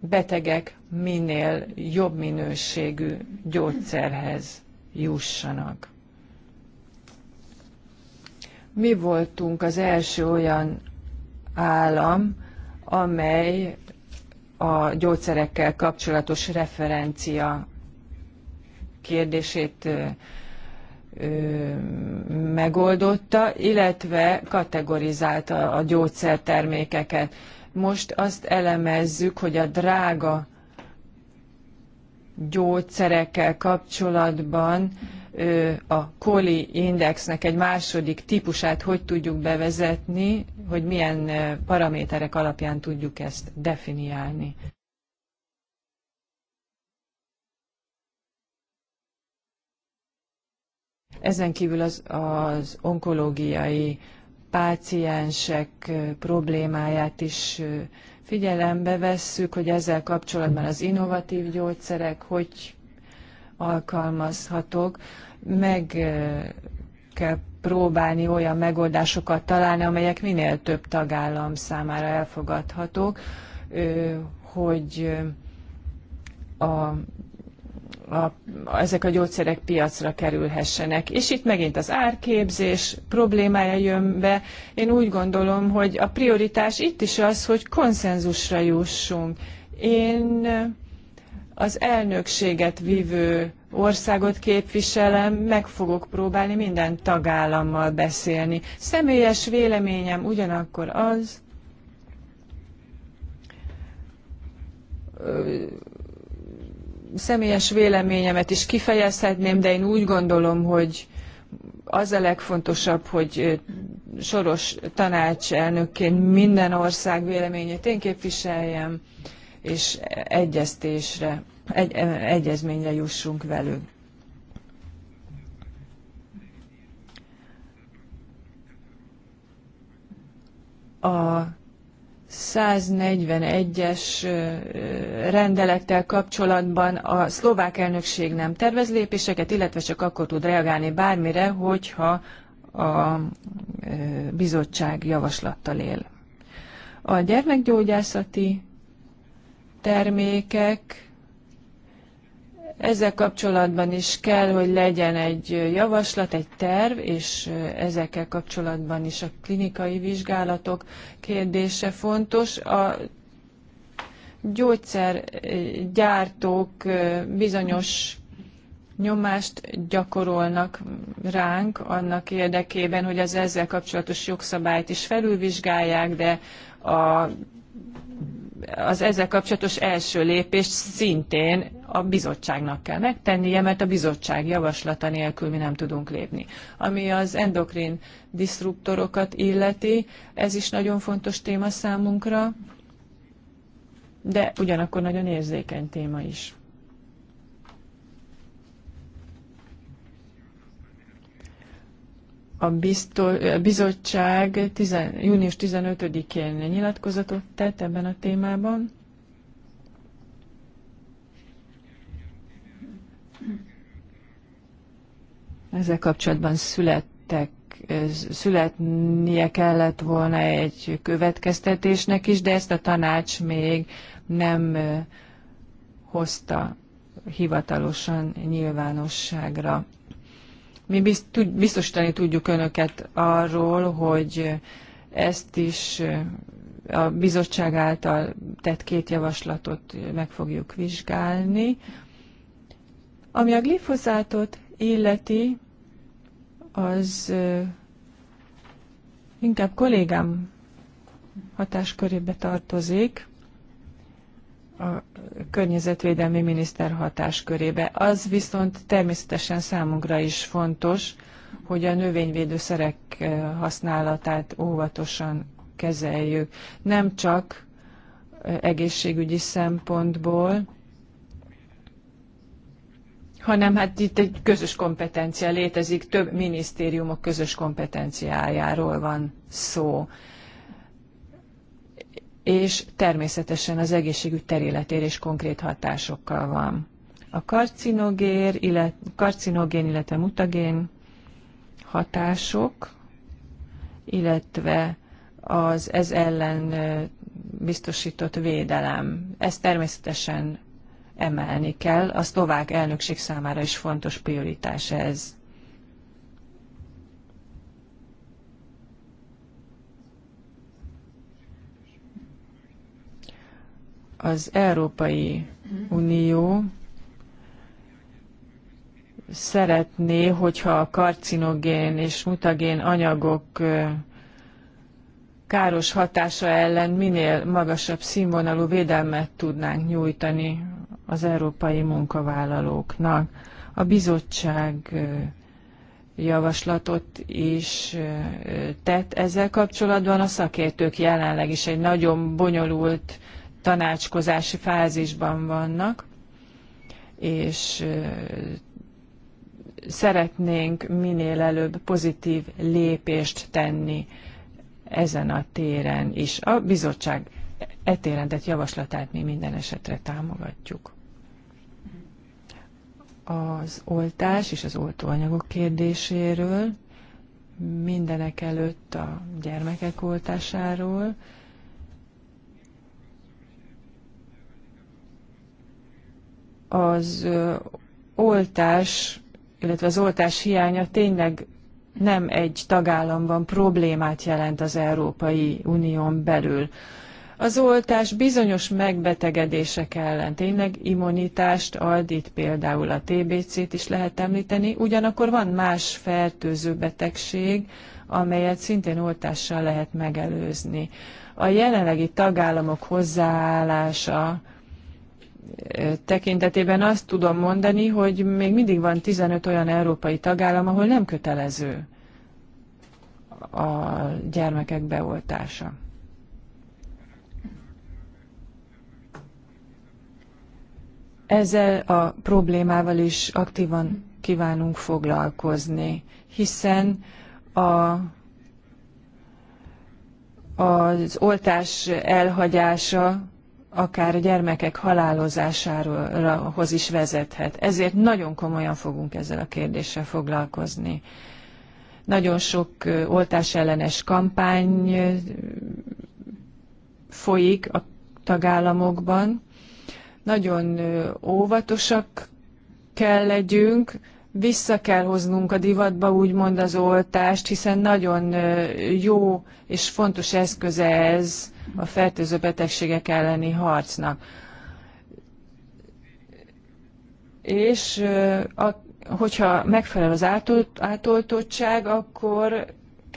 betegek minél jobb minőségű gyógyszerhez jussanak. Mi voltunk az első olyan állam, amely a gyógyszerekkel kapcsolatos referencia kérdését megoldotta, illetve kategorizálta a gyógyszertermékeket. Most azt elemezzük, hogy a drága gyógyszerekkel kapcsolatban a Koli indexnek egy második típusát hogy tudjuk bevezetni, hogy milyen paraméterek alapján tudjuk ezt definiálni. Ezen kívül az, az onkológiai páciensek problémáját is figyelembe vesszük, hogy ezzel kapcsolatban az innovatív gyógyszerek hogy alkalmazhatók meg kell próbálni olyan megoldásokat találni, amelyek minél több tagállam számára elfogadhatók, hogy a, a, ezek a gyógyszerek piacra kerülhessenek. És itt megint az árképzés problémája jön be. Én úgy gondolom, hogy a prioritás itt is az, hogy konszenzusra jussunk. Én az elnökséget vívő országot képviselem, meg fogok próbálni minden tagállammal beszélni. Személyes véleményem ugyanakkor az, személyes véleményemet is kifejezhetném, de én úgy gondolom, hogy az a legfontosabb, hogy soros tanácselnökként minden ország véleményét én képviseljem, és egyeztésre egy, egyezményre jussunk velük. A 141-es rendelettel kapcsolatban a szlovák elnökség nem tervez lépéseket, illetve csak akkor tud reagálni bármire, hogyha a bizottság javaslattal él. A gyermekgyógyászati termékek ezzel kapcsolatban is kell, hogy legyen egy javaslat, egy terv, és ezekkel kapcsolatban is a klinikai vizsgálatok kérdése fontos. A gyógyszergyártók eh, eh, bizonyos nyomást gyakorolnak ránk annak érdekében, hogy az ezzel kapcsolatos jogszabályt is felülvizsgálják, de a az ezzel kapcsolatos első lépést szintén a bizottságnak kell megtennie, mert a bizottság javaslata nélkül mi nem tudunk lépni. Ami az endokrin disruptorokat illeti, ez is nagyon fontos téma számunkra, de ugyanakkor nagyon érzékeny téma is. a, a bizottság június 15-én nyilatkozatot tett ebben a témában. Ezzel kapcsolatban születtek, születnie kellett volna egy következtetésnek is, de ezt a tanács még nem hozta hivatalosan nyilvánosságra mi biztosítani tudjuk önöket arról, hogy ezt is a bizottság által tett két javaslatot meg fogjuk vizsgálni. Ami a glifozátot illeti, az inkább kollégám hatáskörébe tartozik a környezetvédelmi miniszter hatáskörébe. Az viszont természetesen számunkra is fontos, hogy a növényvédőszerek eh, használatát óvatosan kezeljük. Nem csak eh, egészségügyi szempontból, hanem hát itt egy közös kompetencia létezik, több minisztériumok közös kompetenciájáról van szó és természetesen az egészségügy területére is konkrét hatásokkal van. A karcinogér, illet, karcinogén, illetve mutagén hatások, illetve az ez ellen biztosított védelem. Ezt természetesen emelni kell. A szlovák elnökség számára is fontos prioritás ez. Az Európai Unió szeretné, hogyha a karcinogén és mutagén anyagok káros hatása ellen minél magasabb színvonalú védelmet tudnánk nyújtani az európai munkavállalóknak. A bizottság javaslatot is tett ezzel kapcsolatban. A szakértők jelenleg is egy nagyon bonyolult tanácskozási fázisban vannak, és szeretnénk minél előbb pozitív lépést tenni ezen a téren is. A bizottság e téren tett javaslatát mi minden esetre támogatjuk. Az oltás és az oltóanyagok kérdéséről, mindenek előtt a gyermekek oltásáról, az oltás, illetve az oltás hiánya tényleg nem egy tagállamban problémát jelent az Európai Unión belül. Az oltás bizonyos megbetegedések ellen tényleg immunitást ad, itt például a TBC-t is lehet említeni, ugyanakkor van más fertőző betegség, amelyet szintén oltással lehet megelőzni. A jelenlegi tagállamok hozzáállása tekintetében azt tudom mondani, hogy még mindig van 15 olyan európai tagállam, ahol nem kötelező a gyermekek beoltása. Ezzel a problémával is aktívan kívánunk foglalkozni, hiszen a az oltás elhagyása akár gyermekek halálozásához is vezethet. Ezért nagyon komolyan fogunk ezzel a kérdéssel foglalkozni. Nagyon sok oltás ellenes kampány folyik a tagállamokban. Nagyon óvatosak kell legyünk, vissza kell hoznunk a divatba úgymond az oltást, hiszen nagyon jó és fontos eszköze ez a fertőző betegségek elleni harcnak. És a, hogyha megfelel az átolt, átoltottság, akkor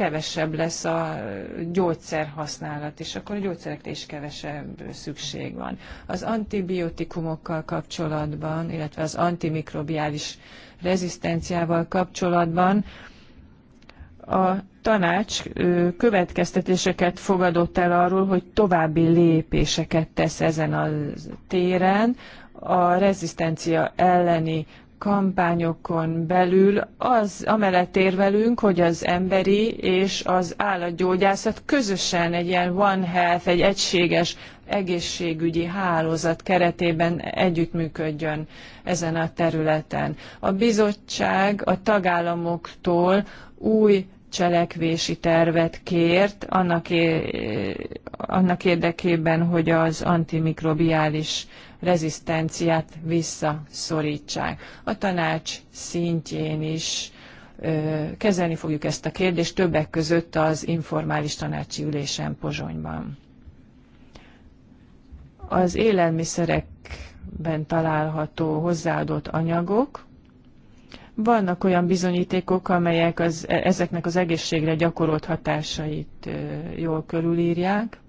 kevesebb lesz a gyógyszerhasználat, és akkor a gyógyszerekre is kevesebb szükség van. Az antibiotikumokkal kapcsolatban, illetve az antimikrobiális rezisztenciával kapcsolatban a tanács következtetéseket fogadott el arról, hogy további lépéseket tesz ezen a téren, a rezisztencia elleni kampányokon belül az amellett érvelünk, hogy az emberi és az állatgyógyászat közösen egy ilyen One Health, egy egységes egészségügyi hálózat keretében együttműködjön ezen a területen. A bizottság a tagállamoktól új cselekvési tervet kért annak, annak érdekében, hogy az antimikrobiális rezisztenciát visszaszorítsák. A tanács szintjén is kezelni fogjuk ezt a kérdést, többek között az informális tanácsi ülésen Pozsonyban. Az élelmiszerekben található hozzáadott anyagok, vannak olyan bizonyítékok, amelyek az, e, ezeknek az egészségre gyakorolt hatásait jól körülírják,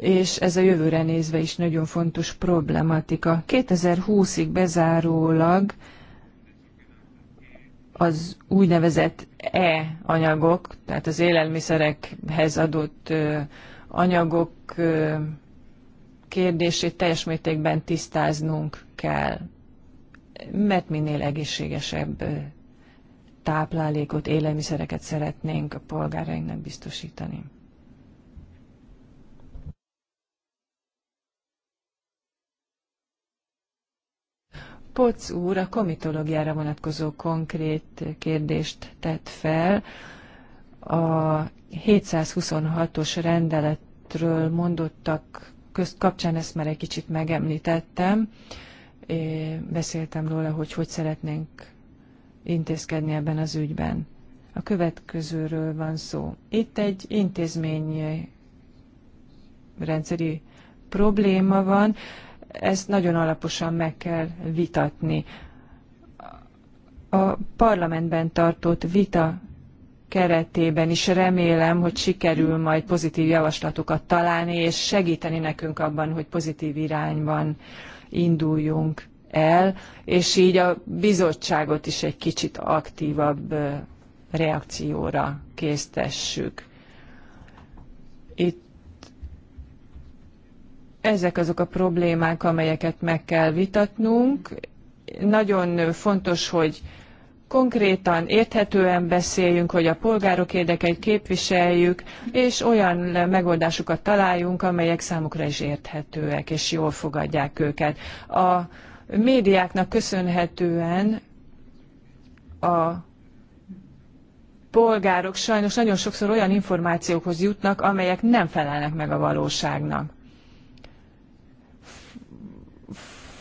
és ez a jövőre nézve is nagyon fontos problematika. 2020-ig bezárólag az úgynevezett E-anyagok, tehát az élelmiszerekhez adott anyagok kérdését teljes mértékben tisztáznunk kell, mert minél egészségesebb táplálékot, élelmiszereket szeretnénk a polgárainknak biztosítani. Poc úr a komitológiára vonatkozó konkrét kérdést tett fel. A 726-os rendeletről mondottak közt kapcsán ezt már egy kicsit megemlítettem. É, beszéltem róla, hogy hogy szeretnénk intézkedni ebben az ügyben. A következőről van szó. Itt egy intézmény rendszeri probléma van ezt nagyon alaposan meg kell vitatni. A parlamentben tartott vita keretében is remélem, hogy sikerül majd pozitív javaslatokat találni, és segíteni nekünk abban, hogy pozitív irányban induljunk el, és így a bizottságot is egy kicsit aktívabb reakcióra késztessük. Itt ezek azok a problémák, amelyeket meg kell vitatnunk. Nagyon fontos, hogy konkrétan, érthetően beszéljünk, hogy a polgárok érdekeit képviseljük, és olyan megoldásokat találjunk, amelyek számukra is érthetőek, és jól fogadják őket. A médiáknak köszönhetően a polgárok sajnos nagyon sokszor olyan információkhoz jutnak, amelyek nem felelnek meg a valóságnak.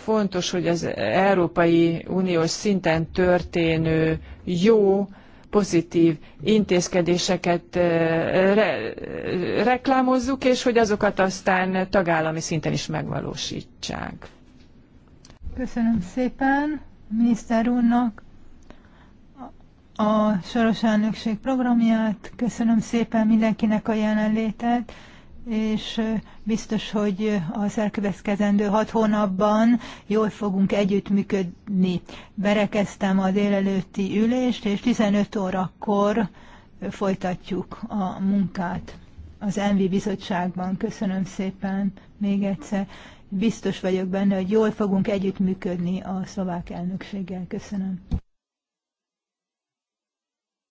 fontos, hogy az Európai Uniós szinten történő jó, pozitív intézkedéseket eh, re- reklámozzuk, és hogy azokat aztán tagállami szinten is megvalósítsák. Köszönöm szépen miniszter úrnak a soros elnökség programját, köszönöm szépen mindenkinek a jelenlétet és biztos, hogy az elkövetkezendő hat hónapban jól fogunk együttműködni. Berekeztem a délelőtti ülést, és 15 órakor folytatjuk a munkát az Envi Bizottságban. Köszönöm szépen még egyszer. Biztos vagyok benne, hogy jól fogunk együttműködni a szlovák elnökséggel. Köszönöm.